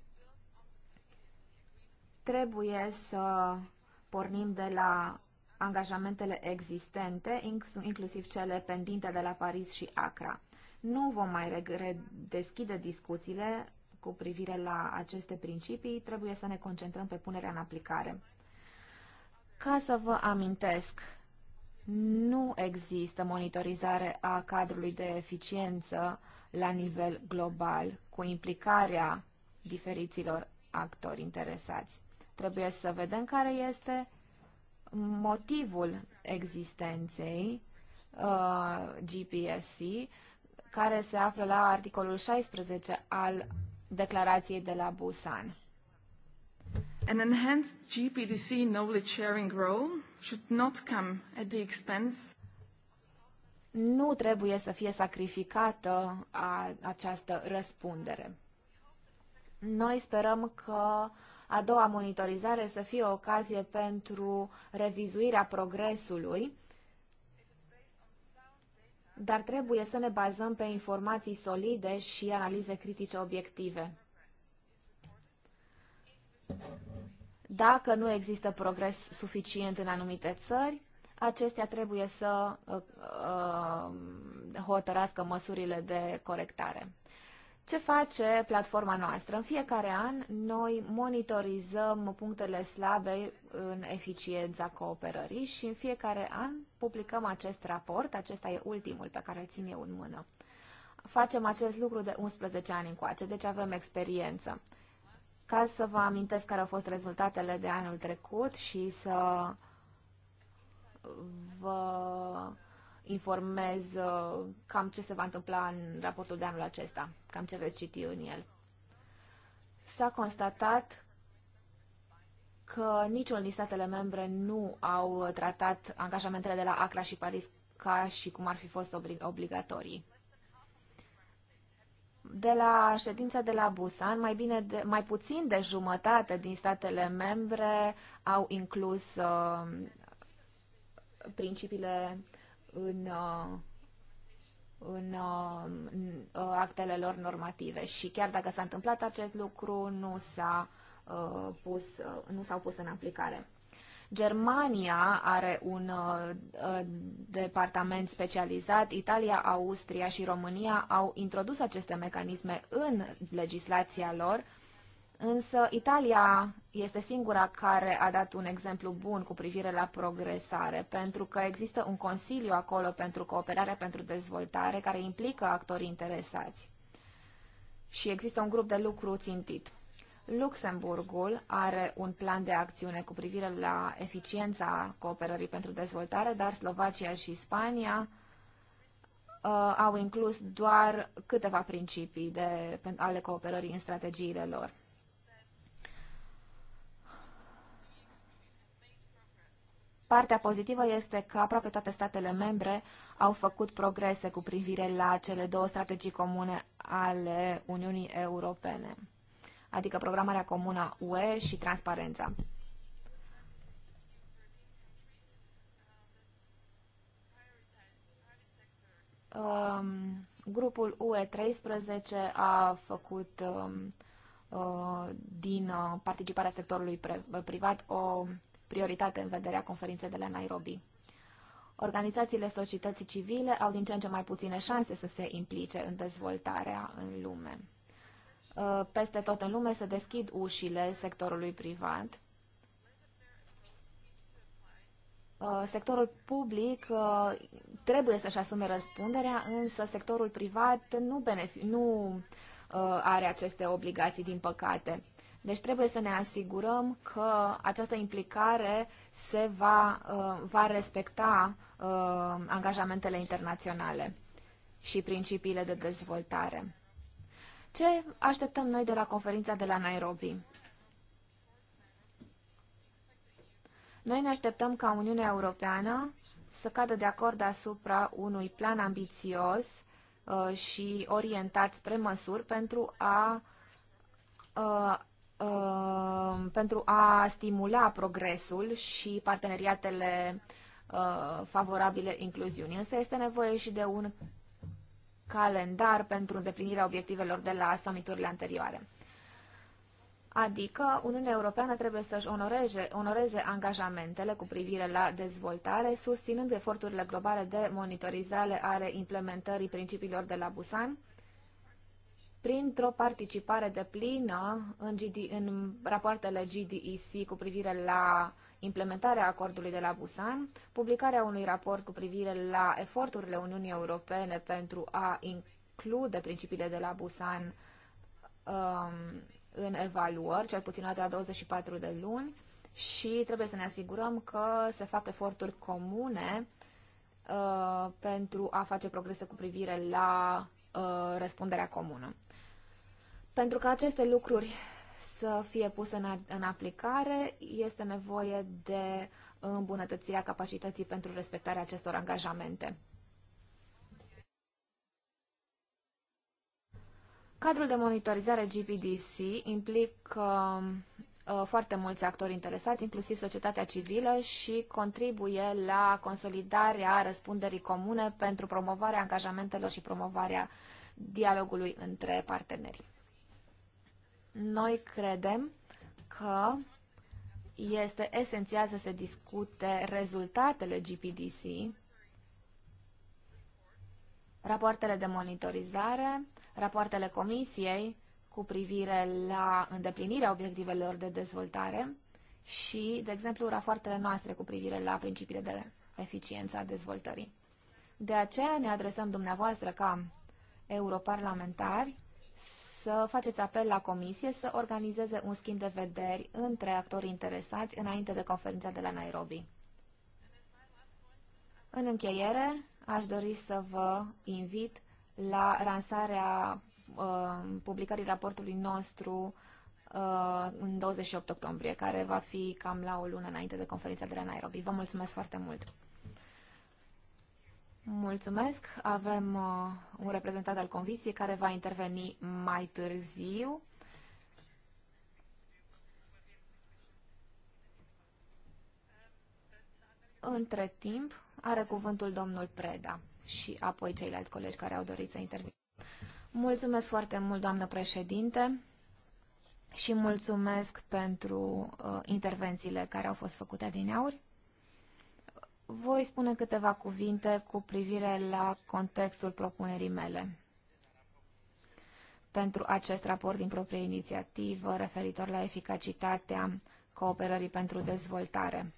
Speaker 2: Trebuie să pornim de la angajamentele existente, inclusiv cele pendinte de la Paris și Acra. Nu vom mai redeschide discuțiile cu privire la aceste principii, trebuie să ne concentrăm pe punerea în aplicare. Ca să vă amintesc, nu există monitorizare a cadrului de eficiență la nivel global cu implicarea diferiților actori interesați. Trebuie să vedem care este motivul existenței uh, GPSC, care se află la articolul 16 al declarației de la Busan.
Speaker 3: An enhanced GPDC knowledge sharing role should not come at the expense
Speaker 2: nu trebuie să fie sacrificată a, această răspundere. Noi sperăm că uh, a doua monitorizare să fie o ocazie pentru revizuirea progresului, dar trebuie să ne bazăm pe informații solide și analize critice obiective. Dacă nu există progres suficient în anumite țări, acestea trebuie să uh, uh hotărască măsurile de corectare. Ce face platforma noastră? În fiecare an noi monitorizăm punctele slabe în eficiența cooperării și în fiecare an publicăm acest raport. Acesta e ultimul pe care îl țin eu în mână. Facem acest lucru de 11 ani încoace, deci avem experiență. Ca să vă amintesc care au fost rezultatele de anul trecut și să vă informez uh, cam ce se va întâmpla în raportul de anul acesta, cam ce veți citi în el. S-a constatat că niciunul din statele membre nu au tratat angajamentele de la Acra și Paris ca și cum ar fi fost obligatorii. De la ședința de la Busan, mai, bine de, mai puțin de jumătate din statele membre au inclus uh, principiile în, în, în actele lor normative și chiar dacă s-a întâmplat acest lucru, nu s-a uh, pus, uh, nu s-au pus în aplicare. Germania are un uh, uh, departament specializat, Italia, Austria și România au introdus aceste mecanisme în legislația lor Însă Italia este singura care a dat un exemplu bun cu privire la progresare, pentru că există un consiliu acolo pentru cooperare pentru dezvoltare care implică actorii interesați. Și există un grup de lucru țintit. Luxemburgul are un plan de acțiune cu privire la eficiența cooperării pentru dezvoltare, dar Slovacia și Spania uh, au inclus doar câteva principii de, ale cooperării în strategiile lor. Partea pozitivă este că aproape toate statele membre au făcut progrese cu privire la cele două strategii comune ale Uniunii Europene, adică programarea comună UE și transparența. Um, grupul UE13 a făcut um, uh, din uh, participarea sectorului privat o prioritate în vederea conferinței de la Nairobi. Organizațiile societății civile au din ce în ce mai puține șanse să se implice în dezvoltarea în lume. Uh, peste tot în lume se deschid ușile sectorului privat. Uh, sectorul public uh, trebuie să-și asume răspunderea, însă sectorul privat nu, nu are aceste obligații, din păcate. Deci trebuie să ne asigurăm că această implicare se va, uh, va respecta uh, angajamentele internaționale și principiile de dezvoltare. Ce așteptăm noi de la conferința de la Nairobi? Noi ne așteptăm ca Uniunea Europeană să cadă de acord asupra unui plan ambițios uh, și orientat spre măsuri pentru a Uh, pentru a stimula progresul și parteneriatele uh, favorabile incluziunii. Însă este nevoie și de un calendar pentru îndeplinirea obiectivelor de la summiturile anterioare. Adică Uniunea Europeană trebuie să-și onoreze, onoreze angajamentele cu privire la dezvoltare, susținând eforturile globale de monitorizare ale implementării principiilor de la Busan, printr-o participare de plină în, GD, în rapoartele GDEC cu privire la implementarea acordului de la Busan, publicarea unui raport cu privire la eforturile Uniunii Europene pentru a include principiile de la Busan um, în evaluări, cel puțin la 24 de luni, și trebuie să ne asigurăm că se fac eforturi comune uh, pentru a face progrese cu privire la uh, răspunderea comună. Pentru că aceste lucruri să fie puse în, în aplicare, este nevoie de îmbunătățirea capacității pentru respectarea acestor angajamente. Cadrul de monitorizare GPDC implică uh, foarte mulți actori interesați, inclusiv societatea civilă și contribuie la consolidarea răspunderii comune pentru promovarea angajamentelor și promovarea dialogului între parteneri. Noi credem că este esențial să se discute rezultatele GPDC, rapoartele de monitorizare, rapoartele comisiei cu privire la îndeplinirea obiectivelor de dezvoltare și, de exemplu, rapoartele noastre cu privire la principiile de eficiență a dezvoltării. De aceea ne adresăm dumneavoastră ca europarlamentari să faceți apel la comisie să organizeze un schimb de vederi între actorii interesați înainte de conferința de la Nairobi. În încheiere, aș dori să vă invit la lansarea uh, publicării raportului nostru uh, în 28 octombrie, care va fi cam la o lună înainte de conferința de la Nairobi. Vă mulțumesc foarte mult! Mulțumesc. Avem uh, un reprezentant al Comisiei care va interveni mai târziu. Între timp, are cuvântul domnul Preda și apoi ceilalți colegi care au dorit să intervină. Mulțumesc foarte mult, doamnă președinte, și mulțumesc pentru uh, intervențiile care au fost făcute din aur voi spune câteva cuvinte cu privire la contextul propunerii mele pentru acest raport din proprie inițiativă referitor la eficacitatea cooperării pentru dezvoltare.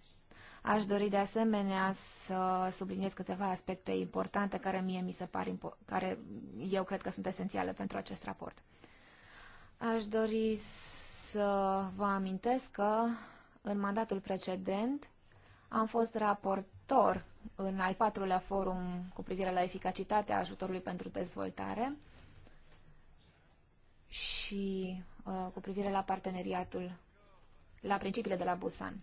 Speaker 2: Aș dori de asemenea să subliniez câteva aspecte importante care mie mi se par, care eu cred că sunt esențiale pentru acest raport. Aș dori să vă amintesc că în mandatul precedent am fost raport viitor în al patrulea forum cu privire la eficacitatea ajutorului pentru dezvoltare și uh, cu privire la parteneriatul, la principiile de la Busan.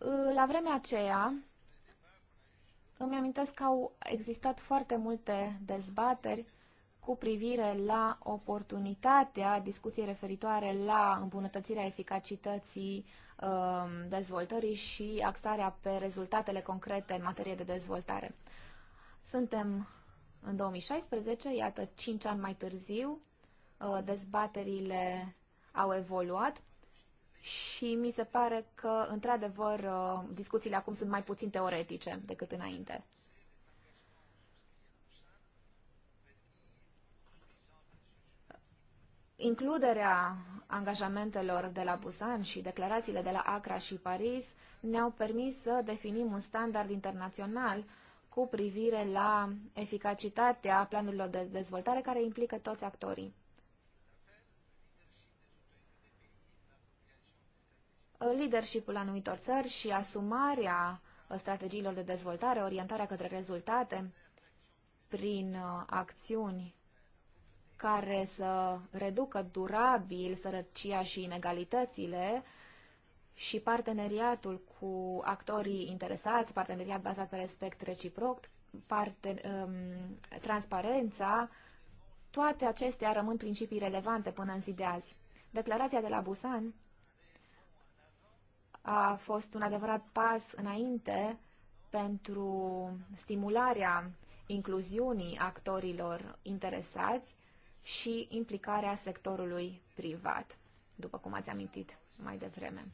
Speaker 2: Uh, la vremea aceea, îmi amintesc că au existat foarte multe dezbateri cu privire la oportunitatea discuției referitoare la îmbunătățirea eficacității um, dezvoltării și axarea pe rezultatele concrete în materie de dezvoltare. Suntem în 2016, iată 5 ani mai târziu, uh, dezbaterile au evoluat și mi se pare că, într-adevăr, uh, discuțiile acum sunt mai puțin teoretice decât înainte. Includerea angajamentelor de la Busan și declarațiile de la Accra și Paris ne-au permis să definim un standard internațional cu privire la eficacitatea planurilor de dezvoltare care implică toți actorii. Leadershipul anumitor țări și asumarea strategiilor de dezvoltare, orientarea către rezultate prin uh, acțiuni care să reducă durabil sărăcia și inegalitățile și parteneriatul cu actorii interesați, parteneriat bazat pe respect reciproc, parte, um, transparența, toate acestea rămân principii relevante până în zi de azi. Declarația de la Busan a fost un adevărat pas înainte pentru stimularea incluziunii actorilor interesați și implicarea sectorului privat, după cum ați amintit mai devreme.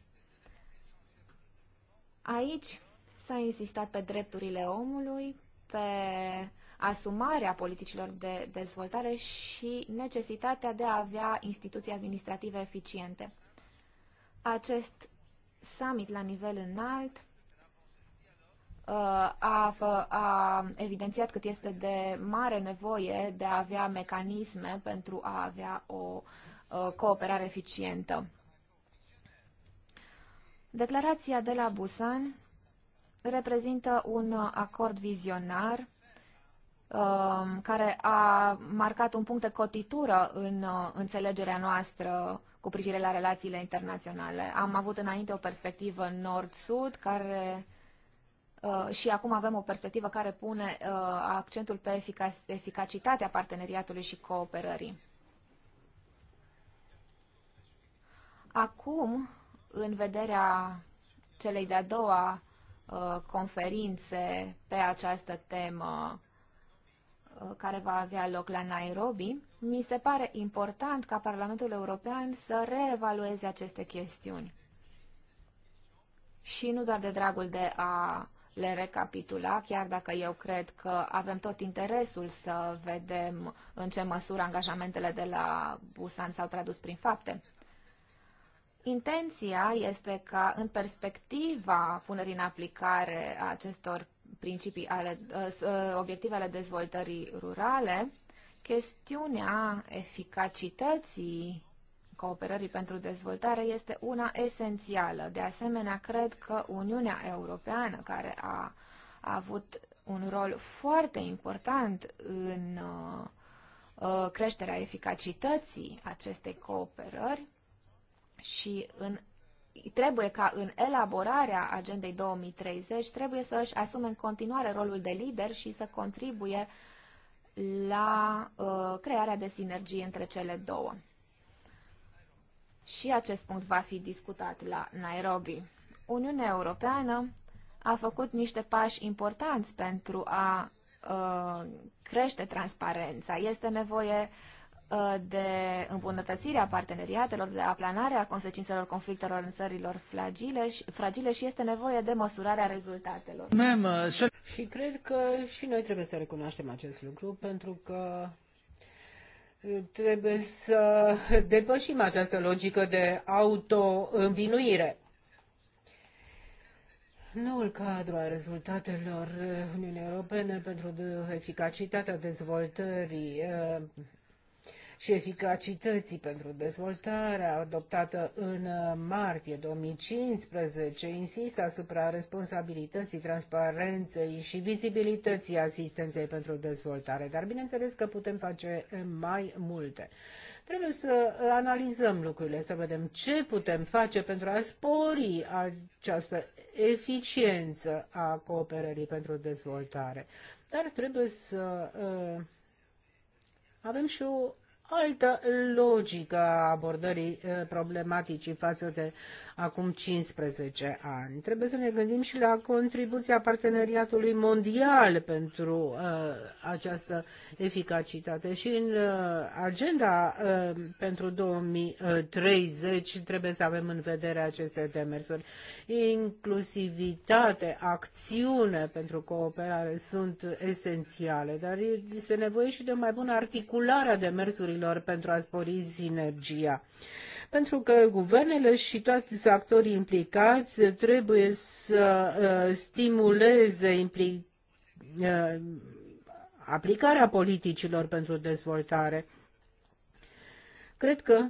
Speaker 2: Aici s-a insistat pe drepturile omului, pe asumarea politicilor de dezvoltare și necesitatea de a avea instituții administrative eficiente. Acest summit la nivel înalt a, a evidențiat cât este de mare nevoie de a avea mecanisme pentru a avea o cooperare eficientă. Declarația de la Busan reprezintă un acord vizionar um, care a marcat un punct de cotitură în uh, înțelegerea noastră cu privire la relațiile internaționale. Am avut înainte o perspectivă nord-sud care Uh, și acum avem o perspectivă care pune uh, accentul pe eficac- eficacitatea parteneriatului și cooperării. Acum, în vederea celei de-a doua uh, conferințe pe această temă care va avea loc la Nairobi, mi se pare important ca Parlamentul European să reevalueze aceste chestiuni. Și nu doar de dragul de a le recapitula, chiar dacă eu cred că avem tot interesul să vedem în ce măsură angajamentele de la Busan s-au tradus prin fapte. Intenția este ca în perspectiva punerii în aplicare a acestor principii ale, ă, ă, obiectivele dezvoltării rurale, chestiunea eficacității cooperării pentru dezvoltare este una esențială. De asemenea, cred că Uniunea Europeană, care a, a avut un rol foarte important în uh, uh, creșterea eficacității acestei cooperări și în trebuie ca în elaborarea agendei 2030 trebuie să își asume în continuare rolul de lider și să contribuie la uh, crearea de sinergie între cele două și acest punct va fi discutat la Nairobi. Uniunea Europeană a făcut niște pași importanți pentru a uh, crește transparența. Este nevoie uh, de îmbunătățirea parteneriatelor, de aplanarea consecințelor conflictelor în țărilor fragile și, fragile și este nevoie de măsurarea rezultatelor.
Speaker 3: Uh, și cred că și noi trebuie să recunoaștem acest lucru, pentru că Trebuie să depășim această logică de autoînvinuire. Noul cadru al rezultatelor Uniunii Europene pentru eficacitatea dezvoltării și eficacității pentru dezvoltare, adoptată în uh, martie 2015, insistă asupra responsabilității, transparenței și vizibilității asistenței pentru dezvoltare, dar bineînțeles că putem face mai multe. Trebuie să uh, analizăm lucrurile, să vedem ce putem face pentru a spori această eficiență a cooperării pentru dezvoltare. Dar trebuie să uh, avem și o altă logică a abordării eh, problematicii față de acum 15 ani. Trebuie să ne gândim și la contribuția parteneriatului mondial pentru uh, această eficacitate și în uh, agenda uh, pentru 2030 trebuie să avem în vedere aceste demersuri. Inclusivitate, acțiune pentru cooperare sunt esențiale, dar este nevoie și de o mai bună articulare a demersurilor lucrătorilor pentru a spori sinergia. Pentru că guvernele și toți actorii implicați trebuie să uh, stimuleze impli uh, aplicarea politicilor pentru dezvoltare. Cred că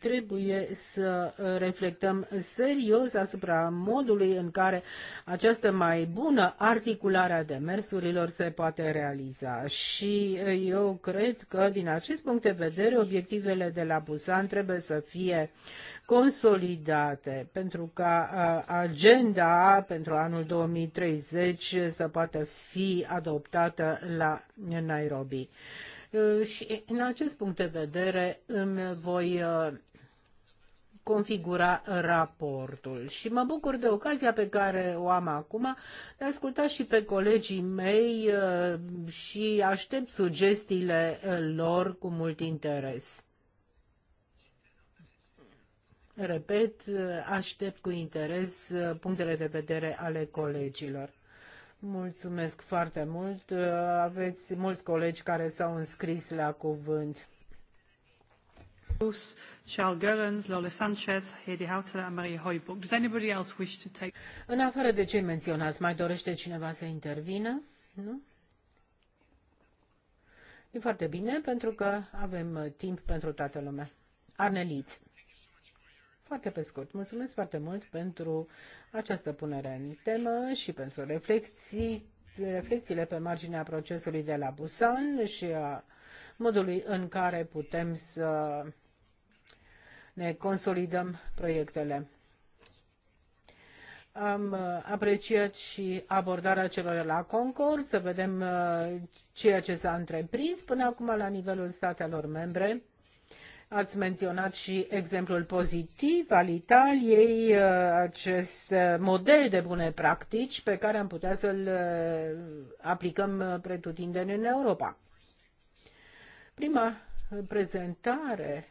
Speaker 3: trebuie să uh, reflectăm serios asupra modului în care această mai bună articulare a demersurilor se poate realiza. Și uh, eu cred că, din acest punct de vedere, obiectivele de la Busan trebuie să fie consolidate pentru ca uh, agenda pentru anul 2030 să poată fi adoptată la Nairobi. Uh, și în acest punct de vedere îmi voi uh, configura raportul. Și mă bucur de ocazia pe care o am acum de a asculta și pe colegii mei uh, și aștept sugestiile lor cu mult interes. Repet, aștept cu interes punctele de vedere ale colegilor. Mulțumesc foarte mult. Uh, aveți mulți colegi care s-au înscris la cuvânt. Charles Goerens, Lola Sanchez, Heidi Hautala Marie Maria Does anybody else wish to take... În afară de cei menționați, mai dorește cineva să intervină? Nu? E foarte bine, pentru că avem uh, timp pentru toată lumea. Arneliți. Foarte pe scurt, mulțumesc foarte mult pentru această punere în temă și pentru reflexii, reflexiile pe marginea procesului de la Busan și a modului în care putem să ne consolidăm proiectele. Am uh, apreciat și abordarea celor de la Concord, să vedem uh, ceea ce s-a întreprins până acum la nivelul statelor membre Ați menționat și exemplul pozitiv al Italiei, uh, acest uh, model de bune practici pe care am putea să-l uh, aplicăm pretutindeni în Europa. Prima prezentare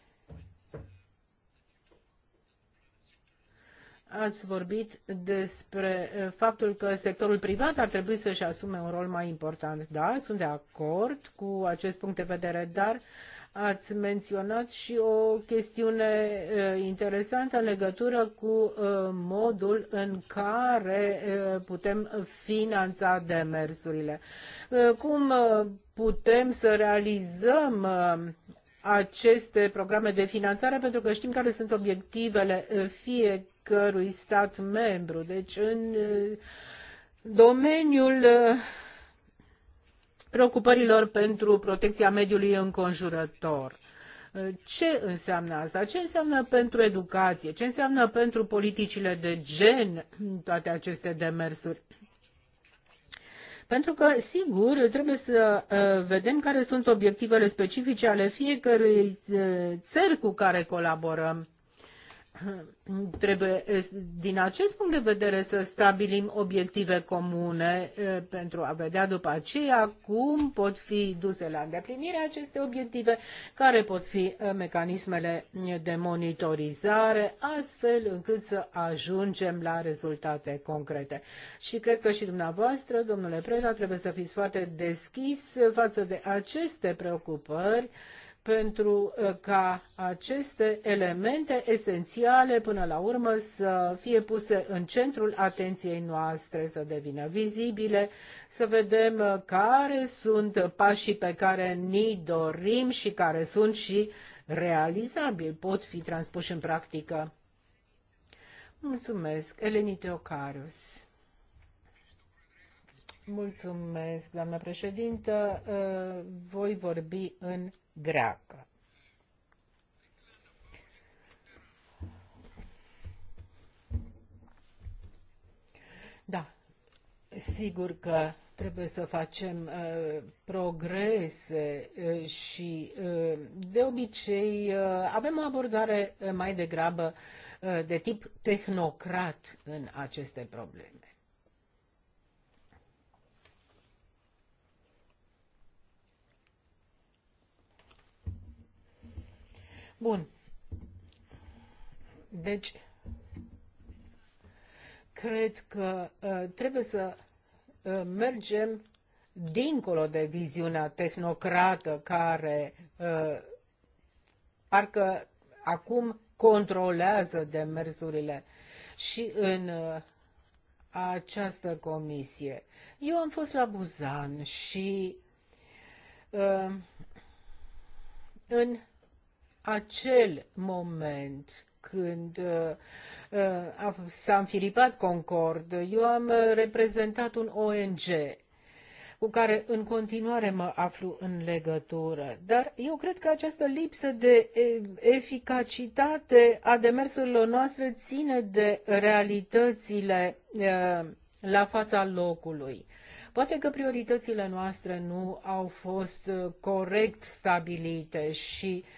Speaker 3: ați vorbit despre faptul că sectorul privat ar trebui să-și asume un rol mai important. Da, sunt de acord cu acest punct de vedere, dar Ați menționat și o chestiune uh, interesantă în legătură cu uh, modul în care uh, putem finanța demersurile. Cum putem să realizăm aceste programe de finanțare pentru că știm care sunt obiectivele fiecărui stat membru. Deci în domeniul preocupărilor pentru protecția mediului înconjurător. Ce înseamnă asta? Ce înseamnă pentru educație? Ce înseamnă pentru politicile de gen toate aceste demersuri? Pentru că, sigur, trebuie să uh, vedem care sunt obiectivele specifice ale fiecărui uh, țări cu care colaborăm trebuie din acest punct de vedere să stabilim obiective comune pentru a vedea după aceea cum pot fi duse la îndeplinire aceste obiective, care pot fi mecanismele de monitorizare, astfel încât să ajungem la rezultate concrete. Și cred că și dumneavoastră, domnule Preda, trebuie să fiți foarte deschis față de aceste preocupări pentru uh, ca aceste elemente esențiale până la urmă să fie puse în centrul atenției noastre, să devină vizibile, să vedem uh, care sunt pașii pe care ni dorim și care sunt și realizabili, pot fi transpuși în practică. Mulțumesc, Eleni Teocarius. Mulțumesc, doamnă președintă. Uh, voi vorbi în greacă. Da, sigur că trebuie să facem uh, progrese uh, și uh, de obicei uh, avem o abordare uh, mai degrabă uh, de tip tehnocrat în aceste probleme. Bun. Deci, cred că uh, trebuie să uh, mergem dincolo de viziunea tehnocrată care uh, parcă acum controlează demersurile și în uh, această comisie. Eu am fost la Buzan și uh, în acel moment când uh, uh s-a înfiripat Concord, eu am uh, reprezentat un ONG cu care în continuare mă aflu în legătură. Dar eu cred că această lipsă de eficacitate a demersurilor noastre ține de realitățile uh, la fața locului. Poate că prioritățile noastre nu au fost corect stabilite și uh,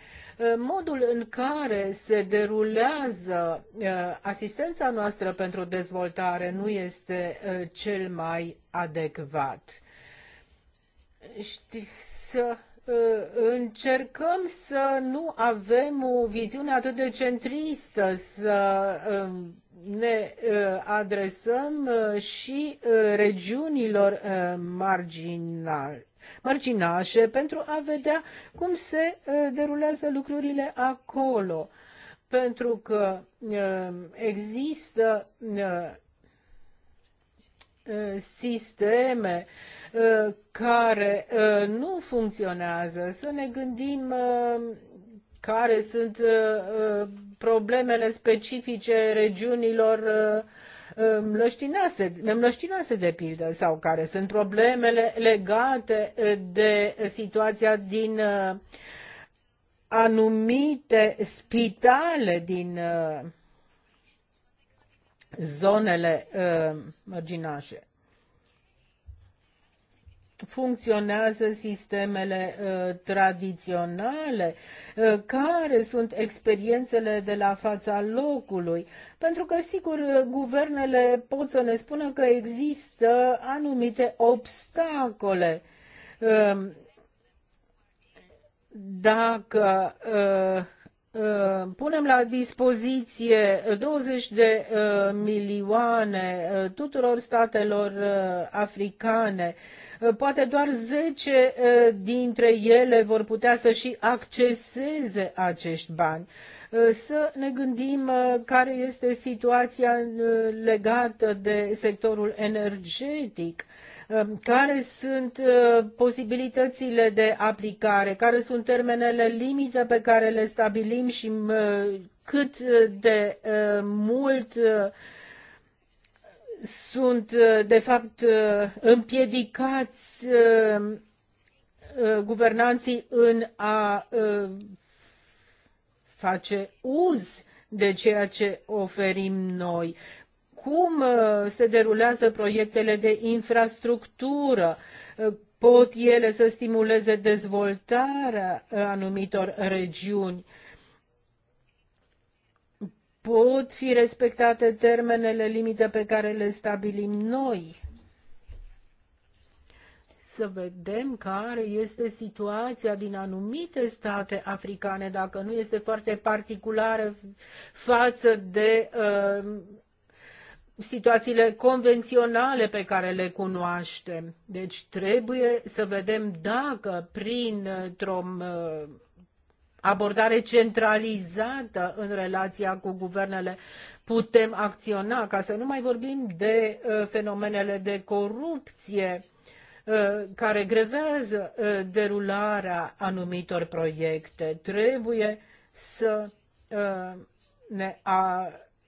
Speaker 3: modul în care se derulează uh, asistența noastră pentru dezvoltare nu este uh, cel mai adecvat. Știi, să uh, încercăm să nu avem o viziune atât de centristă, să um, ne adresăm și regiunilor marginale mărcinașe pentru a vedea cum se uh, derulează lucrurile acolo. Pentru că uh, există uh, sisteme care nu funcționează, să ne gândim care sunt problemele specifice regiunilor mlăștinase, mlăștinase de pildă sau care sunt problemele legate eh, de situația din eh, anumite spitale din eh, zonele mărginașe funcționează sistemele uh, tradiționale, uh, care sunt experiențele de la fața locului. Pentru că, sigur, uh, guvernele pot să ne spună că există anumite obstacole. Um, uh, dacă uh, punem la dispoziție 20 de uh, milioane tuturor statelor africane Poate doar 10 dintre ele vor putea să și acceseze acești bani. Să ne gândim care este situația legată de sectorul energetic care sunt posibilitățile de aplicare, care sunt termenele limite pe care le stabilim și cât de mult sunt, uh, de fapt, uh, împiedicați uh, guvernanții în a face uz de ceea ce oferim noi. Cum se derulează proiectele de infrastructură? Pot ele să stimuleze dezvoltarea anumitor regiuni? pot fi respectate termenele limite pe care le stabilim noi. Să vedem care este situația din anumite state africane, dacă nu este foarte particulară față de uh, situațiile convenționale pe care le cunoaștem. Deci trebuie să vedem dacă printr-o uh, abordare centralizată în relația cu guvernele putem acționa, ca să nu mai vorbim de uh, fenomenele de corupție uh, care grevează uh, derularea anumitor proiecte. Trebuie să ne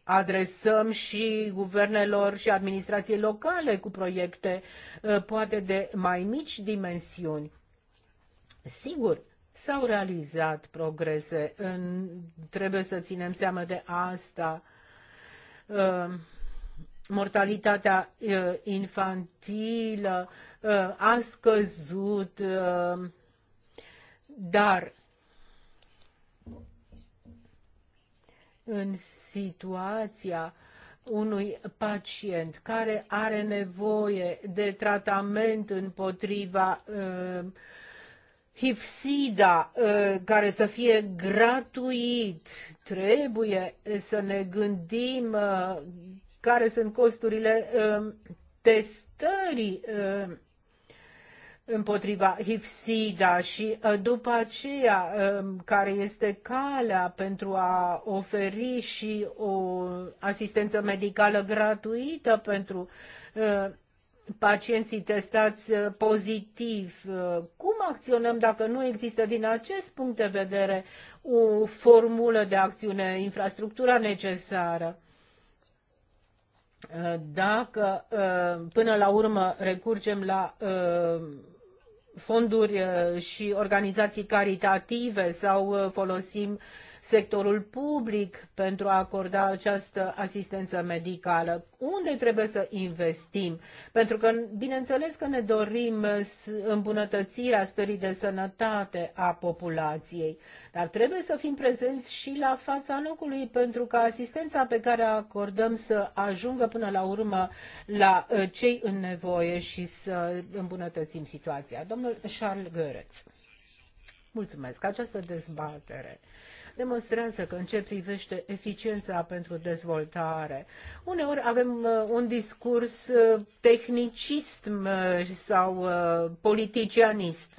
Speaker 3: adresăm și guvernelor și administrației locale cu proiecte poate de mai mici dimensiuni. Sigur, s-au realizat progrese. În, trebuie să ținem seama de asta. Uh, mortalitatea uh, infantilă uh, a scăzut, dar în situația unui pacient care are nevoie de tratament împotriva uh, Hipsida, ă, care să fie gratuit. Trebuie să ne gândim ă, care sunt costurile ă, testării împotriva Hipsida și după aceea care este calea pentru a oferi și o asistență medicală gratuită pentru pacienții testați uh, pozitiv. Uh, cum acționăm dacă nu există din acest punct de vedere o formulă de acțiune, infrastructura necesară? Uh, dacă până la urmă recurgem la fonduri și organizații caritative sau folosim uh, sectorul public pentru a acorda această asistență medicală? Unde trebuie să investim? Pentru că, bineînțeles că ne dorim îmbunătățirea stării de sănătate a populației, dar trebuie să fim prezenți și la fața locului pentru ca asistența pe care o acordăm să ajungă până la urmă la uh, cei în nevoie și să îmbunătățim situația. Domnul Charles Goeretz. Mulțumesc. Această dezbatere demonstrează că în ce privește eficiența pentru dezvoltare, uneori avem uh, un discurs uh, tehnicist uh, sau politicianist.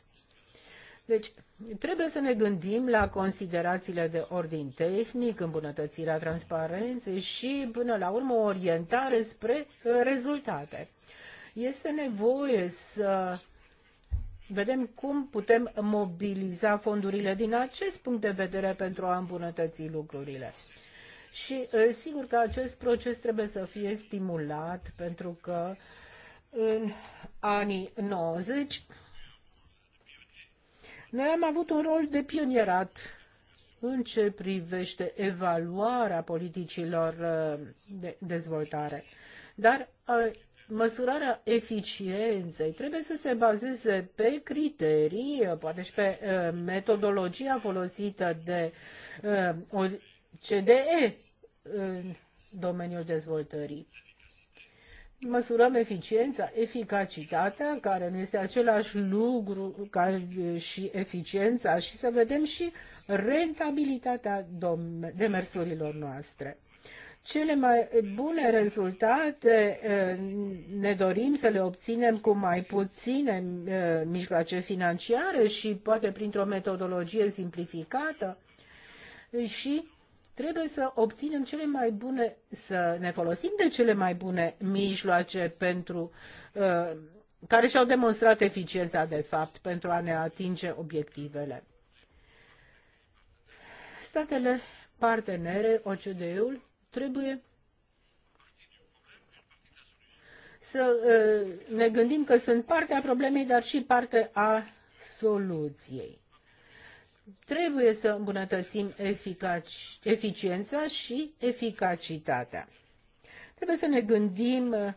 Speaker 3: Deci, Trebuie să ne gândim la considerațiile de ordin tehnic, îmbunătățirea transparenței și, până la urmă, orientare spre rezultate. Este nevoie să vedem cum putem mobiliza fondurile din acest punct de vedere pentru a îmbunătăți lucrurile. Și sigur că acest proces trebuie să fie stimulat pentru că în anii 90 noi am avut un rol de pionierat în ce privește evaluarea politicilor de dezvoltare. Dar măsurarea eficienței trebuie să se bazeze pe criterii, poate și pe uh, metodologia folosită de uh, CDE în domeniul dezvoltării. Măsurăm eficiența, eficacitatea, care nu este același lucru ca și eficiența, și să vedem și rentabilitatea demersurilor noastre. Cele mai bune rezultate ne dorim să le obținem cu mai puține mijloace financiare și poate printr-o metodologie simplificată și trebuie să obținem cele mai bune, să ne folosim de cele mai bune mijloace pentru care și-au demonstrat eficiența de fapt pentru a ne atinge obiectivele. Statele partenere, OCDE-ul, Trebuie să uh, ne gândim că sunt parte a problemei, dar și parte a soluției. Trebuie să îmbunătățim eficac- eficiența și eficacitatea. Trebuie să ne gândim uh,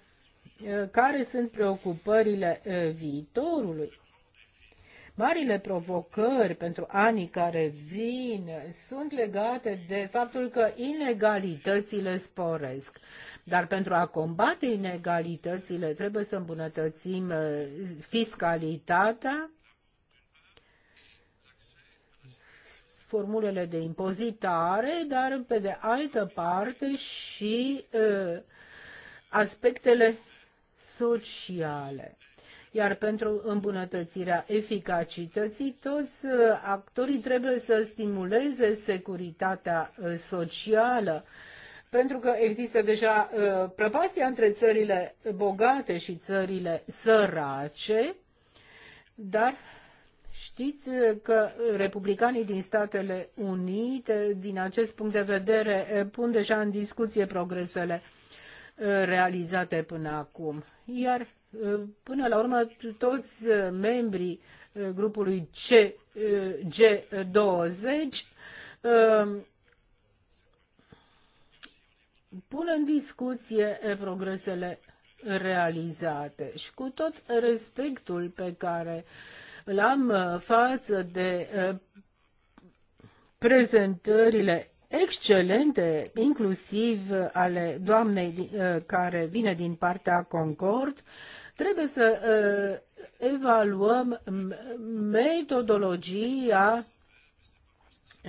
Speaker 3: care sunt preocupările uh, viitorului Marile provocări pentru anii care vin sunt legate de faptul că inegalitățile sporesc. Dar pentru a combate inegalitățile trebuie să îmbunătățim uh, fiscalitatea, formulele de impozitare, dar pe de altă parte și uh, aspectele sociale. Iar pentru îmbunătățirea eficacității, toți uh, actorii trebuie să stimuleze securitatea uh, socială pentru că există deja uh, prăpastia între țările bogate și țările sărace, dar știți uh, că republicanii din Statele Unite, din acest punct de vedere, pun deja în discuție progresele realizate până acum. Iar Până la urmă, toți uh, membrii uh, grupului C, uh, G20 pun în discuție progresele realizate și cu tot respectul pe care l-am față de prezentările excelente, inclusiv ale doamnei eh, care vine din partea Concord, trebuie să eh, evaluăm metodologia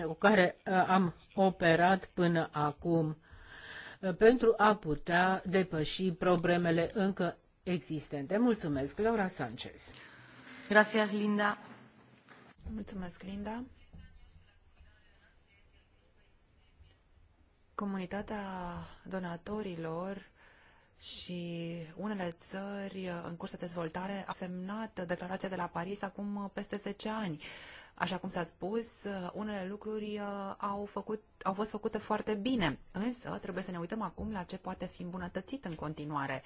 Speaker 3: cu care eh, am operat până acum pentru a putea depăși problemele încă existente. Mulțumesc, Laura Sanchez. Gracias, Linda.
Speaker 1: Mulțumesc, Linda. Comunitatea donatorilor și unele țări în curs de dezvoltare a semnat declarația de la Paris acum peste 10 ani. Așa cum s-a spus, unele lucruri uh, au, făcut, au fost făcute foarte bine, însă trebuie să ne uităm acum la ce poate fi îmbunătățit în continuare.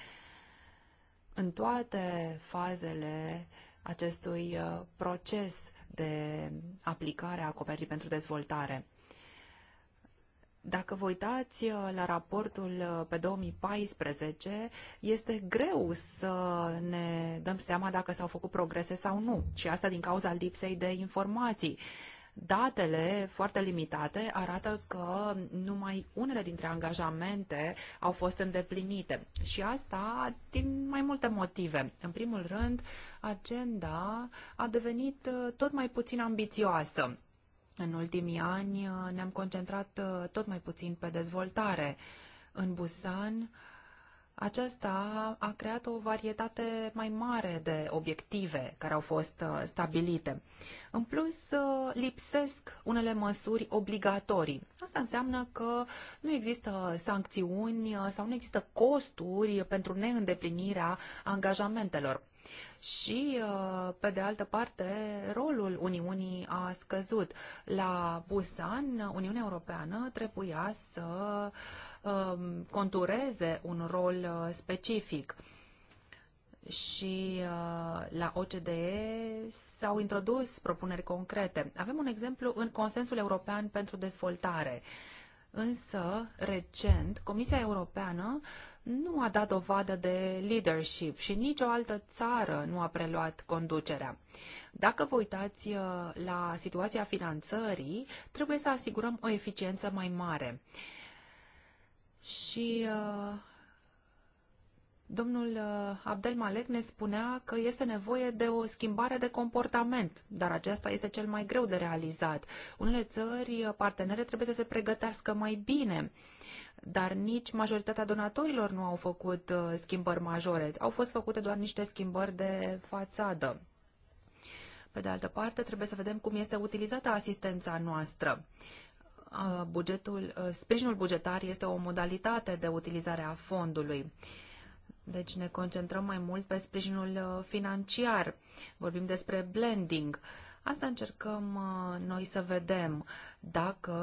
Speaker 1: În toate fazele acestui uh, proces de aplicare a cooperării pentru dezvoltare. Dacă vă uitați uh, la raportul uh, pe 2014, este greu să ne dăm seama dacă s-au făcut progrese sau nu. Și asta din cauza lipsei de informații. Datele foarte limitate arată că numai unele dintre angajamente au fost îndeplinite și asta din mai multe motive. În primul rând, agenda a devenit uh, tot mai puțin ambițioasă în ultimii ani uh, ne-am concentrat uh, tot mai puțin pe dezvoltare. În Busan, aceasta a creat o varietate mai mare de obiective care au fost uh, stabilite. În plus, lipsesc unele măsuri obligatorii. Asta înseamnă că nu există sancțiuni sau nu există costuri pentru neîndeplinirea angajamentelor și, uh, pe de altă parte, rolul Uniunii a scăzut. La Busan, Uniunea Europeană trebuia să um, contureze un rol uh, specific și uh, la OCDE s-au introdus propuneri concrete. Avem un exemplu în Consensul European pentru Dezvoltare. Însă, recent, Comisia Europeană uh, nu a dat dovadă de leadership și nicio altă țară nu a preluat conducerea. Dacă vă uitați uh, la situația finanțării, trebuie să asigurăm o eficiență mai mare. Și uh, Domnul uh, Abdel Malek ne spunea că este nevoie de o schimbare de comportament, dar aceasta este cel mai greu de realizat. Unele țări partenere trebuie să se pregătească mai bine dar nici majoritatea donatorilor nu au făcut uh, schimbări majore. Au fost făcute doar niște schimbări de fațadă. Pe de altă parte, trebuie să vedem cum este utilizată asistența noastră. Uh, bugetul, uh, sprijinul bugetar este o modalitate de utilizare a fondului. Deci ne concentrăm mai mult pe sprijinul financiar. Vorbim despre blending. Asta încercăm uh, noi să vedem, dacă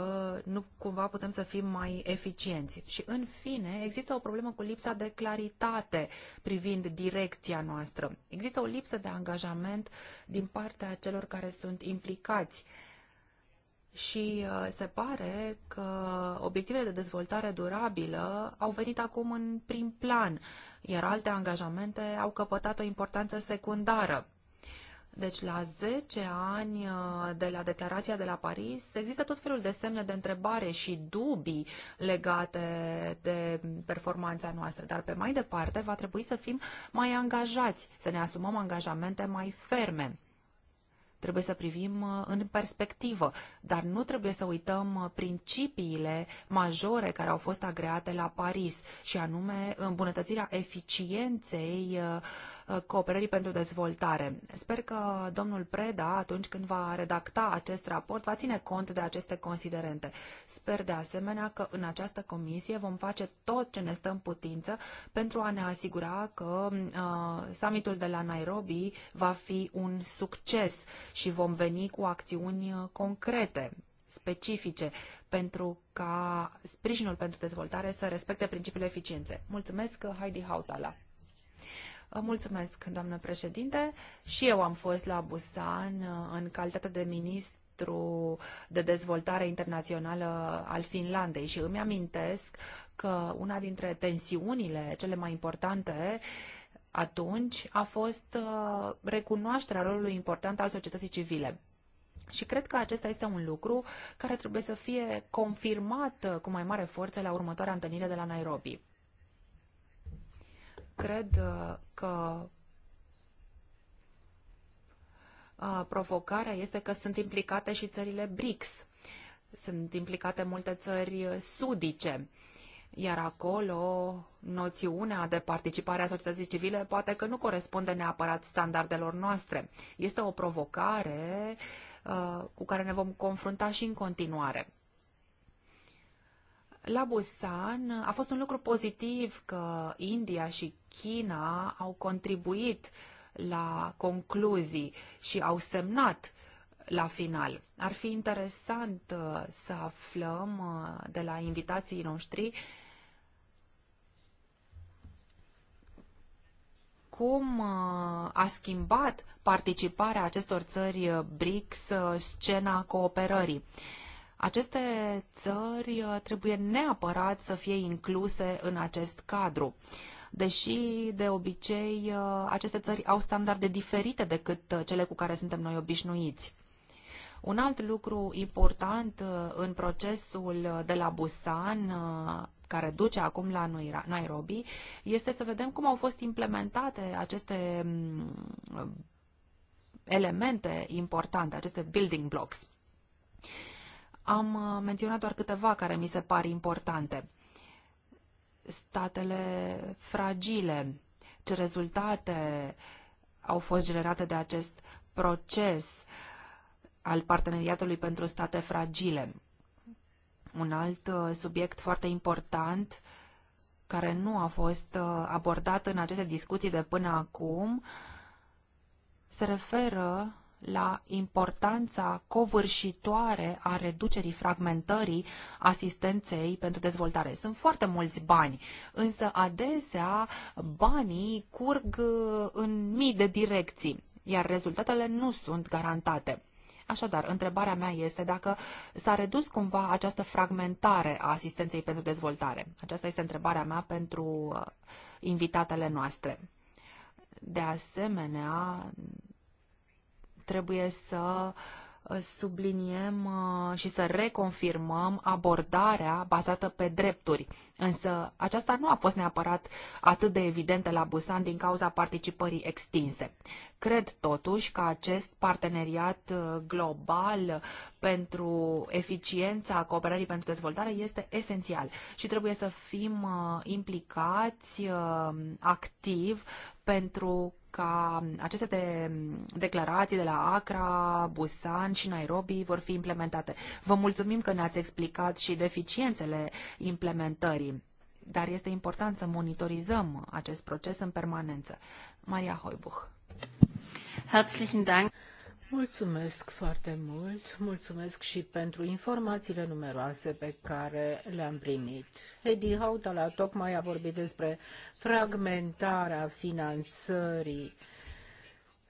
Speaker 1: nu cumva putem să fim mai eficienți. Și în fine, există o problemă cu lipsa de claritate privind direcția noastră. Există o lipsă de angajament din partea celor care sunt implicați și uh, se pare că obiectivele de dezvoltare durabilă au venit acum în prim plan, iar alte angajamente au căpătat o importanță secundară. Deci la 10 ani uh, de la declarația de la Paris există tot felul de semne de întrebare și dubii legate de performanța noastră, dar pe mai departe va trebui să fim mai angajați, să ne asumăm angajamente mai ferme. Trebuie să privim uh, în perspectivă, dar nu trebuie să uităm uh, principiile majore care au fost agreate la Paris, și anume îmbunătățirea eficienței uh, Uh, cooperării pentru dezvoltare. Sper că domnul Preda, atunci când va redacta acest raport, va ține cont de aceste considerente. Sper de asemenea că în această comisie vom face tot ce ne stă în putință pentru a ne asigura că uh, summitul de la Nairobi va fi un succes și vom veni cu acțiuni uh, concrete specifice pentru ca sprijinul pentru dezvoltare să respecte principiile eficiențe. Mulțumesc, Heidi Hautala. Mulțumesc, doamnă președinte. Și eu am fost la Busan uh, în calitate de ministru de dezvoltare internațională al Finlandei și îmi amintesc că una dintre tensiunile cele mai importante atunci a fost uh, recunoașterea rolului important al societății civile. Și cred că acesta este un lucru care trebuie să fie confirmat uh, cu mai mare forță la următoarea întâlnire de la Nairobi cred uh, că uh, provocarea este că sunt implicate și țările BRICS. Sunt implicate multe țări sudice, iar acolo noțiunea de participare a societății civile poate că nu corespunde neapărat standardelor noastre. Este o provocare uh, cu care ne vom confrunta și în continuare la Busan a fost un lucru pozitiv că India și China au contribuit la concluzii și au semnat la final. Ar fi interesant uh, să aflăm uh, de la invitații noștri cum uh, a schimbat participarea acestor țări BRICS scena cooperării. Aceste țări uh, trebuie neapărat să fie incluse în acest cadru deși de obicei uh, aceste țări au standarde diferite decât uh, cele cu care suntem noi obișnuiți. Un alt lucru important în procesul de la Busan, care duce acum la Nairobi, este să vedem cum au fost implementate aceste mm, elemente importante, aceste building blocks. Am uh, menționat doar câteva care mi se par importante. Statele fragile, ce rezultate au fost generate de acest proces al parteneriatului pentru state fragile. Un alt uh, subiect foarte important care nu a fost uh, abordat în aceste discuții de până acum se referă la importanța covârșitoare a reducerii fragmentării asistenței pentru dezvoltare. Sunt foarte mulți bani, însă adesea banii curg uh, în mii de direcții, iar rezultatele nu sunt garantate. Așadar, întrebarea mea este dacă s-a redus cumva această fragmentare a asistenței pentru dezvoltare. Aceasta este întrebarea mea pentru uh, invitatele noastre. De asemenea, trebuie să uh, subliniem uh, și să reconfirmăm abordarea bazată pe drepturi. Însă aceasta nu a fost neapărat atât de evidentă la Busan din cauza participării extinse. Cred totuși că acest parteneriat uh, global pentru eficiența cooperării pentru dezvoltare este esențial și trebuie să fim implicați activ pentru ca aceste de declarații de la Accra, Busan și Nairobi vor fi implementate. Vă mulțumim că ne-ați explicat și deficiențele implementării, dar este important să monitorizăm acest proces în permanență. Maria Hoibuch.
Speaker 3: Herzlichen Dank. Mulțumesc foarte mult, mulțumesc și pentru informațiile numeroase pe care le-am primit. Heidi Hautala tocmai a vorbit despre fragmentarea finanțării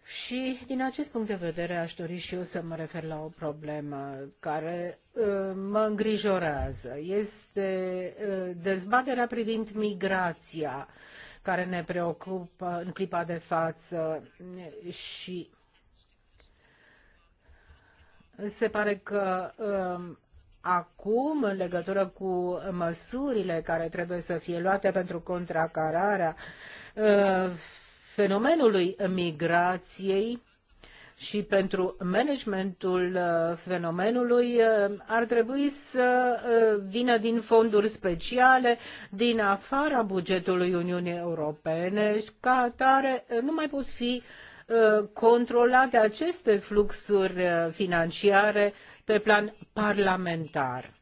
Speaker 3: și din acest punct de vedere aș dori și eu să mă refer la o problemă care uh, mă îngrijorează. Este uh, dezbaterea privind migrația care ne preocupă în clipa de față și se pare că um, acum, în legătură cu măsurile care trebuie să fie luate pentru contracararea uh, fenomenului migrației, și pentru managementul uh, fenomenului uh, ar trebui să vină din fonduri speciale din afara bugetului Uniunii Europene și ca atare nu mai pot fi uh, controlate aceste fluxuri uh, financiare pe plan parlamentar.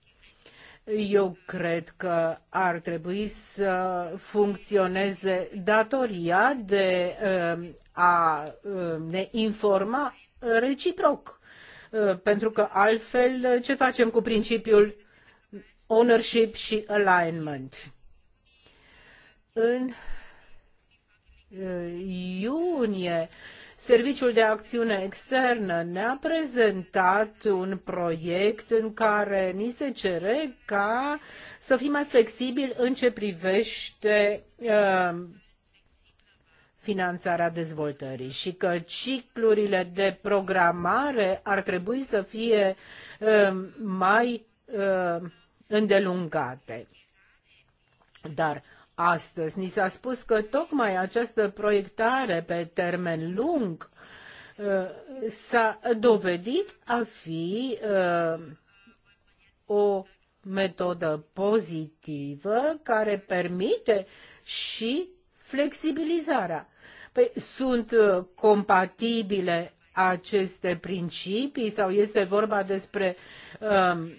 Speaker 3: Eu cred că ar trebui să funcționeze datoria de uh, a uh, ne informa reciproc, pentru că altfel ce facem cu principiul ownership și alignment? În iunie Serviciul de Acțiune Externă ne-a prezentat un proiect în care ni se cere ca să fim mai flexibili în ce privește uh, finanțarea dezvoltării și că ciclurile de programare ar trebui să fie uh, mai uh, îndelungate. Dar astăzi. Ni s-a spus că tocmai această proiectare pe termen lung uh, s-a dovedit a fi uh, o metodă pozitivă care permite și flexibilizarea. Păi sunt uh, compatibile aceste principii sau este vorba despre um,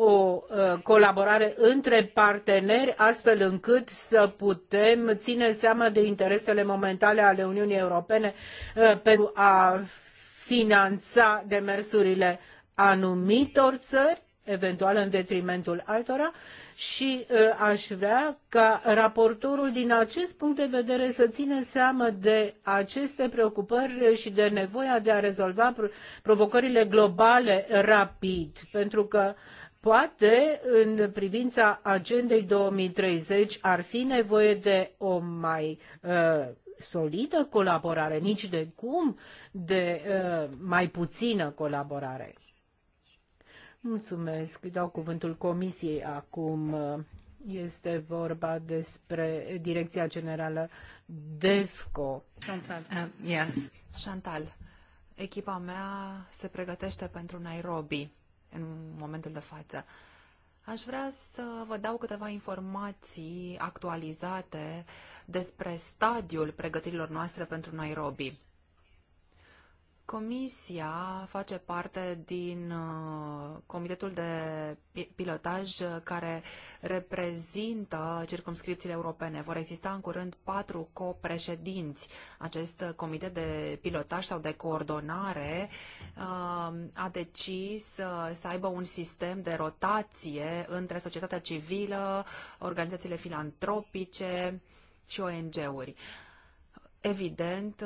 Speaker 3: o uh, colaborare între parteneri, astfel încât să putem ține seama de interesele momentale ale Uniunii Europene uh, pentru a finanța demersurile anumitor țări, eventual în detrimentul altora, și uh, aș vrea ca raportorul din acest punct de vedere să țină seamă de aceste preocupări și de nevoia de a rezolva provocările globale rapid, pentru că uh, Poate în privința agendei 2030 ar fi nevoie de o mai uh, solidă colaborare, nici de cum de uh, mai puțină colaborare. Mulțumesc. Dau cuvântul comisiei acum. Este vorba despre Direcția Generală DEFCO. Chantal. Uh, yes.
Speaker 1: Chantal, echipa mea se pregătește pentru Nairobi în momentul de față. Aș vrea să vă dau câteva informații actualizate despre stadiul pregătirilor noastre pentru Nairobi. Comisia face parte din uh, comitetul de pilotaj uh, care reprezintă circumscripțiile europene. Vor exista în curând patru copreședinți. Acest comitet de pilotaj sau de coordonare uh, a decis să aibă un sistem de rotație între societatea civilă, organizațiile filantropice și ONG-uri. Evident,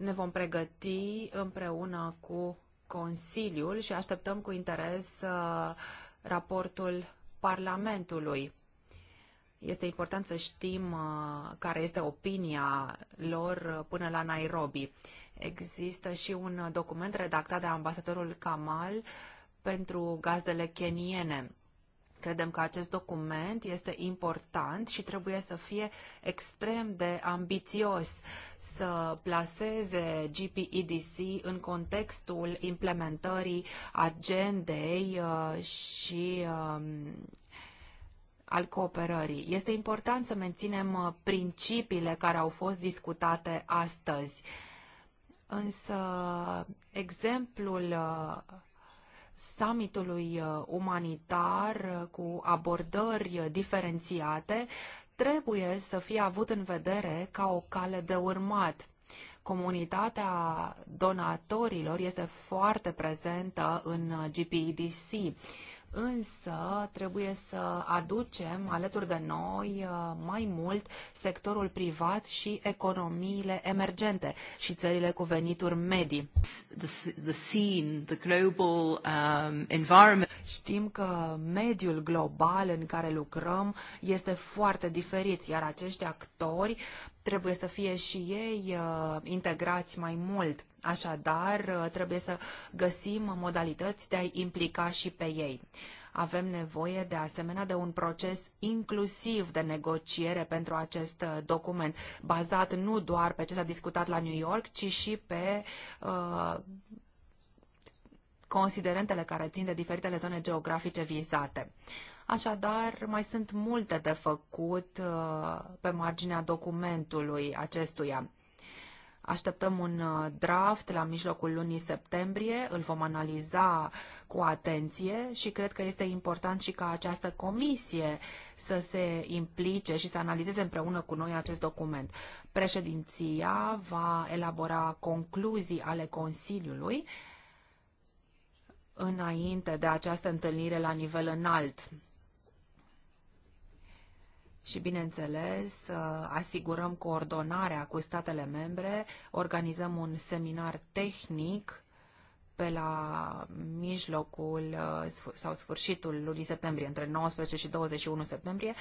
Speaker 1: ne vom pregăti împreună cu Consiliul și așteptăm cu interes uh, raportul Parlamentului. Este important să știm uh, care este opinia lor până la Nairobi. Există și un document redactat de ambasadorul Kamal pentru gazdele keniene Credem că acest document este important și trebuie să fie extrem de ambițios, să plaseze GPEDC în contextul implementării agendei uh, și um, al cooperării. Este important să menținem uh, principiile care au fost discutate astăzi. Însă, exemplul uh, summitului uh, umanitar uh, cu abordări uh, diferențiate trebuie să fie avut în vedere ca o cale de urmat. Comunitatea donatorilor este foarte prezentă în GPEDC însă trebuie să aducem alături de noi uh, mai mult sectorul privat și economiile emergente și țările cu venituri medii. The, the scene, the global, um, environment. Știm că mediul global în care lucrăm este foarte diferit, iar acești actori trebuie să fie și ei uh, integrați mai mult. Așadar, uh, trebuie să găsim modalități de a-i implica și pe ei. Avem nevoie de asemenea de un proces inclusiv de negociere pentru acest uh, document, bazat nu doar pe ce s-a discutat la New York, ci și pe uh, considerentele care țin de diferitele zone geografice vizate. Așadar, mai sunt multe de făcut uh, pe marginea documentului acestuia. Așteptăm un uh, draft la mijlocul lunii septembrie, îl vom analiza cu atenție și cred că este important și ca această comisie să se implice și să analizeze împreună cu noi acest document. Președinția va elabora concluzii ale Consiliului înainte de această întâlnire la nivel înalt și, bineînțeles, uh, asigurăm coordonarea cu statele membre, organizăm un seminar tehnic pe la mijlocul uh, sau sfârșitul lunii septembrie, între 19 și 21 septembrie,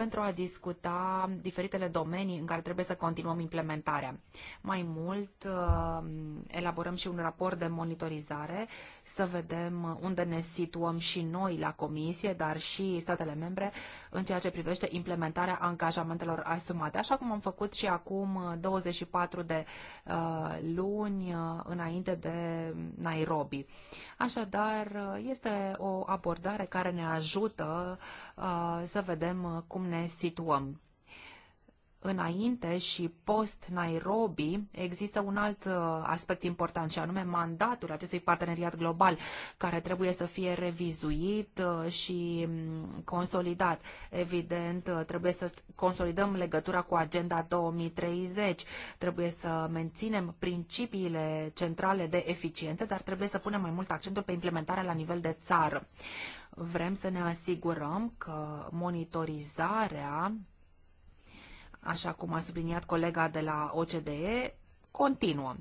Speaker 1: pentru a discuta diferitele domenii în care trebuie să continuăm implementarea. Mai mult, uh, elaborăm și un raport de monitorizare să vedem unde ne situăm și noi la Comisie, dar și statele membre în ceea ce privește implementarea angajamentelor asumate, așa cum am făcut și acum 24 de uh, luni uh, înainte de Nairobi. Așadar, este o abordare care ne ajută Uh, să vedem uh, cum ne situăm înainte și post-Nairobi există un alt uh, aspect important și anume mandatul acestui parteneriat global care trebuie să fie revizuit și mm, consolidat. Evident, trebuie să consolidăm legătura cu Agenda 2030, trebuie să menținem principiile centrale de eficiență, dar trebuie să punem mai mult accentul pe implementarea la nivel de țară. Vrem să ne asigurăm că monitorizarea, așa cum a subliniat colega de la OCDE, continuă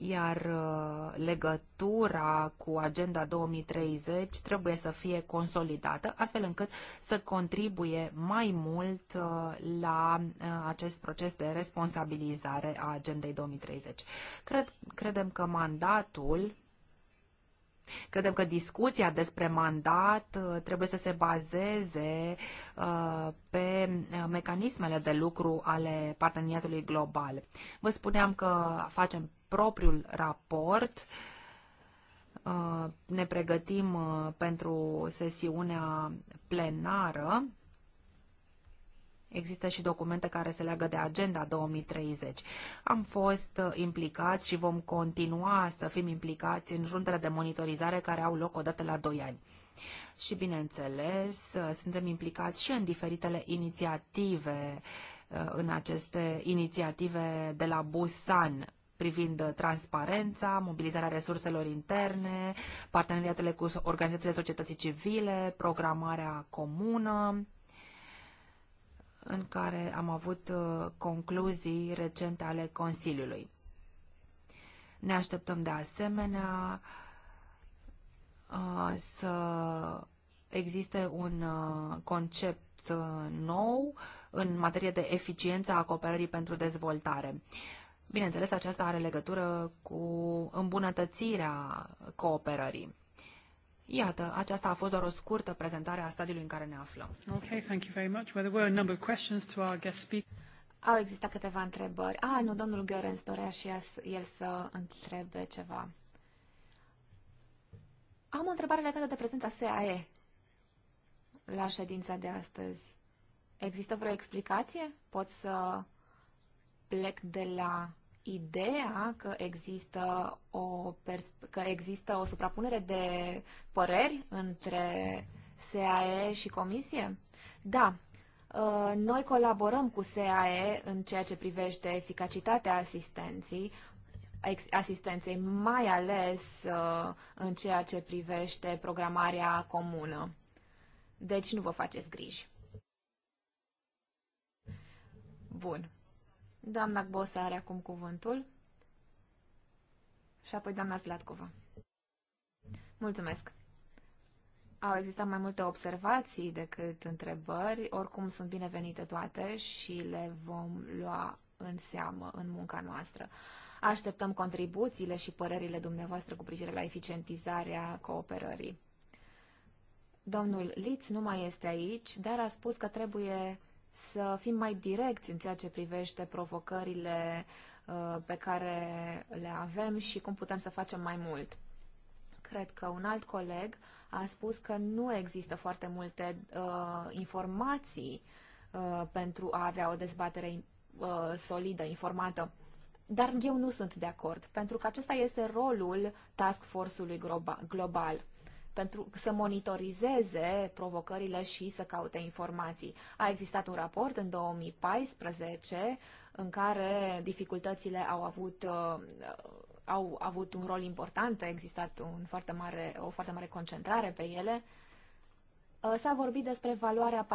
Speaker 1: iar uh, legătura cu Agenda 2030 trebuie să fie consolidată, astfel încât să contribuie mai mult uh, la uh, acest proces de responsabilizare a Agendei 2030. Cred, credem că mandatul Credem că discuția despre mandat uh, trebuie să se bazeze uh, pe uh, mecanismele de lucru ale parteneriatului global. Vă spuneam că facem propriul raport ne pregătim pentru sesiunea plenară Există și documente care se leagă de Agenda 2030. Am fost uh, implicați și vom continua să fim implicați în juntele de monitorizare care au loc odată la 2 ani. Și, bineînțeles, uh, suntem implicați și în diferitele inițiative, uh, în aceste inițiative de la Busan, privind transparența, mobilizarea resurselor interne, parteneriatele cu organizațiile societății civile, programarea comună în care am avut uh, concluzii recente ale Consiliului. Ne așteptăm de asemenea uh, să existe un uh, concept nou în materie de eficiență a cooperării pentru dezvoltare. Bineînțeles, aceasta are legătură cu îmbunătățirea cooperării. Iată, aceasta a fost doar o scurtă prezentare a stadiului în care ne aflăm. Okay, thank you very much. Well, there were a number of
Speaker 2: questions to our guest speaker. Au existat câteva întrebări. Ah, nu, domnul Gheorens dorea și el să întrebe ceva. Am o întrebare legată de prezența SAE la ședința de astăzi. Există vreo explicație? Pot să plec de la ideea că există o, că există o suprapunere de păreri între SAE și Comisie? Da. Uh, noi colaborăm cu SAE în ceea ce privește eficacitatea asistenții, asistenței, mai ales uh, în ceea ce privește programarea comună. Deci nu vă faceți griji. Bun. Doamna Bosa are acum cuvântul și apoi doamna Zlatkova. Mulțumesc! Au existat mai multe observații decât întrebări, oricum sunt binevenite toate și le vom lua în seamă în munca noastră. Așteptăm contribuțiile și părerile dumneavoastră cu privire la eficientizarea cooperării. Domnul Liț nu mai este aici, dar a spus că trebuie să fim mai direcți în ceea ce privește provocările uh, pe care le avem și cum putem să facem mai mult. Cred că un alt coleg a spus că nu există foarte multe uh, informații uh, pentru a avea o dezbatere uh, solidă, informată. Dar eu nu sunt de acord, pentru că acesta este rolul task force-ului global pentru să monitorizeze provocările și să caute informații. A existat un raport în 2014 în care dificultățile au avut uh, au avut un rol important, a existat un foarte mare, o foarte mare concentrare pe ele. Uh, s-a vorbit despre valoarea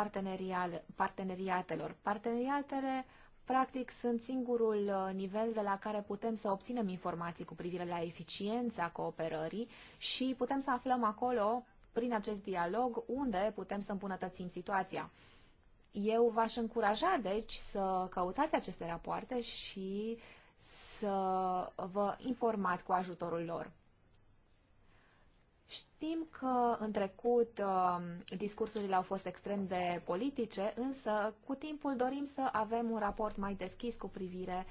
Speaker 2: parteneriatelor. Parteneriatele Practic, sunt singurul uh, nivel de la care putem să obținem informații cu privire la eficiența cooperării și putem să aflăm acolo, prin acest dialog, unde putem să îmbunătățim situația. Eu v-aș încuraja, deci, să căutați aceste rapoarte și să vă informați cu ajutorul lor. Știm că în trecut um, discursurile au fost extrem de politice, însă cu timpul dorim să avem un raport mai deschis cu privire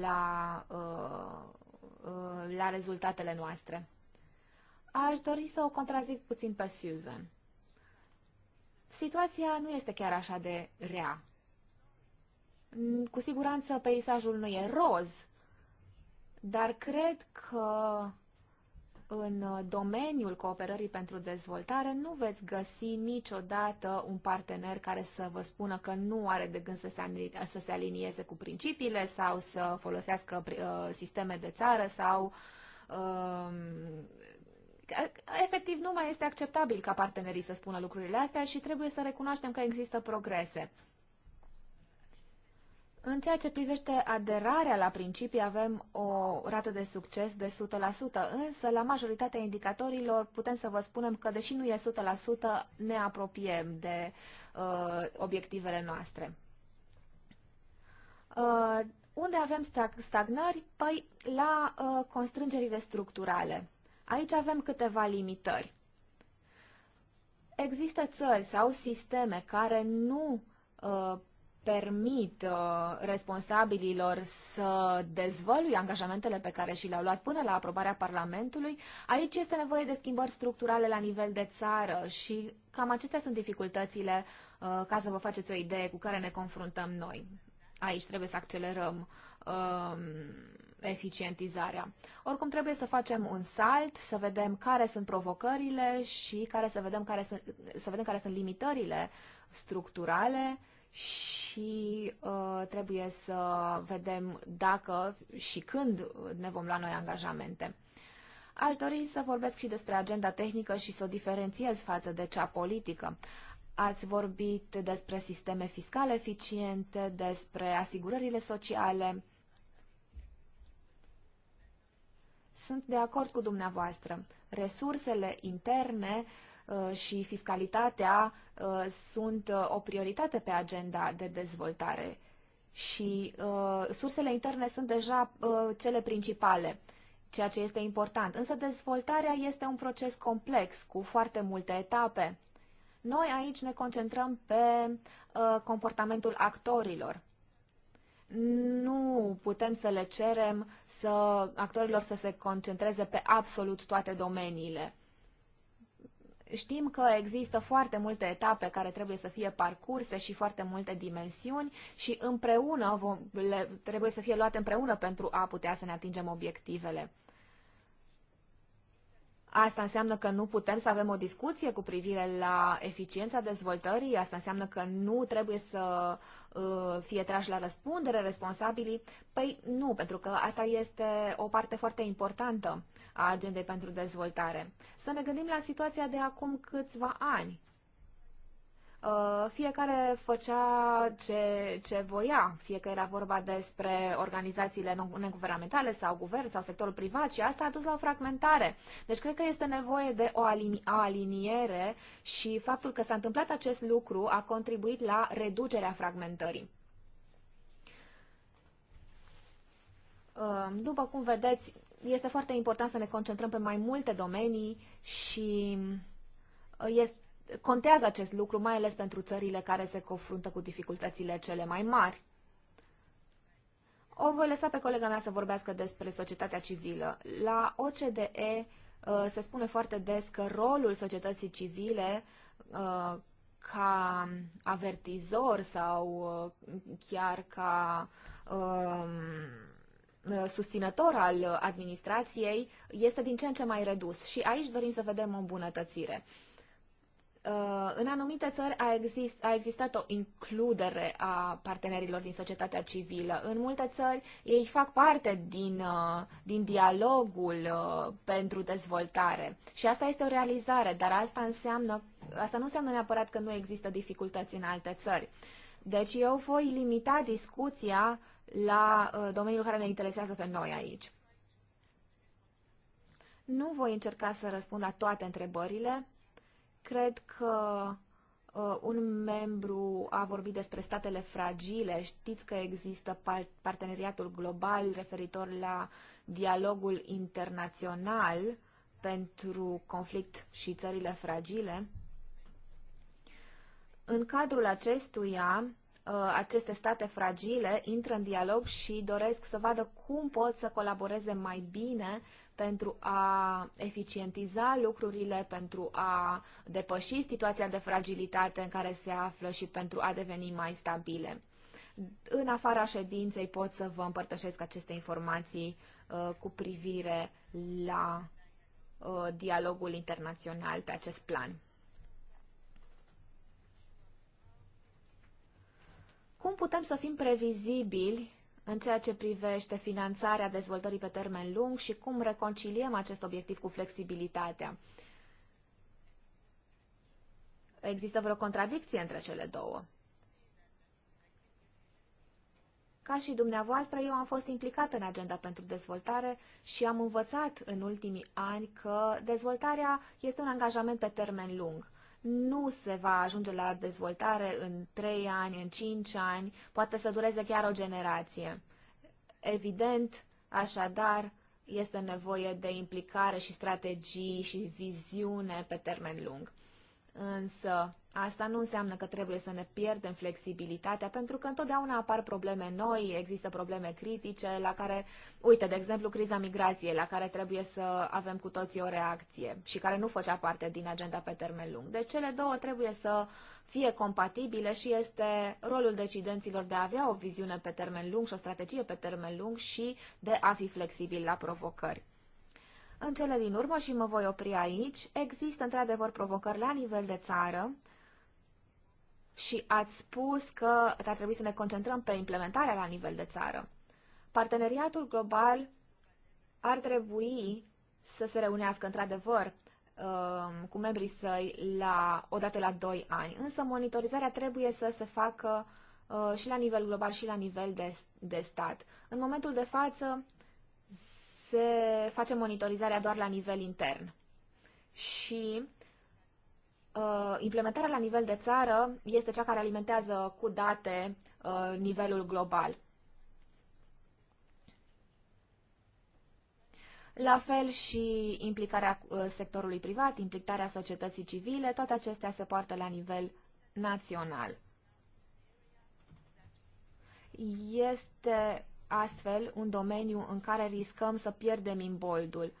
Speaker 2: la, uh, uh, la rezultatele noastre. Aș dori să o contrazic puțin pe Susan. Situația nu este chiar așa de rea. Cu siguranță peisajul nu e roz, dar cred că în uh, domeniul cooperării pentru dezvoltare nu veți găsi niciodată un partener care să vă spună că nu are de gând să se, alinieze cu principiile sau să folosească uh, sisteme de țară sau um, efectiv nu mai este acceptabil ca partenerii să spună lucrurile astea și trebuie să recunoaștem că există progrese. În ceea ce privește aderarea la principii, avem o rată de succes de 100%, însă la majoritatea indicatorilor putem să vă spunem că, deși nu e 100%, ne apropiem de uh, obiectivele noastre. Uh, unde avem stagnări? Păi la uh, constrângerile structurale. Aici avem câteva limitări. Există țări sau sisteme care nu uh, permit uh, responsabililor să dezvăluie angajamentele pe care și le-au luat până la aprobarea Parlamentului, aici este nevoie de schimbări structurale la nivel de țară și cam acestea sunt dificultățile, uh, ca să vă faceți o idee, cu care ne confruntăm noi. Aici trebuie să accelerăm uh, eficientizarea. Oricum trebuie să facem un salt, să vedem care sunt provocările și care să vedem care sunt, să vedem care sunt limitările structurale și uh, trebuie să vedem dacă și când ne vom lua noi angajamente. Aș dori să vorbesc și despre agenda tehnică și să o diferențiez față de cea politică. Ați vorbit despre sisteme fiscale eficiente, despre asigurările sociale. Sunt de acord cu dumneavoastră. Resursele interne uh, Uh, și fiscalitatea uh, sunt uh, o prioritate pe agenda de dezvoltare și sursele interne sunt deja cele principale, ceea ce este important. Însă dezvoltarea este un proces complex cu foarte multe etape. Noi aici ne concentrăm pe comportamentul actorilor nu putem să le cerem să actorilor să se concentreze pe absolut toate domeniile. Știm că există foarte multe etape care trebuie să fie parcurse și foarte multe dimensiuni și împreună vom, le, trebuie să fie luate împreună pentru a putea să ne atingem obiectivele. Asta înseamnă că nu putem să avem o discuție cu privire la eficiența dezvoltării, asta înseamnă că nu trebuie să uh, fie trași la răspundere responsabilii. Păi nu, pentru că asta este o parte foarte importantă a agendei pentru dezvoltare. Să ne gândim la situația de acum câțiva ani. Uh, fiecare făcea ce, ce voia, fie că era vorba despre organizațiile neguvernamentale sau guvern sau sectorul privat și asta a dus la o fragmentare. Deci cred că este nevoie de o aliniere și faptul că s-a întâmplat acest lucru a contribuit la reducerea fragmentării. Uh, după cum vedeți, este foarte important să ne concentrăm pe mai multe domenii și este, uh, contează acest lucru, mai ales pentru țările care se confruntă cu dificultățile cele mai mari. O voi lăsa pe colega mea să vorbească despre societatea civilă. La OCDE uh, se spune foarte des că rolul societății civile uh, ca avertizor sau chiar ca um, Uh, susținător al administrației este din ce în ce mai redus și aici dorim să vedem o îmbunătățire. Uh, în anumite țări a, exist, a existat o includere a partenerilor din societatea civilă. În multe țări ei fac parte din, uh, din dialogul pentru dezvoltare. Și asta este o realizare, dar asta, înseamnă, asta nu înseamnă neapărat că nu există dificultăți în alte țări. Deci eu voi limita discuția la uh, domeniul care ne interesează pe noi aici. Nu voi încerca să răspund la toate întrebările. Cred că uh, un membru a vorbit despre statele fragile. Știți că există parteneriatul global referitor la dialogul internațional pentru conflict și țările fragile. În cadrul acestuia, Uh, aceste state fragile intră în dialog și doresc să vadă cum pot să colaboreze mai bine pentru a eficientiza lucrurile, pentru a depăși situația de fragilitate în care se află și pentru a deveni mai stabile. În afara ședinței pot să vă împărtășesc aceste informații uh, cu privire la uh, dialogul internațional pe acest plan. Cum putem să fim previzibili în ceea ce privește finanțarea dezvoltării pe termen lung și cum reconciliem acest obiectiv cu flexibilitatea? Există vreo contradicție între cele două? Ca și dumneavoastră, eu am fost implicat în agenda pentru dezvoltare și am învățat în ultimii ani că dezvoltarea este un angajament pe termen lung nu se va ajunge la dezvoltare în 3 ani, în 5 ani, poate să dureze chiar o generație. Evident, așadar, este nevoie de implicare și strategii și viziune pe termen lung. Însă asta nu înseamnă că trebuie să ne pierdem flexibilitatea, pentru că întotdeauna apar probleme noi, există probleme critice la care, uite, de exemplu, criza migrației, la care trebuie să avem cu toții o reacție și care nu făcea parte din agenda pe termen lung. Deci cele două trebuie să fie compatibile și este rolul decidenților de a avea o viziune pe termen lung și o strategie pe termen lung și de a fi flexibil la provocări. În cele din urmă, și mă voi opri aici, există într-adevăr provocări la nivel de țară și ați spus că ar trebui să ne concentrăm pe implementarea la nivel de țară. Parteneriatul global ar trebui să se reunească într-adevăr um, cu membrii săi la, odată la 2 ani, însă monitorizarea trebuie să se facă uh, și la nivel global și la nivel de, de stat. În momentul de față, se face monitorizarea doar la nivel intern. Și uh, implementarea la nivel de țară este cea care alimentează cu date uh, nivelul global. La fel și implicarea uh, sectorului privat, implicarea societății civile, toate acestea se poartă la nivel național. Este astfel un domeniu în care riscăm să pierdem imboldul.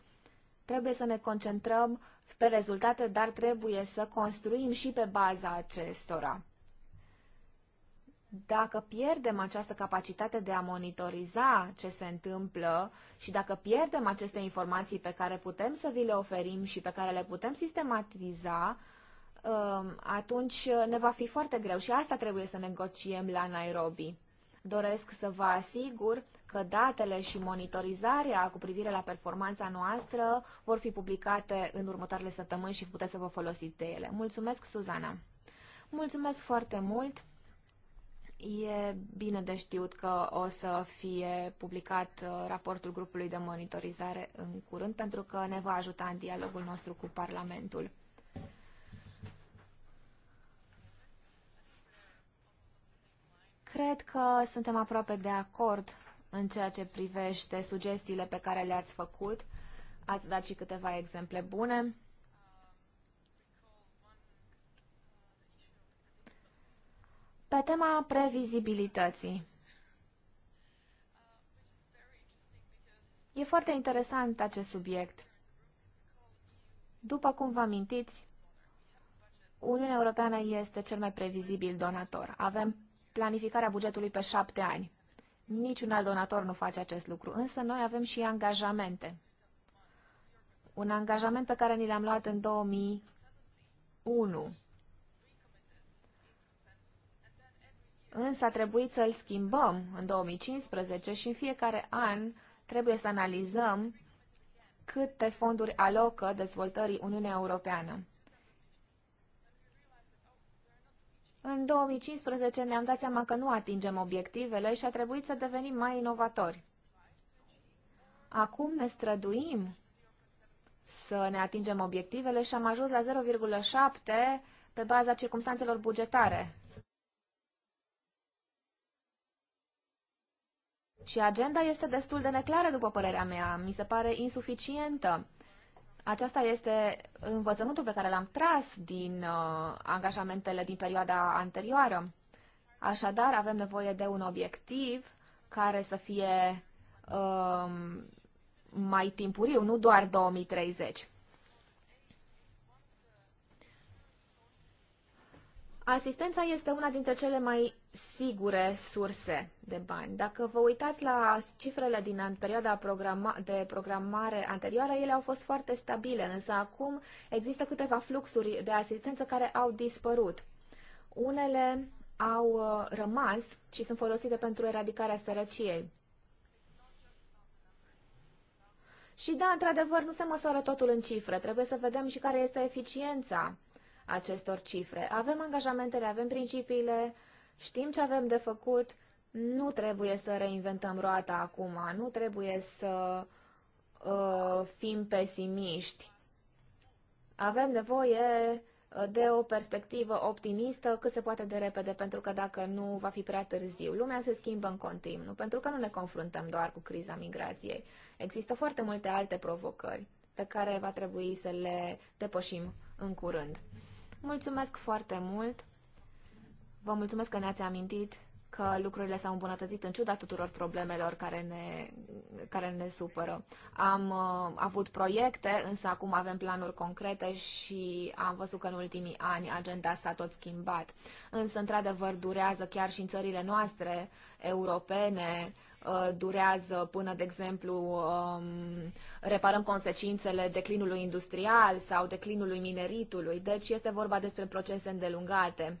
Speaker 2: Trebuie să ne concentrăm pe rezultate, dar trebuie să construim și pe baza acestora. Dacă pierdem această capacitate de a monitoriza ce se întâmplă și dacă pierdem aceste informații pe care putem să vi le oferim și pe care le putem sistematiza, um, atunci ne va fi foarte greu și asta trebuie să negociem la Nairobi. Doresc să vă asigur că datele și monitorizarea cu privire la performanța noastră vor fi publicate în următoarele săptămâni și puteți să vă folosiți de ele. Mulțumesc, Suzana! Mulțumesc foarte mult! E bine de știut că o să fie publicat uh, raportul grupului de monitorizare în curând, pentru că ne va ajuta în dialogul nostru cu Parlamentul. Cred că suntem aproape de acord în ceea ce privește sugestiile pe care le-ați făcut. Ați dat și câteva exemple bune. Pe tema previzibilității. E foarte interesant acest subiect. După cum vă amintiți, Uniunea Europeană este cel mai previzibil donator. Avem planificarea bugetului pe șapte ani. Niciun alt donator nu face acest lucru, însă noi avem și angajamente. Un angajament pe care ni l-am luat în 2001. Însă a trebuit să-l schimbăm în 2015 și în fiecare an trebuie să analizăm câte fonduri alocă dezvoltării Uniunea Europeană. În 2015 ne-am dat seama că nu atingem obiectivele și a trebuit să devenim mai inovatori. Acum ne străduim să ne atingem obiectivele și am ajuns la 0,7 pe baza circumstanțelor bugetare. Și agenda este destul de neclară, după părerea mea, mi se pare insuficientă. Aceasta este învățământul pe care l-am tras din uh, angajamentele din perioada anterioară. Așadar, avem nevoie de un obiectiv care să fie uh, mai timpuriu, nu doar 2030. Asistența este una dintre cele mai sigure surse de bani. Dacă vă uitați la cifrele din perioada programa- de programare anterioară, ele au fost foarte stabile, însă acum există câteva fluxuri de asistență care au dispărut. Unele au uh, rămas și sunt folosite pentru eradicarea sărăciei. Și da, într-adevăr, nu se măsoară totul în cifre. Trebuie să vedem și care este eficiența acestor cifre. Avem angajamentele, avem principiile, Știm ce avem de făcut, nu trebuie să reinventăm roata acum, nu trebuie să uh, fim pesimiști. Avem nevoie uh, de o perspectivă optimistă cât se poate de repede, pentru că dacă nu va fi prea târziu. Lumea se schimbă în continuu, pentru că nu ne confruntăm doar cu criza migrației. Există foarte multe alte provocări pe care va trebui să le depășim în curând. Mulțumesc foarte mult! Vă mulțumesc că ne-ați amintit că lucrurile s-au îmbunătățit în ciuda tuturor problemelor care ne, care ne supără. Am uh, avut proiecte, însă acum avem planuri concrete și am văzut că în ultimii ani agenda s-a tot schimbat. Însă, într-adevăr, durează chiar și în țările noastre europene, uh, durează până, de exemplu, um, reparăm consecințele declinului industrial sau declinului mineritului. Deci este vorba despre procese îndelungate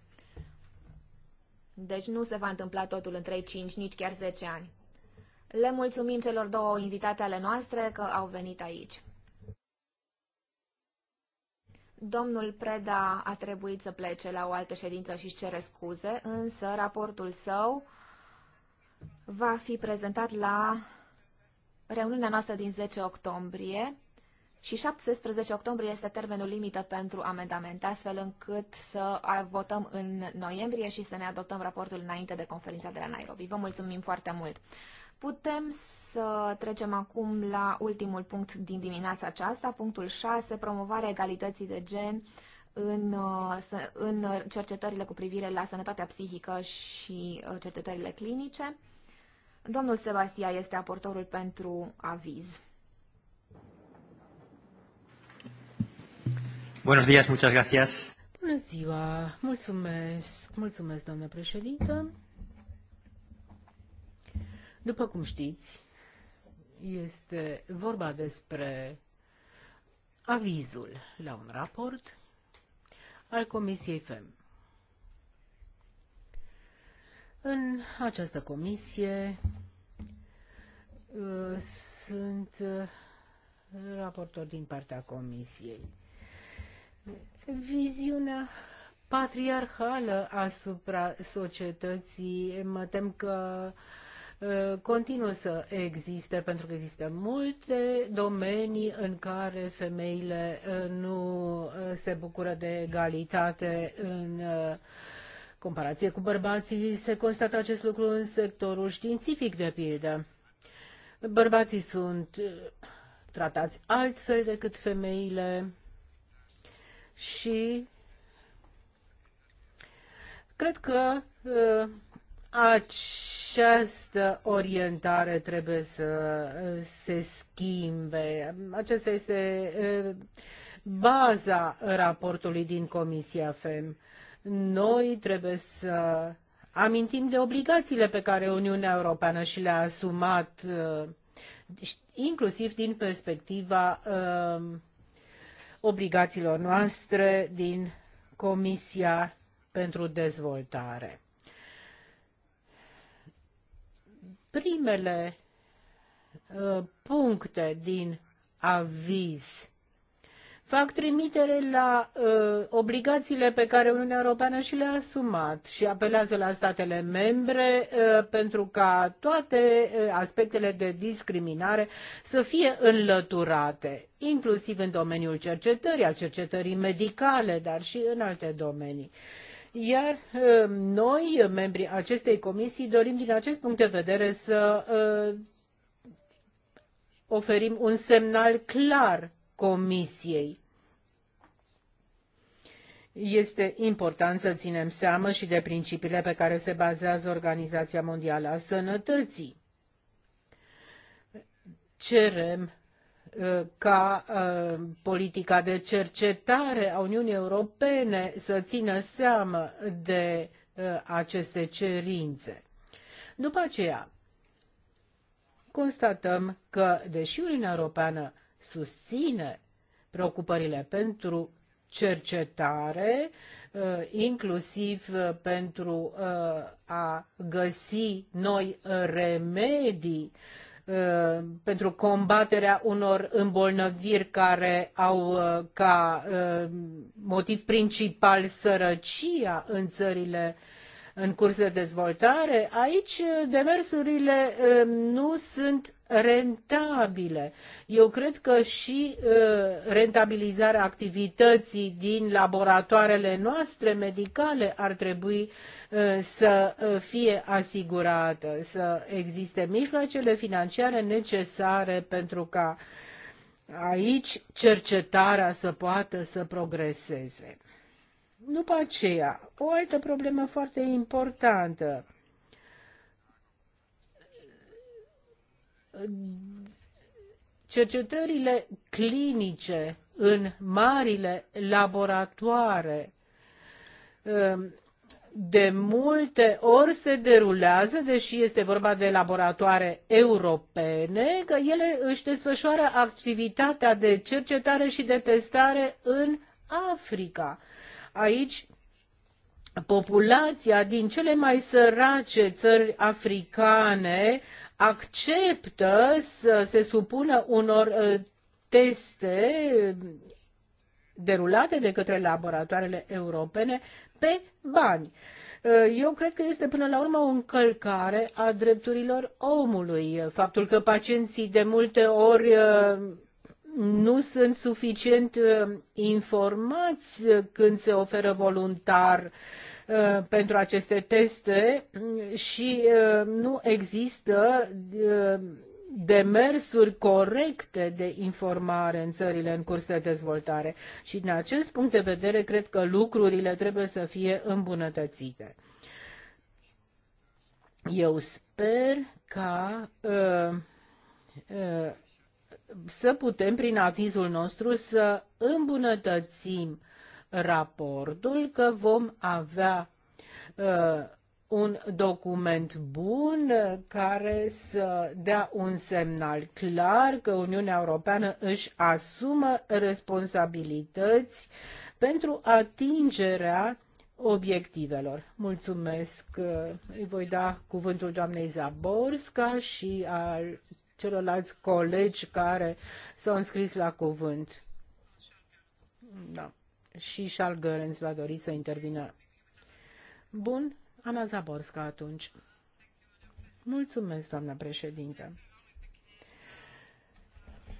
Speaker 2: deci nu se va întâmpla totul în 3-5, nici chiar 10 ani. Le mulțumim celor două invitate ale noastre că au venit aici. Domnul Preda a trebuit să plece la o altă ședință și își cere scuze, însă raportul său va fi prezentat la reuniunea noastră din 10 octombrie și 17 octombrie este termenul limită pentru amendamente, astfel încât să votăm în noiembrie și să ne adoptăm raportul înainte de conferința de la Nairobi. Vă mulțumim foarte mult! Putem să trecem acum la ultimul punct din dimineața aceasta, punctul 6, promovarea egalității de gen în, uh, în cercetările cu privire la sănătatea psihică și uh, cercetările clinice. Domnul Sebastia este aportorul pentru aviz.
Speaker 1: Buenos días, muchas gracias.
Speaker 3: Bună ziua, mulțumesc, mulțumesc, doamnă președintă. După cum știți, este vorba despre avizul la un raport al Comisiei FEM. În această comisie uh, sunt uh, raportor din partea Comisiei viziunea patriarhală asupra societății. Mă tem că ă, continuă să existe, pentru că există multe domenii în care femeile ă, nu ă, se bucură de egalitate în comparație cu bărbații. Se constată acest lucru în sectorul științific, de pildă. Bărbații sunt tratați altfel decât femeile și cred că uh, această orientare trebuie să se schimbe. Aceasta este uh, baza raportului din Comisia FEM. Noi trebuie să amintim de obligațiile pe care Uniunea Europeană și le-a asumat, uh, inclusiv din perspectiva obligațiilor noastre din Comisia pentru Dezvoltare. Primele uh, puncte din aviz fac trimitere la uh, obligațiile pe care Uniunea Europeană și le-a asumat și apelează la statele membre uh, pentru ca toate uh, aspectele de discriminare să fie înlăturate, inclusiv în domeniul cercetării, al cercetării medicale, dar și în alte domenii. Iar uh, noi, membrii acestei comisii, dorim din acest punct de vedere să uh, oferim un semnal clar Comisiei. Este important să ținem seamă și de principiile pe care se bazează Organizația Mondială a Sănătății. Cerem uh, ca uh, politica de cercetare a Uniunii Europene să țină seamă de uh, aceste cerințe. După aceea, constatăm că, deși Uniunea Europeană susține preocupările pentru cercetare, uh, inclusiv uh, pentru uh, a găsi noi remedii pentru combaterea unor îmbolnăviri care au ca motiv principal sărăcia în țările uh, în curs de dezvoltare, aici eh, demersurile eh, nu sunt rentabile. Eu cred că și eh, rentabilizarea activității din laboratoarele noastre medicale ar trebui să fie asigurată, să existe mijloacele financiare necesare pentru ca aici cercetarea să poată să progreseze. După aceea, o altă problemă foarte importantă. Cercetările clinice în marile laboratoare um, de multe ori se derulează, deși este vorba de laboratoare europene, că ele își desfășoară activitatea de cercetare și de testare în Africa. Aici populația din cele mai sărace țări africane acceptă să se supună unor uh, teste derulate de către laboratoarele europene pe bani. Uh, eu cred că este până la urmă o încălcare a drepturilor omului. Faptul că pacienții de multe ori uh, nu sunt suficient uh, informați când se oferă voluntar uh, pentru aceste teste și uh, nu există demersuri corecte de informare în țările în curs de dezvoltare. Și din acest punct de vedere, cred că lucrurile trebuie să fie îmbunătățite. Eu sper ca uh, uh, să putem, prin avizul nostru, să îmbunătățim raportul, că vom avea uh, un document bun uh, care să dea un semnal clar că Uniunea Europeană își asumă responsabilități pentru atingerea obiectivelor. Mulțumesc. Uh, îi voi da cuvântul doamnei Zaborska și al celorlalți colegi care s-au înscris la cuvânt. Da. Și Charles Görens va dori să intervină. Bun, Ana Zaborska atunci. Mulțumesc, doamna președinte.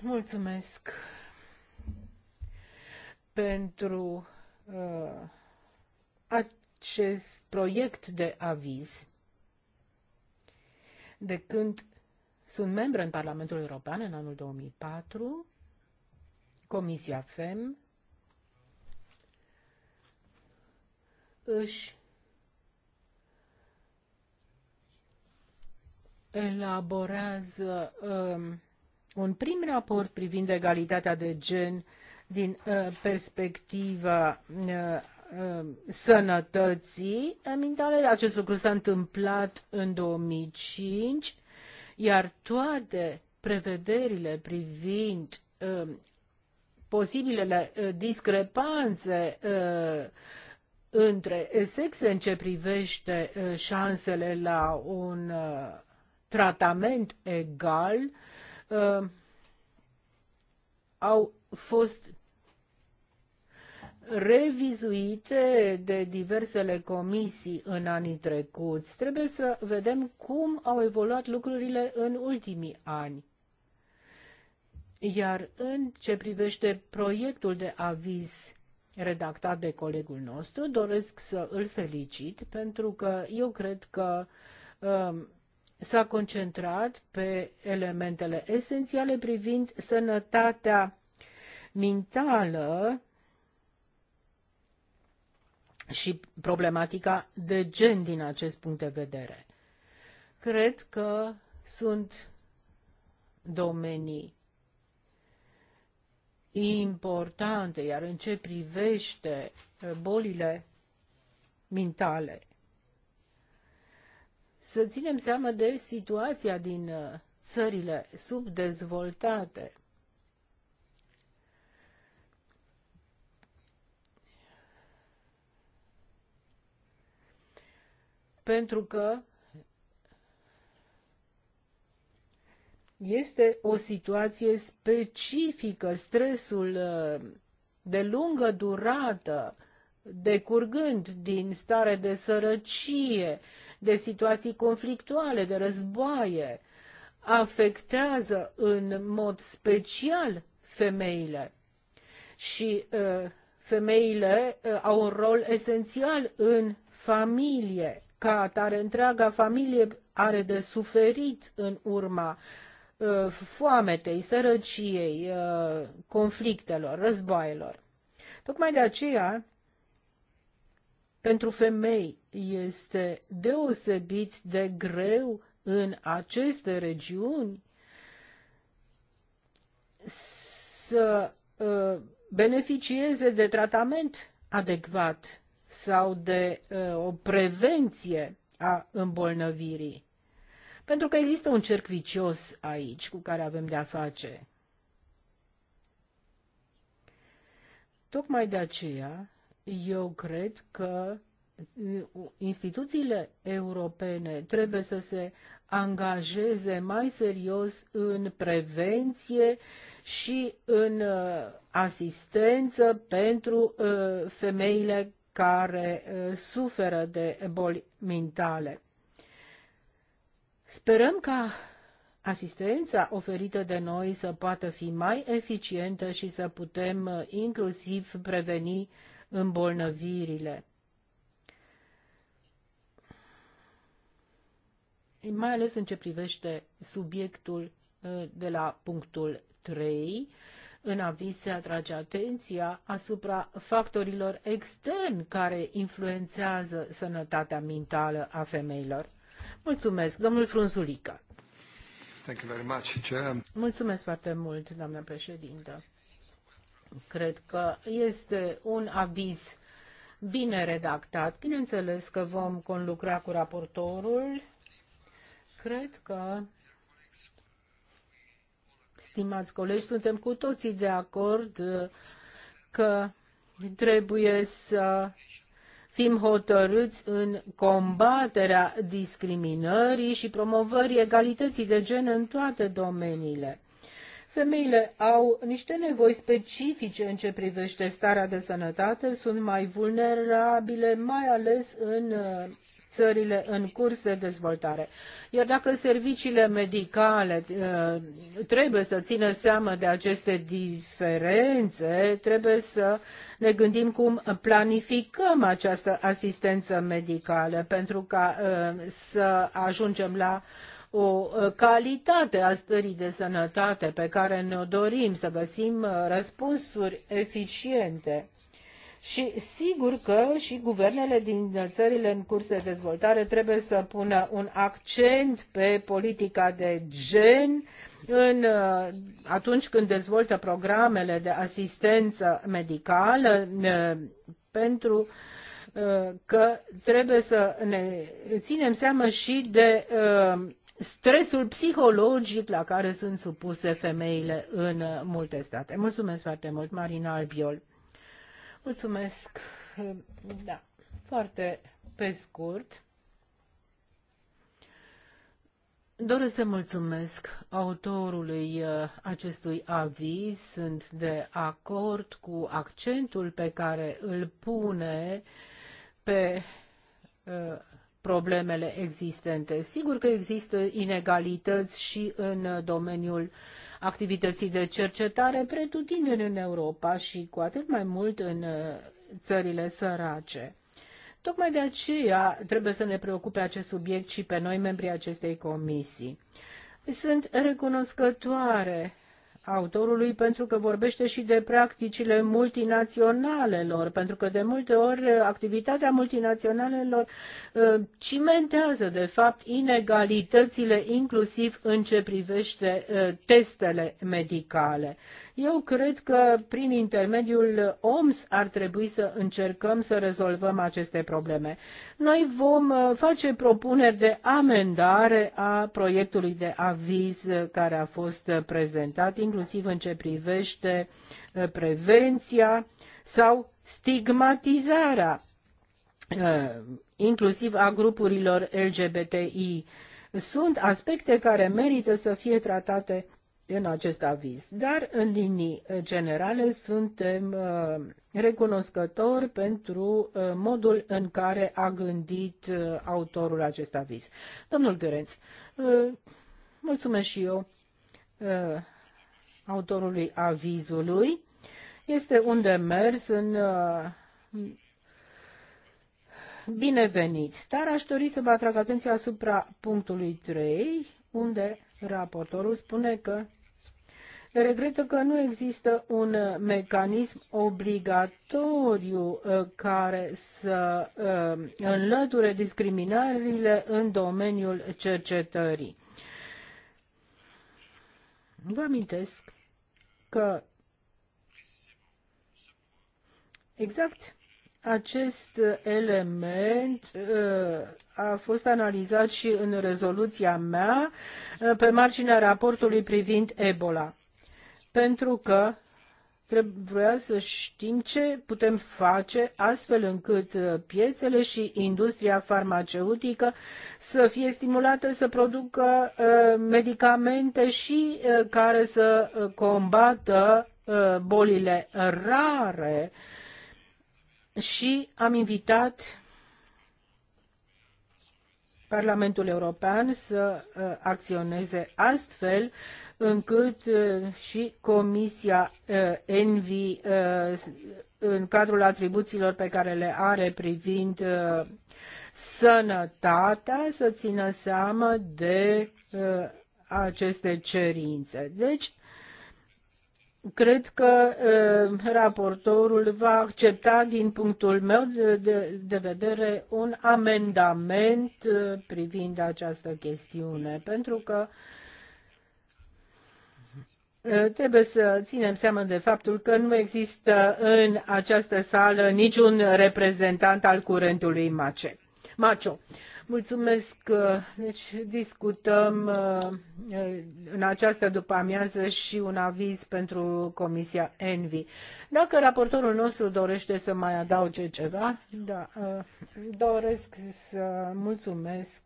Speaker 3: Mulțumesc pentru uh, acest proiect de aviz. De când sunt membră în Parlamentul European în anul 2004, Comisia FEM își elaborează um, un prim raport privind egalitatea de gen din uh, perspectiva uh, uh, sănătății mentale. Acest lucru s-a întâmplat în 2005 iar toate prevederile privind uh, posibilele uh, discrepanțe uh, între sexe în ce privește uh, șansele la un uh, tratament egal uh, au fost revizuite de diversele comisii în anii trecuți. Trebuie să vedem cum au evoluat lucrurile în ultimii ani. Iar în ce privește proiectul de aviz redactat de colegul nostru, doresc să îl felicit pentru că eu cred că um, s-a concentrat pe elementele esențiale privind sănătatea mentală și problematica de gen din acest punct de vedere. Cred că sunt domenii importante, iar în ce privește uh, bolile mentale, să ținem seama de situația din uh, țările subdezvoltate – pentru că este o situație specifică, stresul uh, de lungă durată, decurgând din stare de sărăcie, de situații conflictuale, de războaie, afectează în mod special femeile. Și uh, femeile uh, au un rol esențial în familie. Ca atare, întreaga familie are de suferit în urma uh, foametei, sărăciei, uh, conflictelor, războaielor. Tocmai de aceea, pentru femei este deosebit de greu în aceste regiuni să uh, beneficieze de tratament adecvat sau de uh, o prevenție a îmbolnăvirii. Pentru că există un cerc vicios aici cu care avem de-a face. Tocmai de aceea, eu cred că uh, instituțiile europene trebuie să se angajeze mai serios în prevenție și în uh, asistență pentru femeile care uh, suferă de boli mentale. Sperăm ca asistența oferită de noi să poată fi mai eficientă și să putem uh, inclusiv preveni îmbolnăvirile. Mai ales în ce privește subiectul uh, de la punctul 3, în aviz se atrage atenția asupra factorilor externi care influențează sănătatea mentală a femeilor. Mulțumesc, domnul Frunzulică.
Speaker 2: Thank you very much,
Speaker 3: Mulțumesc foarte mult, doamna președintă. Cred că este un aviz bine redactat. Bineînțeles că vom conlucra cu raportorul. Cred că Stimați colegi, suntem cu toții de acord uh, că trebuie să fim hotărâți în combaterea discriminării și promovării egalității de gen în toate domeniile. Femeile au niște nevoi specifice în ce privește starea de sănătate, sunt mai vulnerabile, mai ales în uh, țările în curs de dezvoltare. Iar dacă serviciile medicale uh, trebuie să țină seamă de aceste diferențe, trebuie să ne gândim cum planificăm această asistență medicală pentru ca uh, să ajungem la uh, o uh, calitate a stării de sănătate pe care ne-o dorim, să găsim uh, răspunsuri eficiente. Și sigur că și guvernele din țările în curs de dezvoltare trebuie să pună un accent pe politica de gen în, uh, atunci când dezvoltă programele de asistență medicală pentru că trebuie să ne ținem seama și de uh, stresul psihologic la care sunt supuse femeile în multe state. Mulțumesc foarte mult, Marina Albiol. Mulțumesc. Da, foarte pe scurt. Doresc să mulțumesc autorului uh, acestui aviz. Sunt de acord cu accentul pe care îl pune pe uh, problemele existente. Sigur că există inegalități și în domeniul activității de cercetare pretutindeni în Europa și cu atât mai mult în uh, țările sărace. Tocmai de aceea trebuie să ne preocupe acest subiect și pe noi, membrii acestei comisii. Sunt recunoscătoare autorului pentru că vorbește și de practicile multinaționalelor, pentru că de multe ori uh, activitatea multinaționalelor uh, cimentează de fapt inegalitățile inclusiv în ce privește uh, testele medicale. Eu cred că prin intermediul OMS ar trebui să încercăm să rezolvăm aceste probleme. Noi vom uh, face propuneri de amendare a proiectului de aviz uh, care a fost uh, prezentat, inclusiv în ce privește prevenția sau stigmatizarea inclusiv a grupurilor LGBTI. Sunt aspecte care merită să fie tratate în acest aviz. Dar, în linii uh, generale, suntem uh, recunoscători pentru uh, modul în care a gândit autorul acest aviz. Domnul Gărenț, mulțumesc și eu autorului avizului. Este un demers în binevenit, dar aș dori să vă atrag atenția asupra punctului 3, unde raportorul spune că regretă că nu există un uh, mecanism obligatoriu uh, care să uh, înlăture discriminările în domeniul cercetării. Vă amintesc că exact acest element a fost analizat și în rezoluția mea pe marginea raportului privind Ebola pentru că trebuia să știm ce putem face astfel încât uh, piețele și industria farmaceutică să fie stimulată să producă uh, medicamente și uh, care să combată bolile rare și am invitat Parlamentul European să acționeze astfel încât uh, și Comisia uh, Envi, uh, în cadrul atribuțiilor pe care le are privind sănătatea, să țină seamă de aceste cerințe. Deci, cred că raportorul va accepta din punctul meu de, vedere un amendament privind această chestiune, pentru că Eh, trebuie să ținem seama de faptul că nu există în această sală niciun reprezentant al curentului MACE. Macio. Mulțumesc. Eh, deci discutăm eh, în această după-amiază și un aviz pentru Comisia Envi. Dacă raportorul nostru dorește să mai adauge ceva, da, doresc să mulțumesc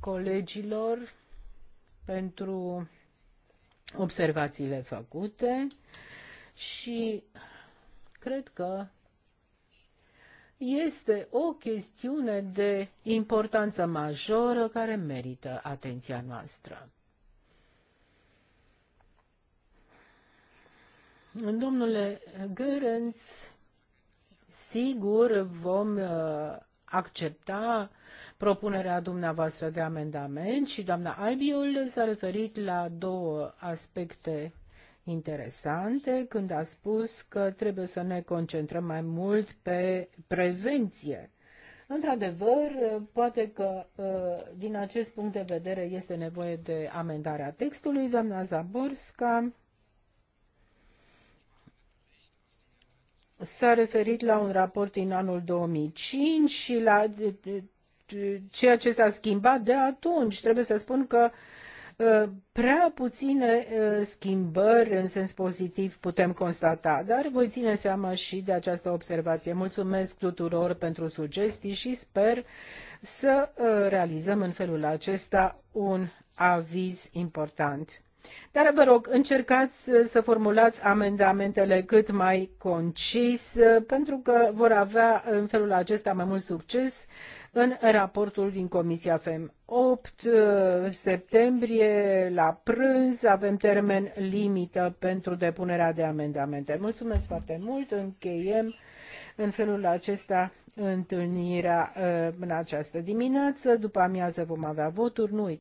Speaker 3: colegilor pentru observațiile făcute și cred că este o chestiune de importanță majoră care merită atenția noastră. Domnule Gărenț, sigur vom uh, accepta propunerea dumneavoastră de amendament și doamna Albiol s-a referit la două aspecte interesante când a spus că trebuie să ne concentrăm mai mult pe prevenție. Într-adevăr, poate că ă, din acest punct de vedere este nevoie de amendarea textului. Doamna Zaborska s-a referit la un raport din anul 2005 și la ceea ce s-a schimbat de atunci. Trebuie să spun că ă, prea puține ă, schimbări în sens pozitiv putem constata, dar voi ține seama și de această observație. Mulțumesc tuturor pentru sugestii și sper să ă, realizăm în felul acesta un aviz important. Dar vă rog, încercați uh, să formulați amendamentele cât mai concis, uh, pentru că vor avea uh, în felul acesta mai mult succes în raportul din Comisia FEM. 8 septembrie la prânz avem termen limită pentru depunerea de amendamente. Mulțumesc foarte mult, încheiem în felul acesta întâlnirea în această dimineață. După amiază vom avea voturi, nu